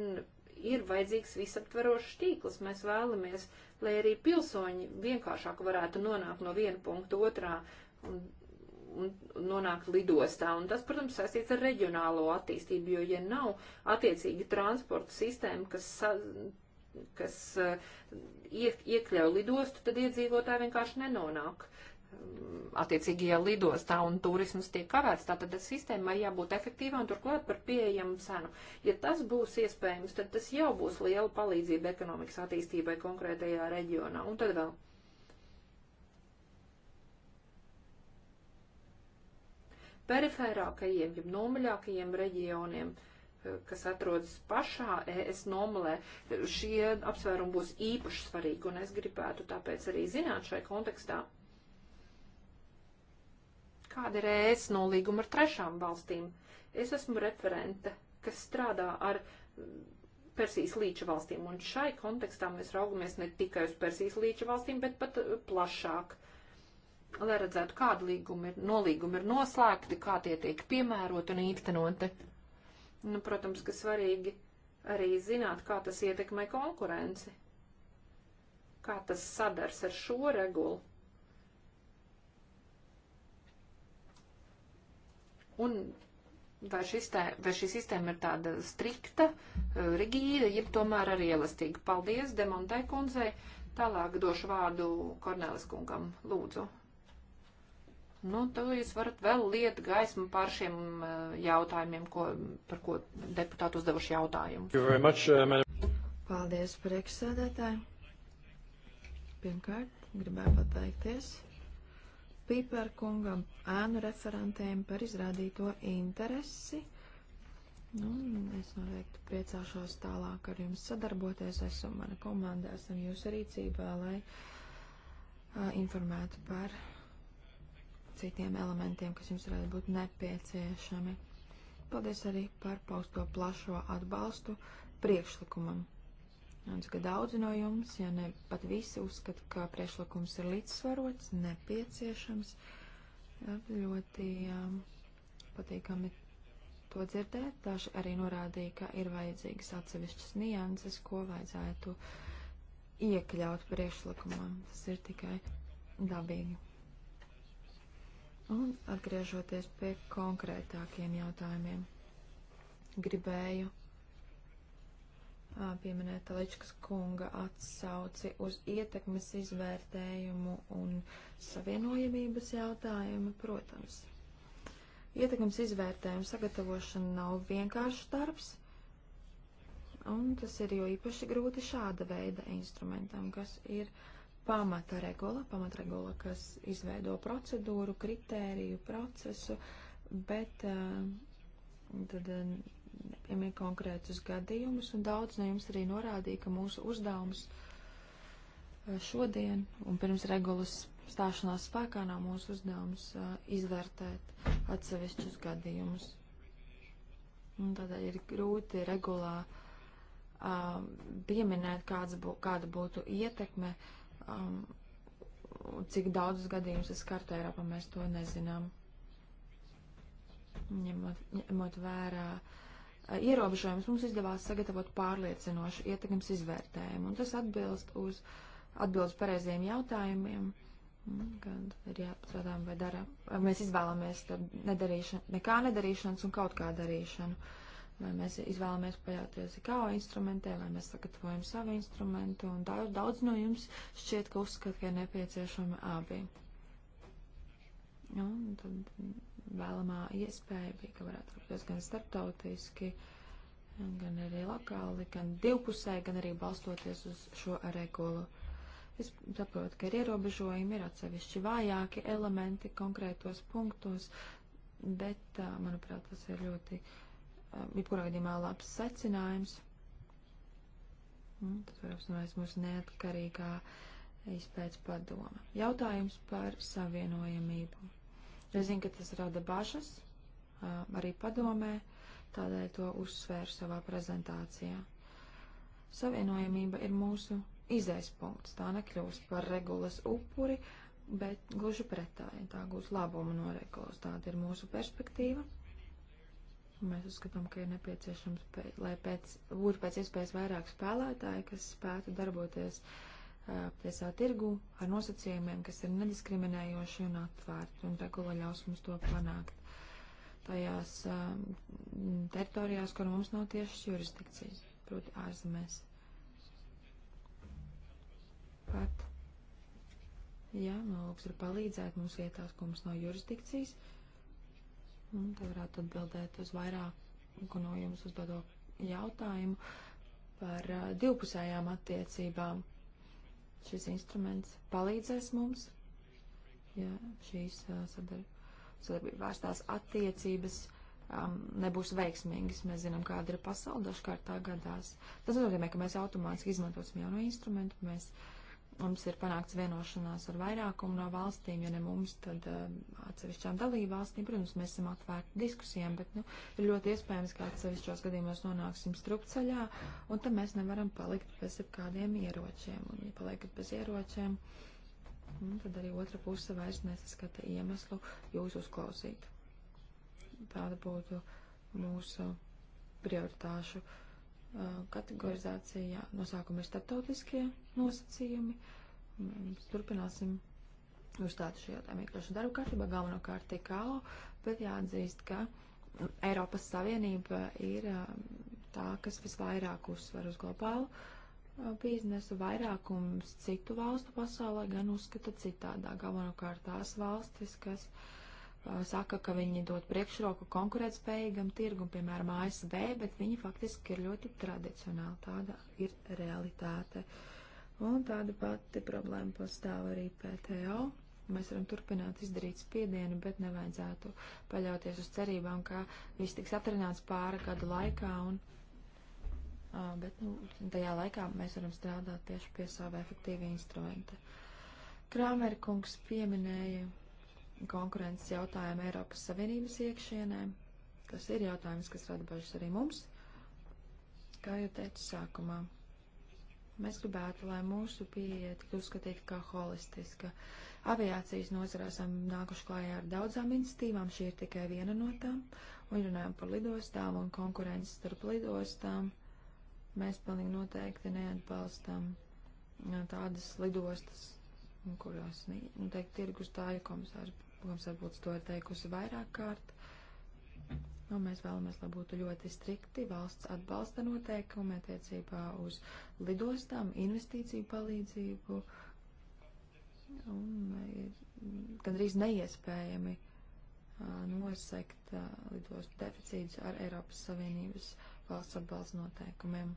ir vajadzīgs visaptverošs tīkls. Mēs vēlamies, lai arī pilsoņi vienkāršāk varētu nonākt no viena punkta otrā un, un nonākt lidostā. Un tas, protams, saistīts ar reģionālo attīstību, jo, ja nav attiecīgi transporta sistēma, kas, sa, kas eh, iek, iekļauj lidostu, tad iedzīvotāji vienkārši nenonāk uh, attiecīgajā lidostā un turismas tiek kavēts. Tātad sistēmai jābūt efektīvai un turklāt par pieejamu cenu. Ja tas būs iespējams, tad tas jau būs liela palīdzība ekonomikas attīstībai konkrētajā reģionā. Un tad vēl. Perifērākajiem, jeb nomaļākajiem reģioniem eh, kas atrodas pašā ES nomulē, eh, šie apsvērumi būs īpaši svarīgi, un es gribētu tāpēc arī zināt šai kontekstā, kāda ir ES nolīguma ar trešām valstīm. Es esmu referente, kas strādā ar Persijas līča valstīm, un šai kontekstā mēs raugamies ne tikai uz Persijas līča valstīm, bet pat uh, plašāk, lai redzētu, kāda līguma ir, nolīguma ir noslēgti, kā tie tiek piemērot un īstenoti. Nu, protams, ka svarīgi arī zināt, kā tas ietekmē konkurenci, kā tas sadars ar šo regulu Un vai, sistēma, vai šī sistēma ir tāda strikta, eh, rigīda, jeb tomēr arī elastīga? Paldies, Demontai kundzei. Tālāk došu vārdu Kornelis kungam. Lūdzu. Nu, tad jūs varat vēl liet gaismu pār šiem eh, jautājumiem, ko, par ko deputāti uzdevuši jautājumu. Uh, Paldies, priekšsēdētāji. Pirmkārt, gribēju pateikties Pīperkungam, ēnu referentēm par izrādīto interesi. Nu, es noteikti priecāšos tālāk ar jums sadarboties. Es un mana komanda esam jūsu rīcībā, lai uh, informētu par citiem elementiem, kas jums varētu būt nepieciešami. Paldies arī par pausto plašo atbalstu priekšlikumam. Un cik daudzi no jums, ja ne pat visi uzskata, ka priekšlikums ir līdzsvarots, nepieciešams, jā, ļoti jā, patīkami to dzirdēt. Daži arī norādīja, ka ir vajadzīgas atsevišķas nianses, ko vajadzētu iekļaut priekšlikumā. Tas ir tikai dabīgi. Un atgriežoties pie konkrētākiem jautājumiem, gribēju pieminēta Ličkas kunga atsauci uz ietekmes izvērtējumu un savienojamības jautājumu, protams. Ietekmes izvērtējumu sagatavošana nav vienkāršs darbs, un tas ir jo īpaši grūti šāda veida instrumentam, kas ir pamata regula, pamata regula, kas izveido procedūru, kritēriju, procesu, bet tad piemēram konkrētus gadījumus, un daudz no jums arī norādīja, ka mūsu uzdevums eh, šodien un pirms regulas stāšanās spēkā nav mūsu uzdevums uh, izvērtēt atsevišķus gadījumus. Un tādēļ ir grūti regulā uh, pieminēt, kāds bū, kāda būtu ietekme, um, cik daudzus gadījumus es kartu Eiropā, mēs to nezinām. Ņemot, ņemot vērā uh, ierobežojumus, mums izdevās sagatavot pārliecinošu ietekmes izvērtējumu, un tas atbilst uz atbildes pareiziem jautājumiem, kad ir jāpatrādām, vai dara, mēs izvēlamies nedarīšanu, nekā nedarīšanas un kaut kā darīšanu, vai mēs izvēlamies paļauties kā instrumentiem, vai mēs sagatavojam savu instrumentu, un daudz, daudz no jums šķiet, ka uzskat, ka ir nepieciešami abi. Un tad vēlamā iespēja bija, ka varētu darboties gan starptautiski, gan arī lokāli, gan divpusē, gan arī balstoties uz šo regulu. Es saprotu, ka ir ierobežojumi, ir atsevišķi vājāki elementi konkrētos punktos, bet, manuprāt, tas ir ļoti, jebkurā gadījumā, labs secinājums. Tas var apstāties mūsu neatkarīgā izpēc padoma. Jautājums par savienojamību. Es zinu, ka tas rada bažas arī padomē, tādēļ to uzsvēru savā prezentācijā. Savienojamība ir mūsu izaisa punkts. Tā nekļūst par regulas upuri, bet gluži pretēji tā gūs labumu no regulas. Tāda ir mūsu perspektīva. Mēs uzskatām, ka ir nepieciešams, pēc, lai pēc, būtu pēc iespējas vairāk spēlētāji, kas spētu darboties uh, tiesā tirgu ar nosacījumiem, kas ir nediskriminējoši un atvērti, un regula ļaus mums to panākt tajās um, teritorijās, kur mums nav tiešas jurisdikcijas, proti ārzemēs. Pat, jā, nolūks ir palīdzēt mums vietās, kur mums nav jurisdikcijas, un te varētu atbildēt uz vairāk no jums uzdodo jautājumu par uh, divpusējām attiecībām Šis instruments palīdzēs mums, ja šīs sadarbības vērstās attiecības um, nebūs veiksmīgas. Mēs zinām, kāda ir pasaule, dažkārt tā gadās. Tas nozīmē, ka mēs automātiski izmantosim jauno instrumentu, mēs uh, Mums ir panākts vienošanās ar vairākumu no valstīm, ja ne mums, tad uh, atsevišķām dalību valstīm. Protams, mēs esam atvērti diskusijām, bet nu, ir ļoti iespējams, ka atsevišķos gadījumos nonāksim strupceļā, un tad mēs nevaram palikt bez kādiem ieročiem. Un, ja paliekat bez ieročiem, nu, tad arī otra puse vairs nesaskata iemeslu jūs uzklausīt. Tāda būtu mūsu prioritāšu uh, kategorizācijā nosākumi ir starptautiskie nosacījumi. Mēs turpināsim uzstāt šajā jautājumā iekļaušanu darba kārtībā, galvenokārt TKO, bet jāatzīst, ka Eiropas Savienība ir tā, kas visvairāk uzsver uz globālu biznesu, vairākums citu valstu pasaulē gan uzskata citādā, galvenokārt tās valstis, kas uh, saka, ka viņi dod priekšroku konkurētspējīgam tirgum, piemēram, ASV, bet viņi faktiski ir ļoti tradicionāli. Tāda ir realitāte. Un tāda pati problēma pastāv arī PTO. Mēs varam turpināt izdarīt spiedienu, bet nevajadzētu paļauties uz cerībām, ka viss tiks atrināts pāri gadu laikā. Un, uh, bet nu, tajā laikā mēs varam strādāt tieši pie sava efektīva instrumenta. Krāmerkungs pieminēja konkurences jautājumu Eiropas Savienības iekšienē. Tas ir jautājums, kas rada bažas arī mums, kā jau teicu sākumā. Mēs gribētu, lai mūsu pieeja tiktu uzskatīta kā holistiska. Aviācijas nozarē esam nākuši klājā ar daudzām institīvām, šī ir tikai viena no tām, un runājam par lidostām un konkurences starp lidostām. Mēs pilnīgi noteikti neatbalstam uh, tādas lidostas, kurās, nu, teikt, tirgus tā ir komisārs Mums varbūt to ir teikusi vairāk kārt. Nu, mēs vēlamies, lai būtu ļoti strikti valsts atbalsta noteikumi attiecībā uz lidostām, investīciju palīdzību. Un ir e, gandrīz neiespējami nosekt lidostu deficītus ar Eiropas Savienības valsts atbalsta noteikumiem.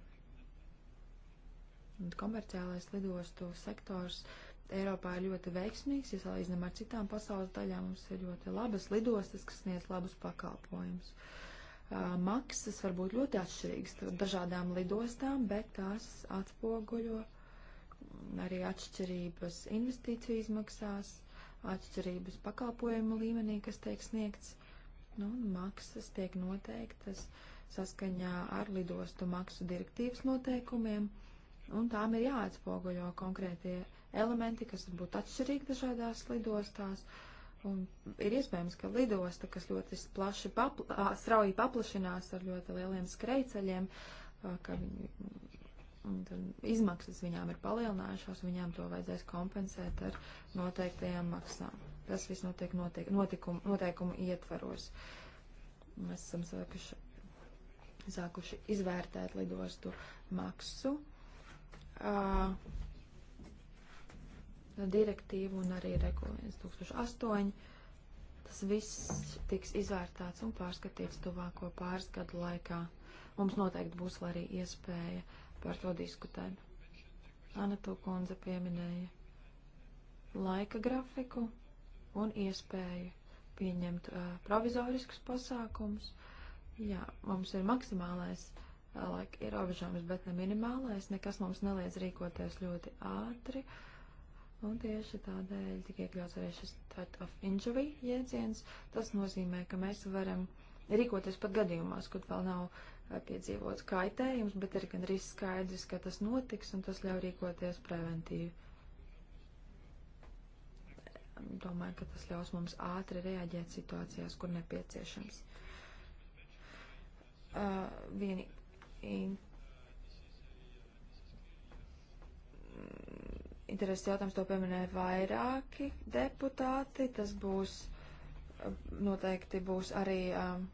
Un komerciālais lidostu sektors Eiropā ir ļoti veiksmīgs, ja salīdzinām ar citām pasaules daļām, mums ir ļoti labas lidostas, kas sniedz labus pakalpojumus. Maksas var būt ļoti atšķirīgas dažādām lidostām, bet tās atspoguļo arī atšķirības investīciju izmaksās, atšķirības pakalpojumu līmenī, kas tiek sniegts. Nu, maksas tiek noteiktas saskaņā ar lidostu maksu direktīvas noteikumiem, un tām ir jāatspoguļo konkrētie elementi, kas var būt atšķirīgi dažādās lidostās. Un ir iespējams, ka lidosta, kas ļoti plaši papla, strauji paplašinās ar ļoti lieliem skrejceļiem, ka izmaksas viņām ir palielinājušās, viņām to vajadzēs kompensēt ar noteiktajām maksām. Tas viss notiek notiek, notikumu, noteikumu ietvaros. Mēs esam sākuši, sākuši izvērtēt lidostu maksu. Uh, direktīvu un arī regulu 1008. Tas viss tiks izvērtāts un pārskatīts tuvāko pāris gadu laikā. Mums noteikti būs arī iespēja par to diskutēt. Ana Tūkundze pieminēja laika grafiku un iespēju pieņemt uh, provizoriskus pasākumus. Jā, mums ir maksimālais uh, laika ierobežojums, bet ne minimālais. Nekas mums neliedz rīkoties ļoti ātri. Uh, Un tieši tādēļ tika iekļauts arī šis threat of injury jēdziens. Tas nozīmē, ka mēs varam rīkoties pat gadījumās, kad vēl nav uh, piedzīvots kaitējums, bet ir gan arī skaidrs, ka tas notiks un tas ļauj rīkoties preventīvi. Domāju, ka tas ļaus mums ātri reaģēt situācijās, kur nepieciešams. Uh, vieni Interesants jautājums, to pieminēja vairāki deputāti. Tas būs eh, noteikti būs arī um,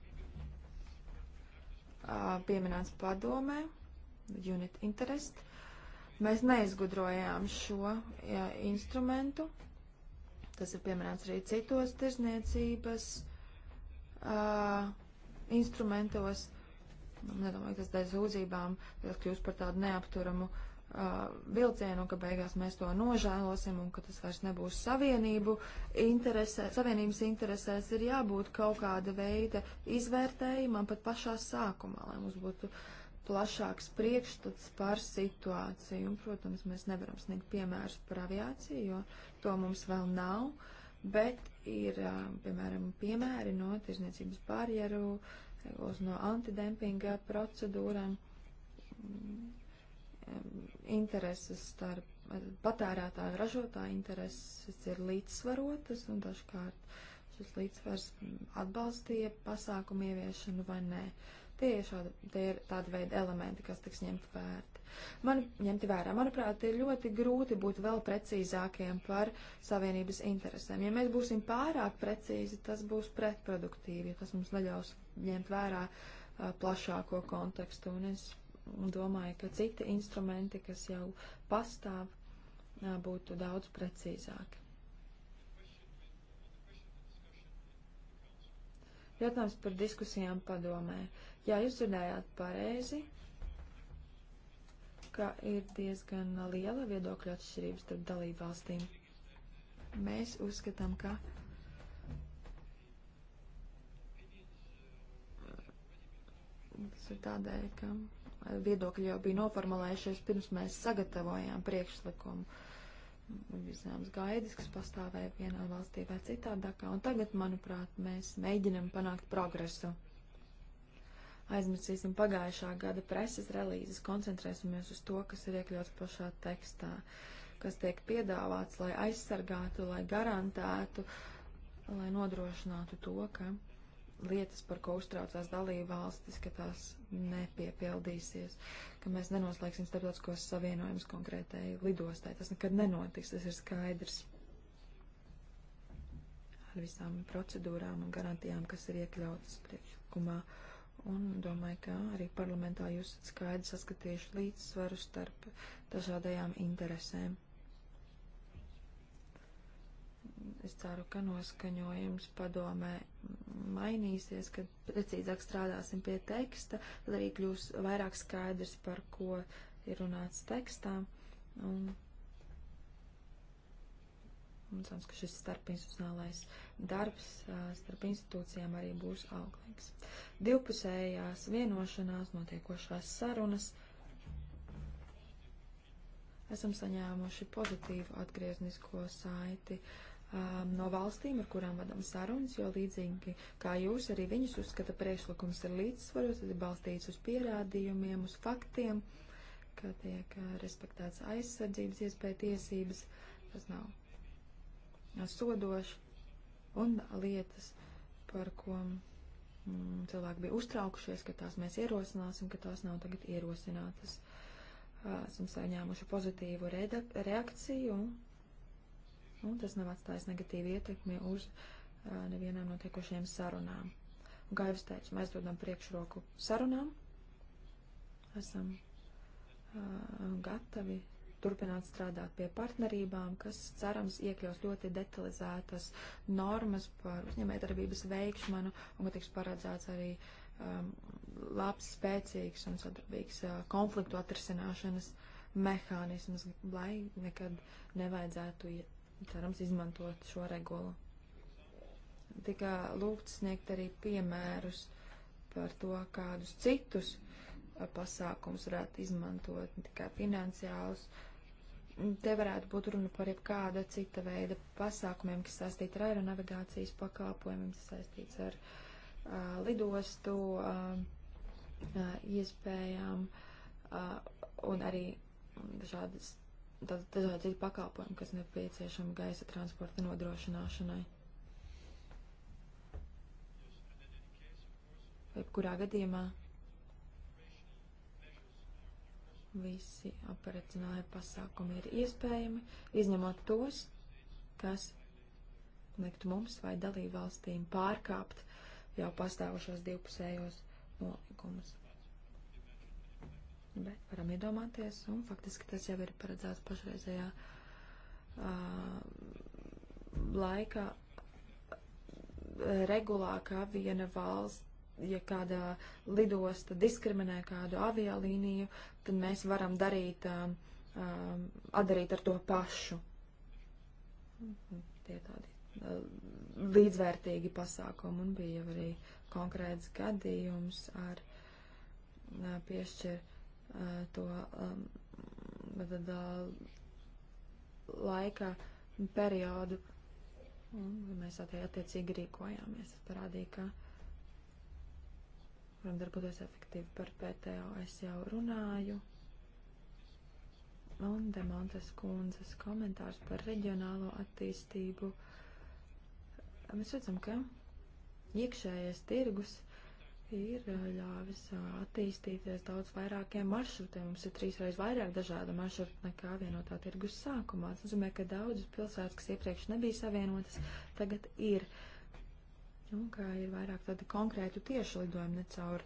pieminēts padomē, unit interest. Mēs neizgudrojām šo jā, instrumentu. Tas ir pieminēts arī citos tirzniecības uh, instrumentos. Nedomāju, ka tas dēļ zūdzībām kļūst par tādu neapturamu uh, Uh, vilcienu, ka beigās mēs to nožēlosim un ka tas vairs nebūs savienību interesē, savienības interesēs, ir jābūt kaut kāda veida izvērtējumam pat pašā sākumā, lai mums būtu plašāks priekšstats par situāciju. Un, protams, mēs nevaram sniegt piemērus par aviāciju, jo to mums vēl nav, bet ir, uh, piemēram, piemēri no tirzniecības barjeru, no antidempinga procedūrām intereses starp patērētāju un ražotāju intereses ir līdzsvarotas un dažkārt šis līdzsvars atbalstīja pasākumu ieviešanu vai nē. Tie ir, šādi, tie ir tādi veidi elementi, kas tiks ņemt vērti. Man, ņemti vērā, manuprāt, ir ļoti grūti būt vēl precīzākiem par savienības interesēm. Ja mēs būsim pārāk precīzi, tas būs pretproduktīvi, jo tas mums neļaus ņemt vērā uh, plašāko kontekstu. Un es domāju, ka citi instrumenti, kas jau pastāv, būtu daudz precīzāki. Jautājums par diskusijām padomē. Jā, jūs dzirdējāt pareizi, ka ir diezgan liela viedokļa atšķirības starp dalību valstīm. Mēs uzskatām, ka tas ir tādēļ, ka viedokļi jau bija noformulējušies pirms mēs sagatavojām priekšlikumu. Visām gaidas, kas pastāvēja vienā valstī vai citādākā, un tagad, manuprāt, mēs mēģinam panākt progresu. Aizmirsīsim pagājušā gada preses relīzes, koncentrēsimies uz to, kas ir iekļauts pašā tekstā, kas tiek piedāvāts, lai aizsargātu, lai garantētu, lai nodrošinātu to, ka lietas, par ko uztraucās dalībvalstis, ka tās nepiepildīsies, ka mēs nenoslēgsim starptautiskos savienojumus konkrētai lidostai. Tas nekad nenotiks, tas ir skaidrs. Ar visām procedūrām un garantijām, kas ir iekļautas priekšlikumā. Un domāju, ka arī parlamentā jūs skaidri saskatījuši līdzsvaru starp dažādajām interesēm es ceru, ka noskaņojums padomē mainīsies, kad precīzāk strādāsim pie teksta, tad arī kļūs vairāk skaidrs, par ko ir runāts tekstā. Un, un cerams, ka šis starpinstitucionālais darbs starp institūcijām arī būs auglīgs. Divpusējās vienošanās notiekošās sarunas esam saņēmuši pozitīvu atgrieznisko saiti. Uh, um, no valstīm, ar kurām vadām sarunas, jo līdzīgi kā jūs arī viņus uzskata priekšlikums ir līdzsvaros, tad ir balstīts uz pierādījumiem, uz faktiem, ka tiek uh, respektēts aizsardzības iespēja tiesības, tas nav uh, sodoši, un lietas, par ko mm, cilvēki bija uztraukušies, ka tās mēs ierosināsim, ka tās nav tagad ierosinātas. Uh, esam saņēmuši pozitīvu reakciju, un un tas nav atstājis negatīvu ietekmi uz uh, nevienām notiekošajām sarunām. Un, kā jau es teicu, mēs dodam priekšroku sarunām, esam uh, gatavi turpināt strādāt pie partnerībām, kas cerams iekļaus ļoti detalizētas normas par uzņēmējdarbības veikšanu un, ka tiks paredzēts arī um, labs, spēcīgs un sadarbīgs uh, konfliktu atrisināšanas mehānisms, lai nekad nevajadzētu iet cerams, izmantot šo regulu. Tika lūgts sniegt arī piemērus par to, kādus citus pasākums varētu izmantot, ne tikai finansiālus. Te varētu būt runa par jebkāda cita veida pasākumiem, kas saistīti ar aeronavigācijas pakalpojumiem, kas saistīts ar uh, lidostu uh, uh, iespējām uh, un arī dažādas tātad dažādi pakalpojumi, kas nepieciešami gaisa transporta nodrošināšanai. Jebkurā gadījumā visi operacionālajie pasākumi ir iespējami, izņemot tos, kas liktu mums vai dalībvalstīm pārkāpt jau pastāvošos divpusējos nolikumus bet varam iedomāties, un faktiski tas jau ir paredzēts pašreizējā uh, laika regulā, ka viena valsts, ja kāda lidosta diskriminē kādu avialīniju, tad mēs varam darīt, um, um, atdarīt ar to pašu. Tie tādi uh, līdzvērtīgi pasākumi un bija arī konkrēts gadījums ar uh, piešķir to um, tad, laika periodu. Un mēs attiecīgi rīkojāmies. Tas parādīja, ka varam darboties efektīvi par PTO. Es jau runāju. Un Demontes kundzes komentārs par reģionālo attīstību. Mēs redzam, ka iekšējais tirgus ir eh, ļāvis eh, attīstīties eh, daudz vairākiem maršrutiem. Mums ir trīsreiz vairāk dažādu maršrutu nekā vienotā tirgus sākumā. Tas nozīmē, ka daudzas pilsētas, kas iepriekš nebija savienotas, tagad ir. Un nu, kā ir vairāk tādu konkrētu tiešu lidojumu ne caur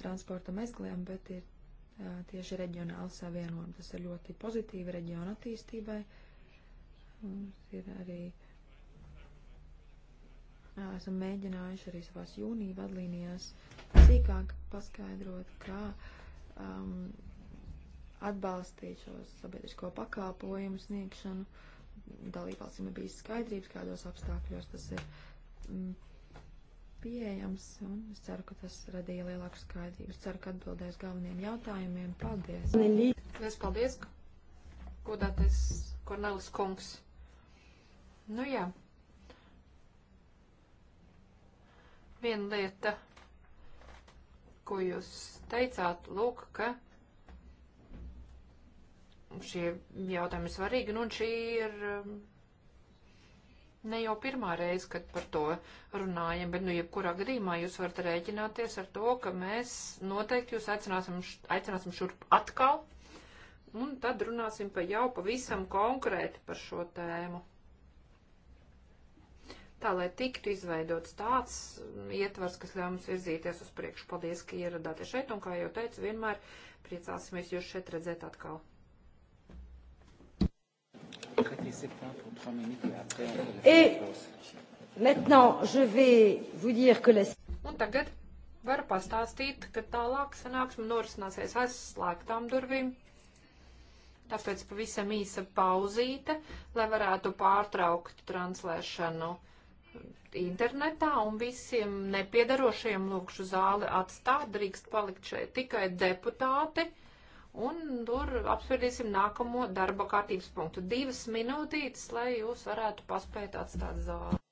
transporta mezgliem, bet ir uh, tieši reģionāli savienojumi. Tas ir ļoti pozitīvi reģionu attīstībai. Mums ir arī uh, esam mēģinājuši arī savās jūnija vadlīnijās sīkāk paskaidrot, kā um, atbalstīt šo sabiedrisko pakāpojumu sniegšanu. Dalībvalstīm ir bijis skaidrības, kādos apstākļos tas ir mm, pieejams, un es ceru, ka tas radīja lielāku skaidrību. Es ceru, ka atbildēs galveniem jautājumiem. Paldies! Lies paldies, godātais Kornelis Kungs! Nu jā. Viena lieta, ko jūs teicāt, lūk, ka šie jautājumi ir svarīgi, nu un šī ir um, ne jau pirmā reize, kad par to runājam, bet, nu, jebkurā gadījumā jūs varat rēķināties ar to, ka mēs noteikti jūs aicināsim, aicināsim šurp atkal, un tad runāsim pa jau pavisam konkrēti par šo tēmu tā lai tiktu izveidots tāds ietvars, kas ļauj mums virzīties uz priekšu. Paldies, ka ieradāties šeit, un kā jau teicu, vienmēr priecāsimies jūs šeit redzēt atkal. Et maintenant, je vais vous dire que la... Un tagad varu pastāstīt, ka tālāk sanāksme norisināsies aizslēgtām durvīm. Tāpēc pavisam īsa pauzīte, lai varētu pārtraukt translēšanu internetā un visiem nepiedarošajiem lūkšu zāli atstāt, drīkst palikt šeit tikai deputāti. Un tur apspriedīsim nākamo darba kārtības punktu. Divas minūtītes, lai jūs varētu paspēt atstāt zāli.